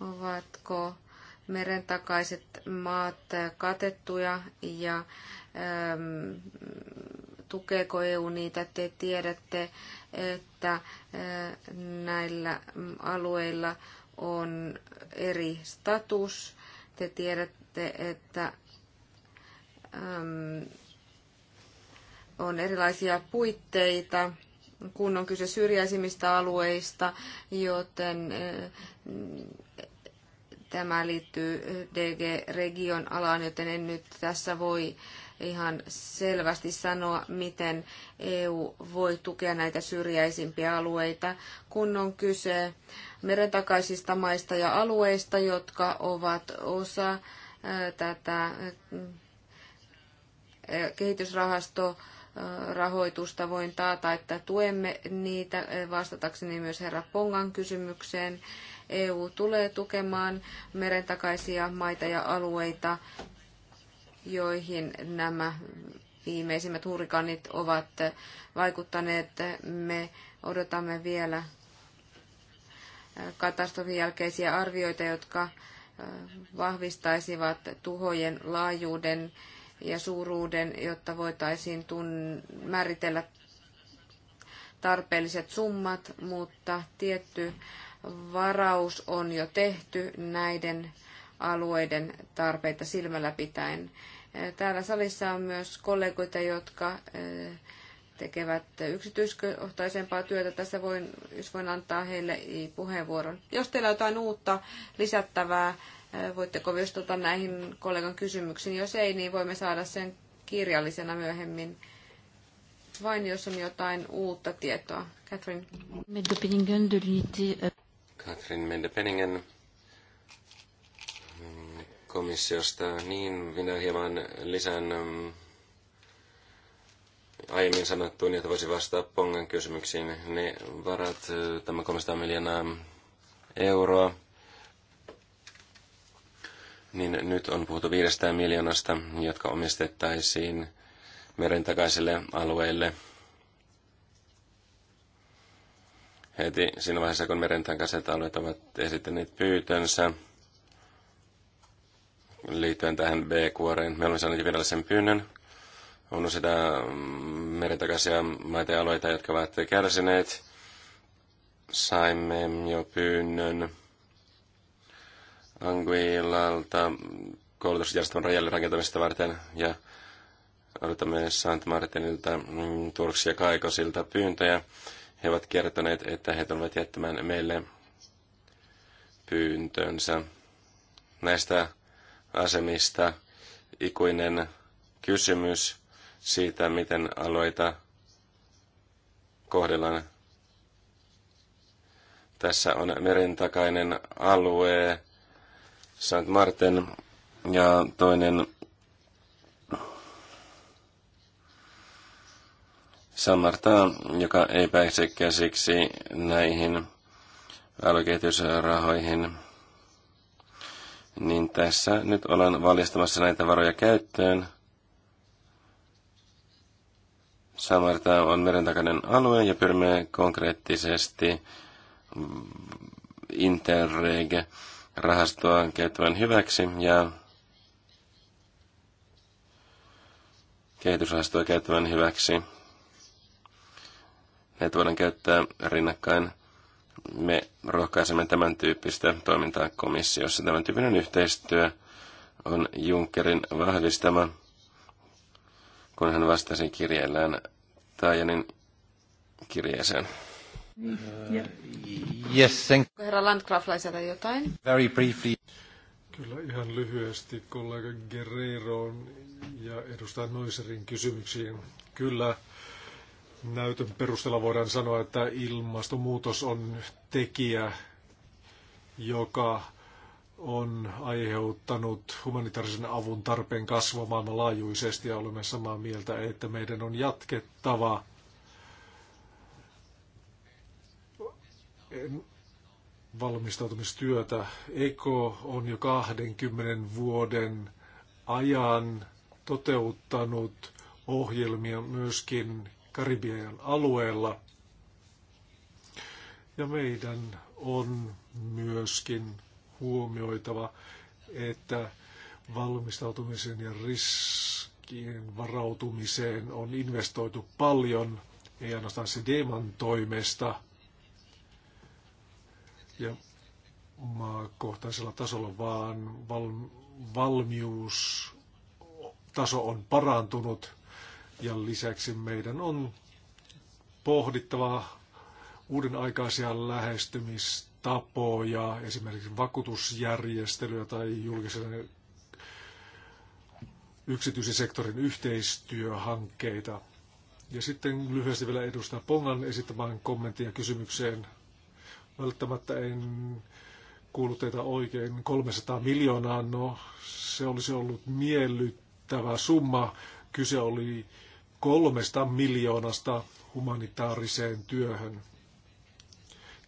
Ovatko meren takaiset maat katettuja ja äm, tukeeko EU niitä? Te tiedätte, että näillä alueilla on eri status. Te tiedätte, että äm, on erilaisia puitteita, kun on kyse syrjäisimmistä alueista, joten Tämä liittyy DG-region alaan, joten en nyt tässä voi ihan selvästi sanoa, miten EU voi tukea näitä syrjäisimpiä alueita, kun on kyse merentakaisista maista ja alueista, jotka ovat osa tätä kehitysrahasto rahoitusta voin taata, että tuemme niitä vastatakseni myös herra Pongan kysymykseen. EU tulee tukemaan merentakaisia maita ja alueita, joihin nämä viimeisimmät hurrikaanit ovat vaikuttaneet. Me odotamme vielä katastrofin jälkeisiä arvioita, jotka vahvistaisivat tuhojen laajuuden ja suuruuden, jotta voitaisiin tun- määritellä tarpeelliset summat, mutta tietty varaus on jo tehty näiden alueiden tarpeita silmällä pitäen. Täällä salissa on myös kollegoita, jotka tekevät yksityiskohtaisempaa työtä. Tässä voin, jos voin antaa heille puheenvuoron. Jos teillä on jotain uutta lisättävää, voitteko vastata näihin kollegan kysymyksiin. Jos ei, niin voimme saada sen kirjallisena myöhemmin. Vain jos on jotain uutta tietoa. Catherine. Katrin Mendepeningen mm, komissiosta, niin minä hieman lisään mm, aiemmin sanottuun, että voisi vastata Pongan kysymyksiin. Ne varat, tämä 300 miljoonaa euroa, niin nyt on puhuttu 500 miljoonasta, jotka omistettaisiin meren takaisille alueille – heti siinä vaiheessa, kun merentakaiset alueet ovat esittäneet pyytönsä liittyen tähän B-kuoreen. Me olemme saaneet virallisen pyynnön. On useita meritakaisia maita ja alueita, jotka ovat kärsineet. Saimme jo pyynnön Anguillalta koulutusjärjestelmän rajalle rakentamista varten ja odotamme Sant Martinilta, Turksia ja Kaikosilta pyyntöjä. He ovat kertoneet, että he tulevat jättämään meille pyyntönsä näistä asemista. Ikuinen kysymys siitä, miten alueita kohdellaan. Tässä on merentakainen alue, Saint Martin ja toinen Samartaa, joka ei pääse käsiksi näihin aluekehitysrahoihin, niin tässä nyt olen valistamassa näitä varoja käyttöön. Samarta on merentakainen alue ja pyrimme konkreettisesti Interreg-rahastoa käyttävän hyväksi ja kehitysrahastoa käyttävän hyväksi. Näitä voidaan käyttää rinnakkain. Me rohkaisemme tämän tyyppistä toimintaa komissiossa. Tämän tyyppinen yhteistyö on Junckerin vahvistama, kun hän vastasi kirjeellään Tajanin kirjeeseen. Yeah. Uh, yes, thank Herra Landgraf, jotain? Very briefly. Kyllä ihan lyhyesti kollega Guerreroon ja edustaja Noiserin kysymyksiin. Kyllä näytön perusteella voidaan sanoa, että ilmastonmuutos on tekijä, joka on aiheuttanut humanitaarisen avun tarpeen kasvua maailmanlaajuisesti ja olemme samaa mieltä, että meidän on jatkettava valmistautumistyötä. Eko on jo 20 vuoden ajan toteuttanut ohjelmia myöskin Karibian alueella. Ja meidän on myöskin huomioitava, että valmistautumisen ja riskien varautumiseen on investoitu paljon, ei ainoastaan se Deeman toimesta. Ja maakohtaisella tasolla, vaan valmiustaso on parantunut. Ja lisäksi meidän on pohdittava uuden aikaisia lähestymistapoja, esimerkiksi vakuutusjärjestelyä tai julkisen yksityisen sektorin yhteistyöhankkeita. Ja sitten lyhyesti vielä edustaa Pongan esittämään kommenttia kysymykseen. Välttämättä en kuullut teitä oikein. 300 miljoonaa, no se olisi ollut miellyttävä summa. Kyse oli kolmesta miljoonasta humanitaariseen työhön.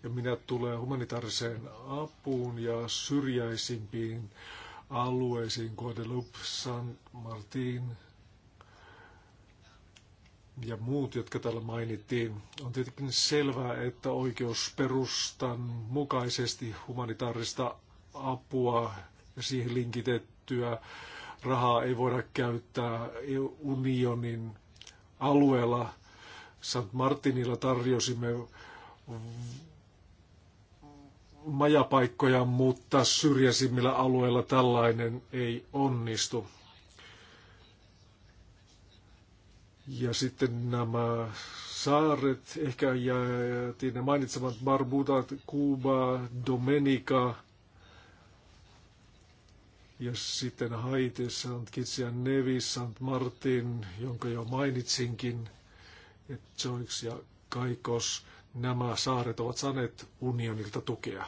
Ja minä tulen humanitaariseen apuun ja syrjäisimpiin alueisiin, Guadeloupe, San Martin ja muut, jotka täällä mainittiin. On tietenkin selvää, että oikeusperustan mukaisesti humanitaarista apua ja siihen linkitettyä rahaa ei voida käyttää unionin alueella St. Martinilla tarjosimme majapaikkoja, mutta syrjäisimmillä alueilla tällainen ei onnistu. Ja sitten nämä saaret, ehkä jäätiin ne mainitsemat, Barbuda, Kuuba, Dominika, ja sitten Haiti, Sant Kitsian Nevi, Sant Martin, jonka jo mainitsinkin, että Joix ja Kaikos, nämä saaret ovat saaneet unionilta tukea.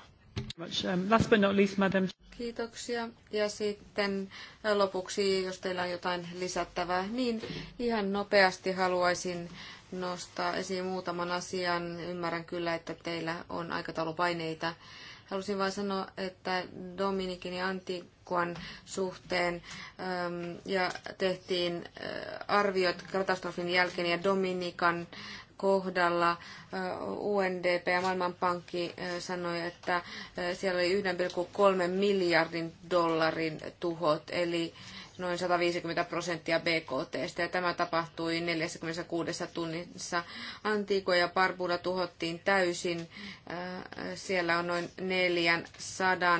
Um, last but not least, madam. Kiitoksia. Ja sitten äh, lopuksi, jos teillä on jotain lisättävää, niin ihan nopeasti haluaisin nostaa esiin muutaman asian. Ymmärrän kyllä, että teillä on aikataulupaineita. paineita Halusin vain sanoa, että Dominikin ja Antikuan suhteen äm, ja tehtiin ä, äh, arviot katastrofin jälkeen ja Dominikan kohdalla äh, UNDP ja Maailmanpankki äh, sanoi, että siellä oli 1,3 miljardin dollarin tuhot, eli äh, noin 150 prosenttia BKTstä ja tämä tapahtui 46 tunnissa. Antiikoja ja Barbuda tuhottiin täysin. Äh, siellä on noin 400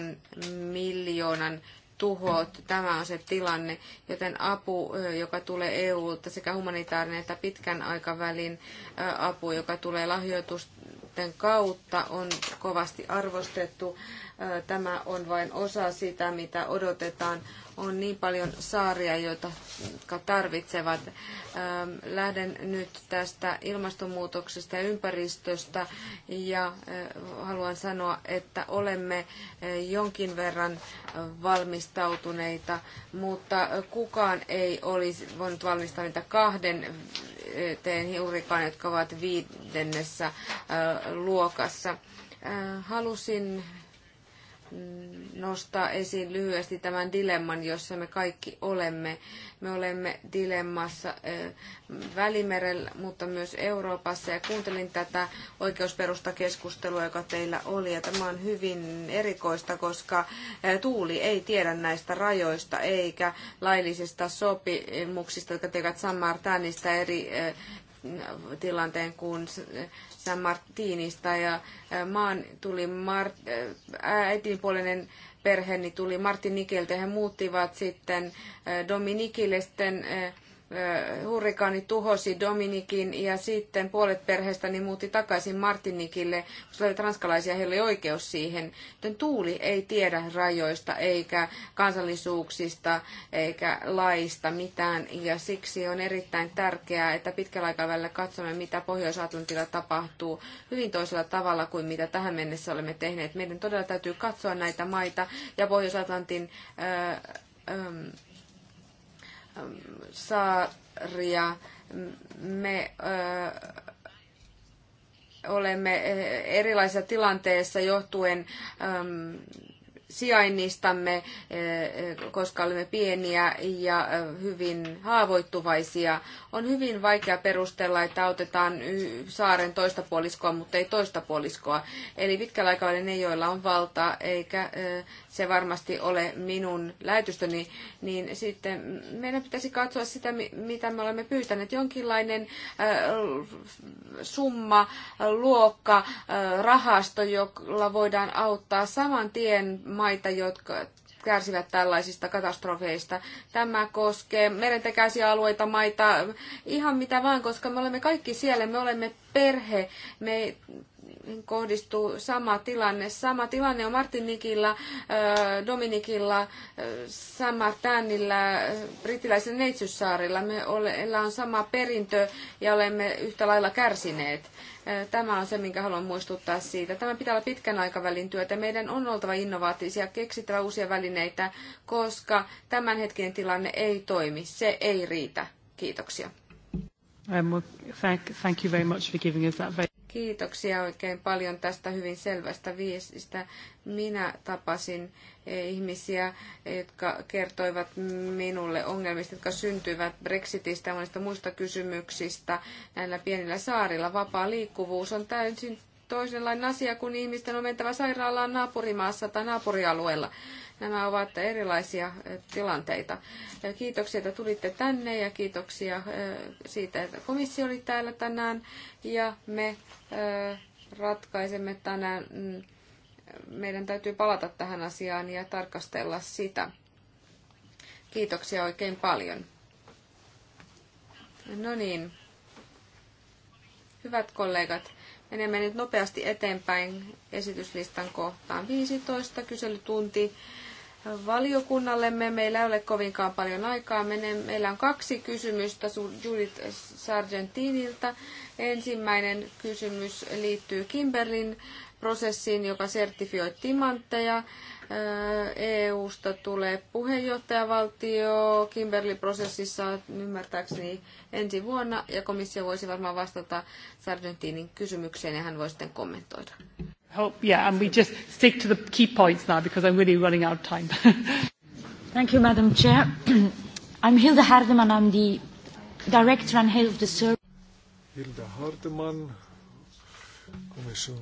miljoonan tuhot. Tämä on se tilanne, joten apu, joka tulee EUlta, sekä humanitaarinen että pitkän aikavälin apu, joka tulee lahjoitusten kautta, on kovasti arvostettu. Tämä on vain osa sitä, mitä odotetaan on niin paljon saaria, joita jotka tarvitsevat. Ähm, lähden nyt tästä ilmastonmuutoksesta ja ympäristöstä ja äh, haluan sanoa, että olemme äh, jonkin verran valmistautuneita, mutta kukaan ei olisi voinut valmistaa niitä kahden äh, teen hiurikaan, jotka ovat viidennessä luokassa. Halusin nostaa esiin lyhyesti tämän dilemman, jossa me kaikki olemme. Me olemme dilemmassa Välimerellä, mutta myös Euroopassa. Ja kuuntelin tätä oikeusperustakeskustelua, joka teillä oli. Ja tämä on hyvin erikoista, koska Tuuli ei tiedä näistä rajoista eikä laillisista sopimuksista, jotka tekevät San Martinista eri tilanteen kuin San Martinista ja maan tuli Mart- perhe niin tuli Martinikelta ja he muuttivat sitten Dominikille sitten hurrikaani tuhosi Dominikin ja sitten puolet perheestäni muutti takaisin Martinikille, koska olivat ranskalaisia, heillä oli oikeus siihen. Joten tuuli ei tiedä rajoista eikä kansallisuuksista eikä laista mitään ja siksi on erittäin tärkeää, että pitkällä aikavälillä katsomme, mitä Pohjois-Atlantilla tapahtuu hyvin toisella tavalla kuin mitä tähän mennessä olemme tehneet. Meidän todella täytyy katsoa näitä maita ja Pohjois-Atlantin saaria. Me olemme erilaisessa tilanteessa johtuen sijainnistamme, koska olemme pieniä ja hyvin haavoittuvaisia. On hyvin vaikea perustella, että autetaan saaren toista puoliskoa, mutta ei toista puoliskoa. Eli pitkällä aikavälillä ne, joilla on valta, eikä se varmasti ole minun lähetystäni, niin sitten meidän pitäisi katsoa sitä, mitä me olemme pyytäneet. Jonkinlainen äh, summa, luokka, äh, rahasto, jolla voidaan auttaa saman tien maita, jotka kärsivät tällaisista katastrofeista. Tämä koskee merentekäisiä alueita, maita, ihan mitä vaan, koska me olemme kaikki siellä, me olemme perhe, me kohdistuu sama tilanne. Sama tilanne on Martinikilla, äh, Dominikilla, äh, Samartanilla, äh, brittiläisen Me Meillä on sama perintö ja olemme yhtä lailla kärsineet. Tämä on se, minkä haluan muistuttaa siitä. Tämä pitää olla pitkän aikavälin työtä. Meidän on oltava innovatiivisia, keksittävä uusia välineitä, koska tämänhetkinen tilanne ei toimi. Se ei riitä. Kiitoksia. Um, thank you very much for giving us that. Kiitoksia oikein paljon tästä hyvin selvästä viestistä. Minä tapasin eh, ihmisiä, jotka kertoivat minulle ongelmista, jotka syntyvät Brexitistä ja monista muista kysymyksistä näillä pienillä saarilla. Vapaa liikkuvuus on täysin toisenlainen asia, kuin ihmisten on mentävä sairaalaan naapurimaassa tai naapurialueella. Nämä ovat erilaisia tilanteita. Kiitoksia, että tulitte tänne ja kiitoksia siitä, että komissio oli täällä tänään. Ja me ratkaisemme tänään, mm, meidän täytyy palata tähän asiaan ja tarkastella sitä. Kiitoksia oikein paljon. No niin. Hyvät kollegat, menemme nyt nopeasti eteenpäin esityslistan kohtaan 15, kyselytunti valiokunnallemme. Meillä ei ole kovinkaan paljon aikaa. Meillä on kaksi kysymystä Judith Sargentinilta. Ensimmäinen kysymys liittyy Kimberlin prosessiin, joka sertifioi timantteja. EU-sta tulee puheenjohtajavaltio Kimberlin prosessissa ymmärtääkseni ensi vuonna, ja komissio voisi varmaan vastata Sargentinin kysymykseen, ja hän voi sitten kommentoida hope, yeah, and we just stick to the key points now because I'm really running out of time. Thank you, Madam Chair. I'm Hilda Hardeman. I'm the Director and Head of the Service. Hilda Hardeman, komission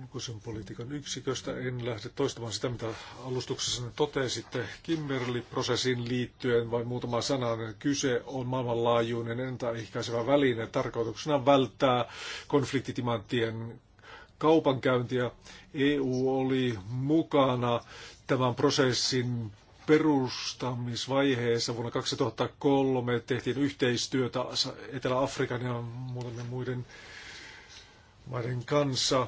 ulkoisen politiikan yksiköstä. En lähde toistamaan sitä, mitä alustuksessa totesitte Kimberley-prosessiin liittyen, vain muutama sana. Kyse on maailmanlaajuinen entäehkäisevä väline. Tarkoituksena välttää konfliktitimanttien kaupankäyntiä. EU oli mukana tämän prosessin perustamisvaiheessa vuonna 2003 tehtiin yhteistyötä Etelä-Afrikan ja muutamien muiden maiden kanssa.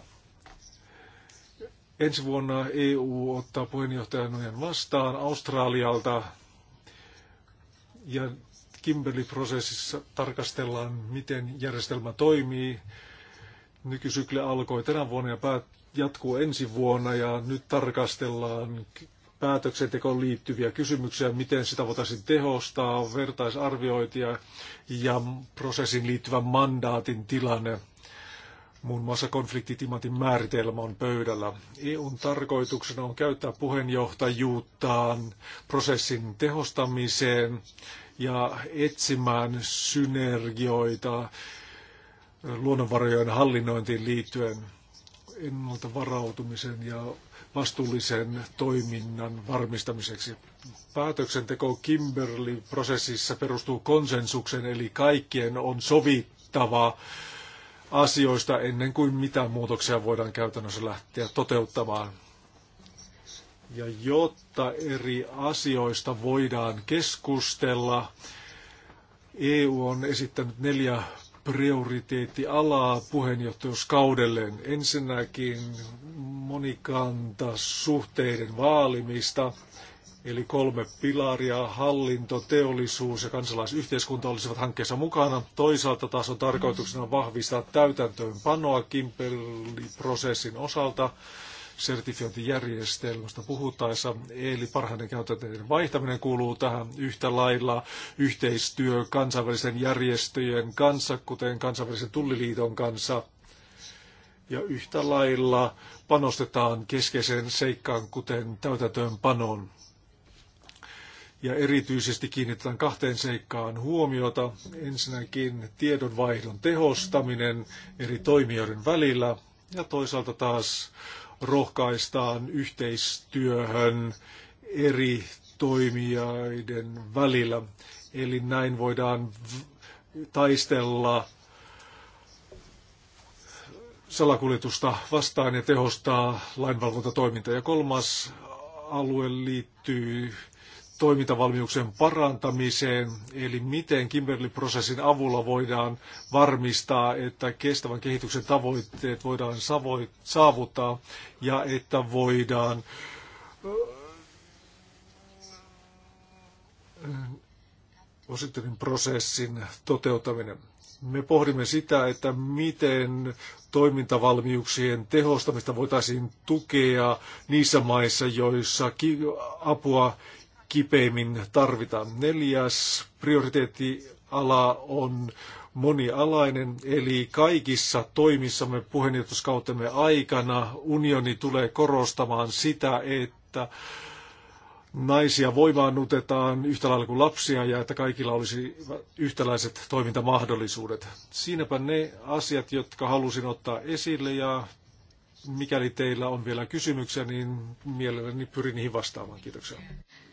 Ensi vuonna EU ottaa puheenjohtajan vastaan Australialta ja Kimberley-prosessissa tarkastellaan, miten järjestelmä toimii. Nykysykli alkoi tänä vuonna ja päät- jatkuu ensi vuonna ja nyt tarkastellaan päätöksentekoon liittyviä kysymyksiä, miten sitä voitaisiin tehostaa, vertaisarviointia ja prosessin liittyvän mandaatin tilanne. Muun muassa konfliktitimatin määritelmä on pöydällä. EUn tarkoituksena on käyttää puheenjohtajuuttaan prosessin tehostamiseen ja etsimään synergioita luonnonvarojen hallinnointiin liittyen ennalta varautumisen ja vastuullisen toiminnan varmistamiseksi. Päätöksenteko Kimberley-prosessissa perustuu konsensukseen, eli kaikkien on sovittava asioista ennen kuin mitään muutoksia voidaan käytännössä lähteä toteuttamaan. Ja jotta eri asioista voidaan keskustella, EU on esittänyt neljä prioriteettialaa puheenjohtajuuskaudelleen. Ensinnäkin monikanta suhteiden vaalimista, eli kolme pilaria, hallinto, teollisuus ja kansalaisyhteiskunta olisivat hankkeessa mukana. Toisaalta taas on tarkoituksena vahvistaa täytäntöönpanoa Kimperli-prosessin osalta sertifiointijärjestelmästä puhuttaessa, eli parhaiden käytänteiden vaihtaminen kuuluu tähän yhtä lailla yhteistyö kansainvälisten järjestöjen kanssa, kuten kansainvälisen tulliliiton kanssa, ja yhtä lailla panostetaan keskeiseen seikkaan, kuten täytäntöönpanoon. Ja erityisesti kiinnitetään kahteen seikkaan huomiota. Ensinnäkin tiedonvaihdon tehostaminen eri toimijoiden välillä ja toisaalta taas rohkaistaan yhteistyöhön eri toimijoiden välillä. Eli näin voidaan taistella salakuljetusta vastaan ja tehostaa lainvalvontatoimintaa. Ja kolmas alue liittyy toimintavalmiuksien parantamiseen, eli miten Kimberley-prosessin avulla voidaan varmistaa, että kestävän kehityksen tavoitteet voidaan saavuttaa ja että voidaan osittain prosessin toteuttaminen. Me pohdimme sitä, että miten toimintavalmiuksien tehostamista voitaisiin tukea niissä maissa, joissa apua kipeimmin tarvitaan. Neljäs prioriteettiala on monialainen, eli kaikissa toimissamme puheenjohtuskautemme aikana unioni tulee korostamaan sitä, että naisia voimaannutetaan yhtä lailla kuin lapsia ja että kaikilla olisi yhtäläiset toimintamahdollisuudet. Siinäpä ne asiat, jotka halusin ottaa esille ja mikäli teillä on vielä kysymyksiä, niin mielelläni pyrin niihin vastaamaan. Kiitoksia.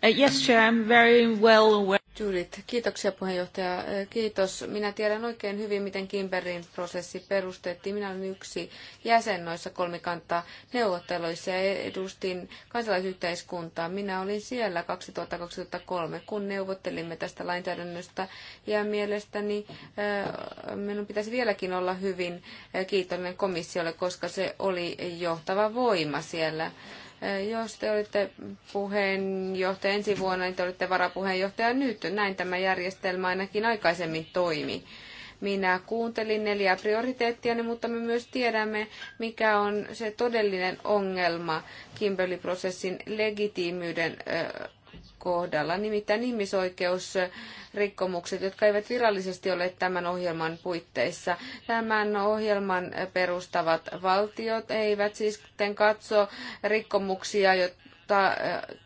Uh, yes, Chair, I'm very well aware. Judith, kiitoksia puheenjohtaja. Uh, kiitos. Minä tiedän oikein hyvin, miten Kimberin prosessi perustettiin. Minä olin yksi jäsen noissa kolmikantaa neuvotteluissa ja edustin kansalaisyhteiskuntaa. Minä olin siellä 2000-2003, kun neuvottelimme tästä lainsäädännöstä ja mielestäni uh, minun pitäisi vieläkin olla hyvin kiitollinen komissiolle, koska se oli johtava voima siellä jos te olitte puheenjohtaja ensi vuonna, niin te olitte varapuheenjohtaja nyt. Näin tämä järjestelmä ainakin aikaisemmin toimi. Minä kuuntelin neljä prioriteettia, niin, mutta me myös tiedämme, mikä on se todellinen ongelma Kimberley-prosessin legitiimyyden kohdalla, nimittäin ihmisoikeusrikkomukset, jotka eivät virallisesti ole tämän ohjelman puitteissa. Tämän ohjelman perustavat valtiot eivät siis katso rikkomuksia, joita äh,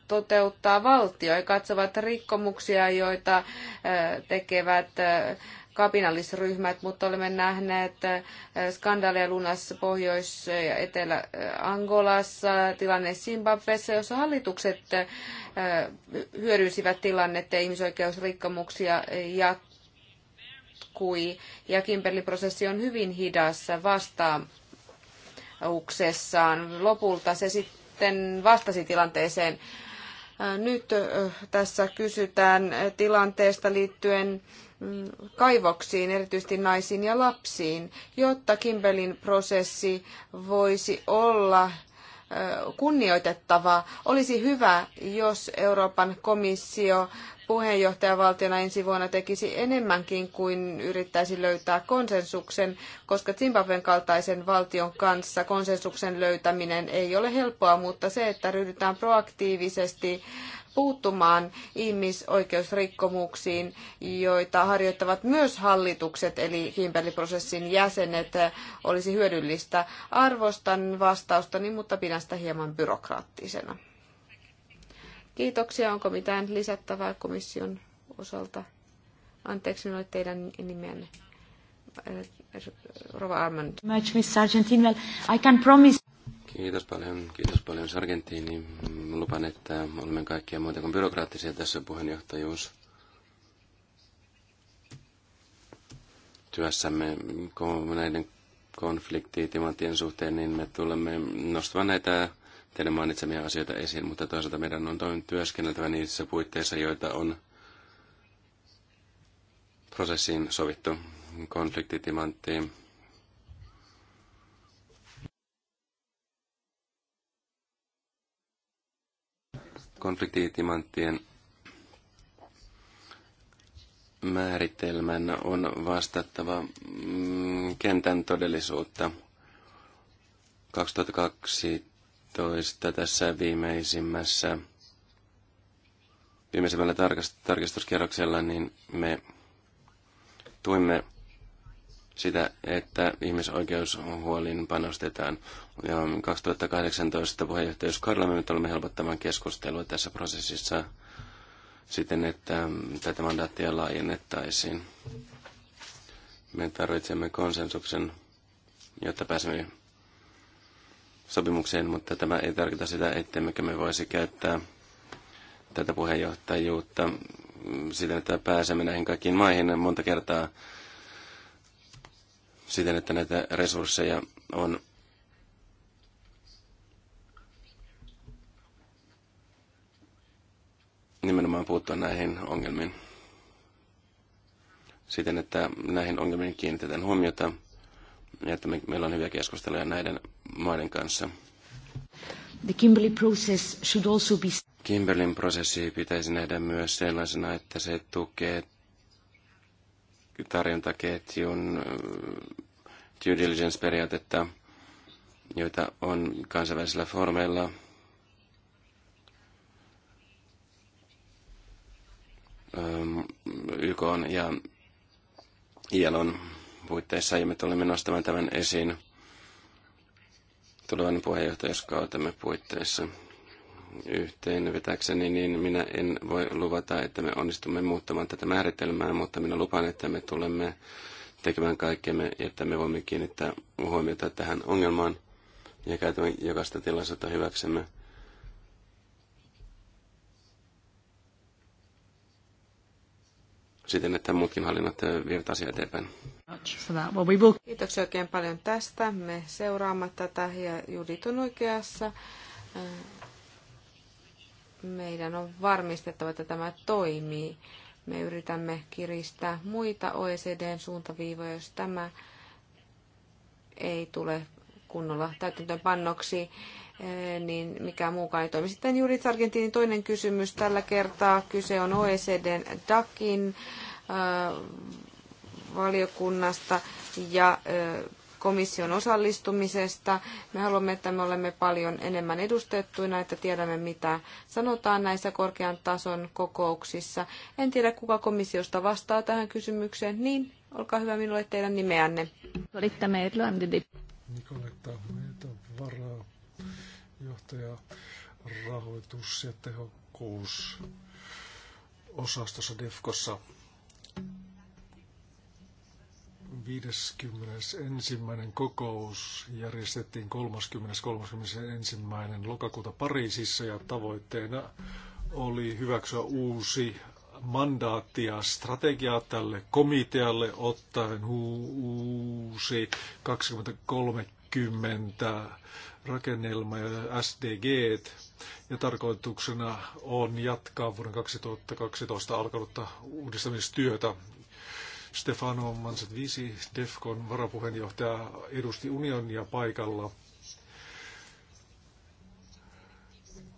toteuttaa valtio, ja katsovat rikkomuksia, joita äh, tekevät äh, kapinallisryhmät, mutta olemme nähneet äh, skandaaleja lunassa Pohjois- ja Etelä-Angolassa, äh, tilanne Zimbabwessa, jossa hallitukset äh, hyödynsivät tilannetta ja ihmisoikeusrikkomuksia jatkui. Ja Kimberley-prosessi on hyvin hidas vastauksessaan. Lopulta se sitten vastasi tilanteeseen. Nyt tässä kysytään tilanteesta liittyen kaivoksiin, erityisesti naisiin ja lapsiin, jotta Kimbelin prosessi voisi olla kunnioitettava. Olisi hyvä, jos Euroopan komissio puheenjohtajavaltiona ensi vuonna tekisi enemmänkin kuin yrittäisi löytää konsensuksen, koska Zimbabwen kaltaisen valtion kanssa konsensuksen löytäminen ei ole helppoa, mutta se, että ryhdytään proaktiivisesti puuttumaan ihmisoikeusrikkomuksiin, joita harjoittavat myös hallitukset, eli Kimberley-prosessin jäsenet, olisi hyödyllistä. Arvostan vastaustani, mutta pidän sitä hieman byrokraattisena. Kiitoksia. Onko mitään lisättävää komission osalta? Anteeksi, minulle teidän nimenne. Rova Armand. Much, Miss Sargentine. I can promise... Kiitos paljon, kiitos paljon Sargentini. Lupan, että olemme kaikkia muuta kuin byrokraattisia tässä puheenjohtajuus. Työssämme näiden konfliktitimantien suhteen, niin me tulemme nostamaan näitä teidän mainitsemia asioita esiin, mutta toisaalta meidän on työskenneltävä niissä puitteissa, joita on prosessiin sovittu konfliktitimanttiin. konfliktiitimanttien määritelmän on vastattava mm, kentän todellisuutta. 2012 tässä viimeisimmässä viimeisimmällä tarkistuskierroksella niin me tuimme sitä, että ihmisoikeushuoliin panostetaan. Ja 2018 Karla, me nyt olemme helpottamaan keskustelua tässä prosessissa siten, että tätä mandaattia laajennettaisiin. Me tarvitsemme konsensuksen, jotta pääsemme sopimukseen, mutta tämä ei tarkoita sitä, ettemmekö me voisi käyttää tätä puheenjohtajuutta siten, että pääsemme näihin kaikkiin maihin monta kertaa siten, että näitä resursseja on nimenomaan puuttua näihin ongelmiin siten, että näihin ongelmiin kiinnitetään huomiota ja että me, meillä on hyviä keskusteluja näiden maiden kanssa. The Kimberley process should also be... Kimberlin prosessi pitäisi nähdä myös sellaisena, että se tukee tarjontaketjun äh, due diligence-periaatetta, joita on kansainvälisillä foorumeilla – Ähm, YK on ja ILOn puitteissa ja me tulemme nostamaan tämän esiin tulevan puheenjohtajuuskautemme puitteissa yhteen vetäkseni, niin minä en voi luvata, että me onnistumme muuttamaan tätä määritelmää, mutta minä lupaan, että me tulemme tekemään kaikkemme, että me voimme kiinnittää huomiota tähän ongelmaan ja käytämme jokaista tilaisuutta hyväksemme siten, että muutkin hallinnat eh, vievät asiaa eteenpäin. Kiitoksia oikein paljon tästä. Me seuraamme tätä ja Judit on oikeassa. Eh, meidän on varmistettava, että tämä toimii. Me yritämme kiristää muita OECDn suuntaviivoja, jos tämä ei tule kunnolla täytäntöönpannoksi. pannoksi Eh, niin mikään muukaan ei toimi. Sitten juuri Argentiinin toinen kysymys. Tällä kertaa kyse on OECDn DACin eh, valiokunnasta ja eh, komission osallistumisesta. Me haluamme, että me olemme paljon enemmän edustettuina, että tiedämme, mitä sanotaan näissä korkean tason kokouksissa. En tiedä, kuka komissiosta vastaa tähän kysymykseen. Niin, olkaa hyvä minulle teidän nimeänne. Nicoletta Merlo, johtaja rahoitus- ja tehokkuus osastossa DEFKossa 51. kokous järjestettiin 30.31. lokakuuta Pariisissa ja tavoitteena oli hyväksyä uusi mandaatti ja strategia tälle komitealle ottaen uusi 2030 rakennelma ja SDG, ja tarkoituksena on jatkaa vuoden 2012 alkanutta uudistamistyötä. Stefano Manset DEFCON varapuheenjohtaja, edusti unionia paikalla.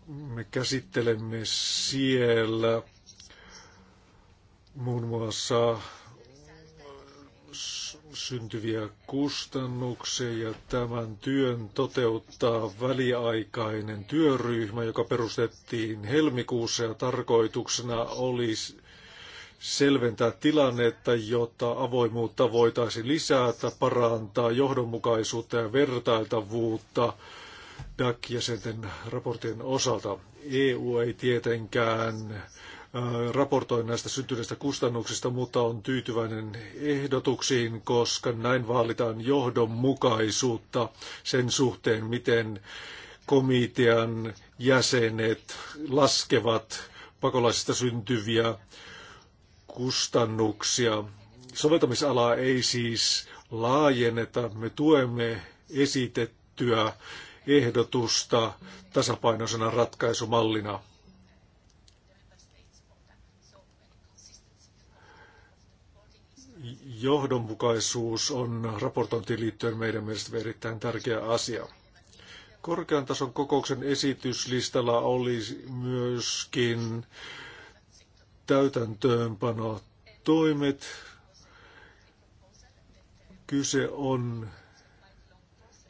Me käsittelemme siellä muun muassa syntyviä kustannuksia ja tämän työn toteuttaa väliaikainen työryhmä, joka perustettiin helmikuussa ja tarkoituksena olisi selventää tilannetta, jotta avoimuutta voitaisiin lisätä, parantaa johdonmukaisuutta ja vertailtavuutta DAC-jäsenten raporttien osalta. EU ei tietenkään Äh, Raportoin näistä syntyneistä kustannuksista, mutta on tyytyväinen ehdotuksiin, koska näin vaalitaan johdonmukaisuutta sen suhteen, miten komitean jäsenet laskevat pakolaisista syntyviä kustannuksia. Soveltamisalaa ei siis laajenneta. Me tuemme esitettyä ehdotusta tasapainoisena ratkaisumallina. johdonmukaisuus on raportointiin liittyen meidän mielestä erittäin tärkeä asia. Korkean tason kokouksen esityslistalla oli myöskin täytäntöönpano toimet. Kyse on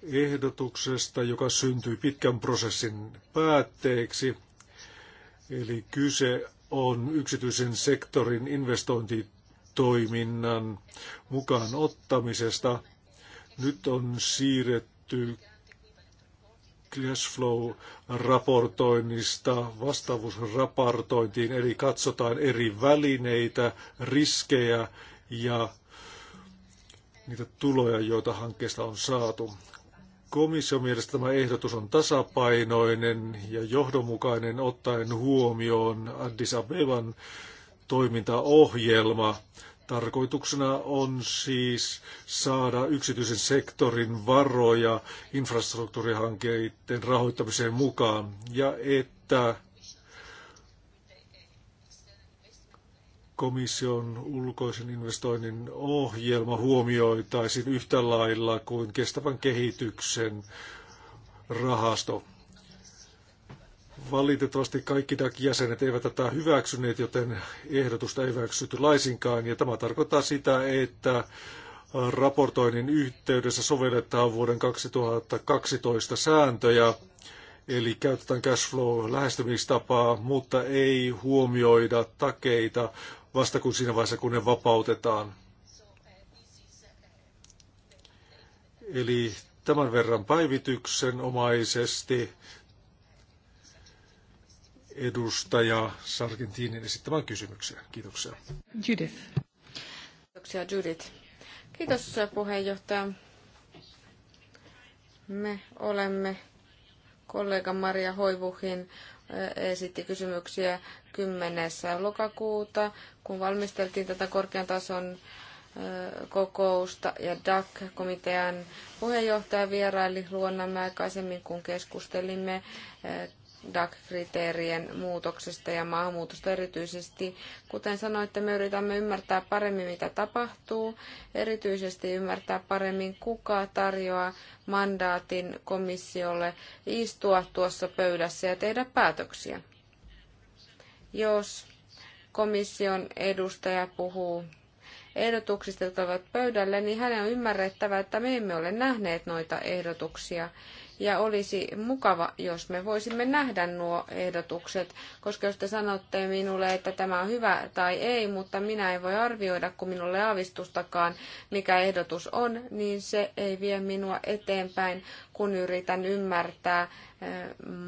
ehdotuksesta, joka syntyi pitkän prosessin päätteeksi. Eli kyse on yksityisen sektorin investointi toiminnan mukaan ottamisesta. Nyt on siirretty cashflow-raportoinnista vastaavuusraportointiin, eli katsotaan eri välineitä, riskejä ja niitä tuloja, joita hankkeesta on saatu. Komission mielestä tämä ehdotus on tasapainoinen ja johdonmukainen ottaen huomioon Addis Abeban toimintaohjelma. Tarkoituksena on siis saada yksityisen sektorin varoja infrastruktuurihankkeiden rahoittamiseen mukaan ja että komission ulkoisen investoinnin ohjelma huomioitaisiin yhtä lailla kuin kestävän kehityksen rahasto. Valitettavasti kaikki DAC-jäsenet eivät tätä hyväksyneet, joten ehdotusta ei hyväksytty laisinkaan. Ja tämä tarkoittaa sitä, että raportoinnin yhteydessä sovelletaan vuoden 2012 sääntöjä, eli käytetään cashflow-lähestymistapaa, mutta ei huomioida takeita vasta kun siinä vaiheessa, kun ne vapautetaan. Eli tämän verran päivityksen omaisesti edustaja Sargentinin esittämään kysymykseen. Kiitoksia. Judith. Kiitoksia Judith. Kiitos puheenjohtaja. Me olemme kollega Maria Hoivuhin eh, esitti kysymyksiä 10. lokakuuta, kun valmisteltiin tätä korkean tason eh, kokousta ja DAC-komitean puheenjohtaja vieraili luonnamme kun keskustelimme eh, DAC-kriteerien muutoksesta ja maahanmuutosta erityisesti. Kuten sanoitte, me yritämme ymmärtää paremmin, mitä tapahtuu, erityisesti ymmärtää paremmin, kuka tarjoaa mandaatin komissiolle istua tuossa pöydässä ja tehdä päätöksiä. Jos komission edustaja puhuu ehdotuksista, jotka ovat pöydälle, niin hänen on ymmärrettävä, että me emme ole nähneet noita ehdotuksia ja olisi mukava, jos me voisimme nähdä nuo ehdotukset, koska jos te sanotte minulle, että tämä on hyvä tai ei, mutta minä en voi arvioida, kun minulle ei aavistustakaan, mikä ehdotus on, niin se ei vie minua eteenpäin, kun yritän ymmärtää eh,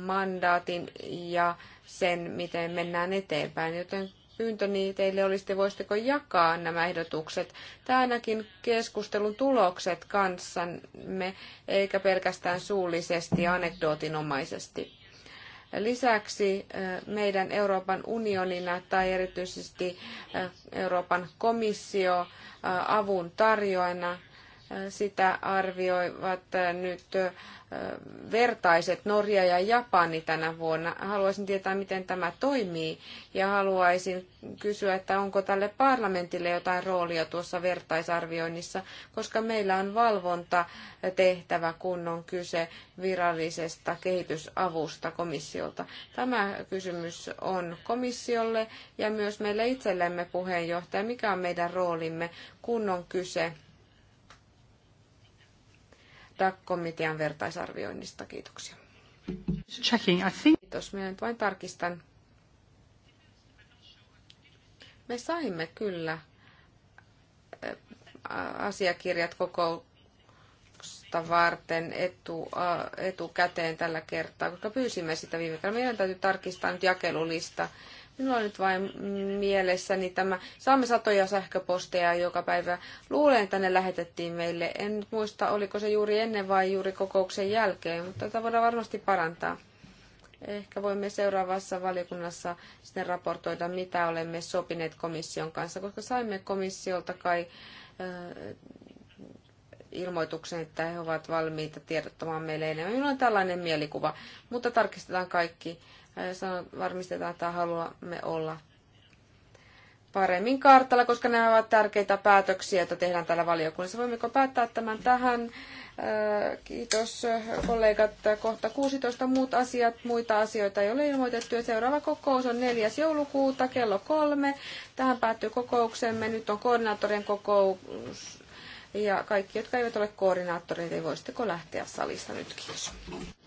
mandaatin ja sen, miten mennään eteenpäin. Joten pyyntöni teille olisi, voisitteko jakaa nämä ehdotukset tänäkin keskustelun tulokset kanssamme, eikä pelkästään suullisesti ja anekdootinomaisesti. Lisäksi meidän Euroopan unionina tai erityisesti Euroopan komissio avun tarjoajana sitä arvioivat nyt vertaiset Norja ja Japani tänä vuonna. Haluaisin tietää, miten tämä toimii ja haluaisin kysyä, että onko tälle parlamentille jotain roolia tuossa vertaisarvioinnissa, koska meillä on valvonta tehtävä, kun on kyse virallisesta kehitysavusta komissiolta. Tämä kysymys on komissiolle ja myös meille itsellemme puheenjohtaja, mikä on meidän roolimme, kun on kyse päättää komitean vertaisarvioinnista. Kiitoksia. Checking, I think... Kiitos. Minä nyt vain tarkistan. Me saimme kyllä asiakirjat koko kokousta varten etu, etukäteen tällä kertaa, koska pyysimme sitä viime kerralla. Meidän täytyy tarkistaa nyt jakelulista Minulla on nyt vain mielessäni tämä, saamme satoja sähköposteja joka päivä. Luulen, että ne lähetettiin meille. En nyt muista, oliko se juuri ennen vai juuri kokouksen jälkeen, mutta tätä voidaan varmasti parantaa. Ehkä voimme seuraavassa valiokunnassa sitten raportoida, mitä olemme sopineet komission kanssa, koska saimme komissiolta kai ilmoituksen, että he ovat valmiita tiedottamaan meille enemmän. Minulla on tällainen mielikuva, mutta tarkistetaan kaikki Äh, sanon, varmistetaan, että haluamme olla paremmin kartalla, koska nämä ovat tärkeitä päätöksiä, joita tehdään täällä valiokunnassa. Voimmeko päättää tämän tähän? Äh, kiitos kollegat. Kohta 16 muut asiat. Muita asioita ei ole ilmoitettu. seuraava kokous on 4. joulukuuta kello kolme. Tähän päättyy kokouksemme. Nyt on koordinaattorien kokous. Ja kaikki, jotka eivät ole koordinaattoreita, voisitteko lähteä salista nyt? Kiitos.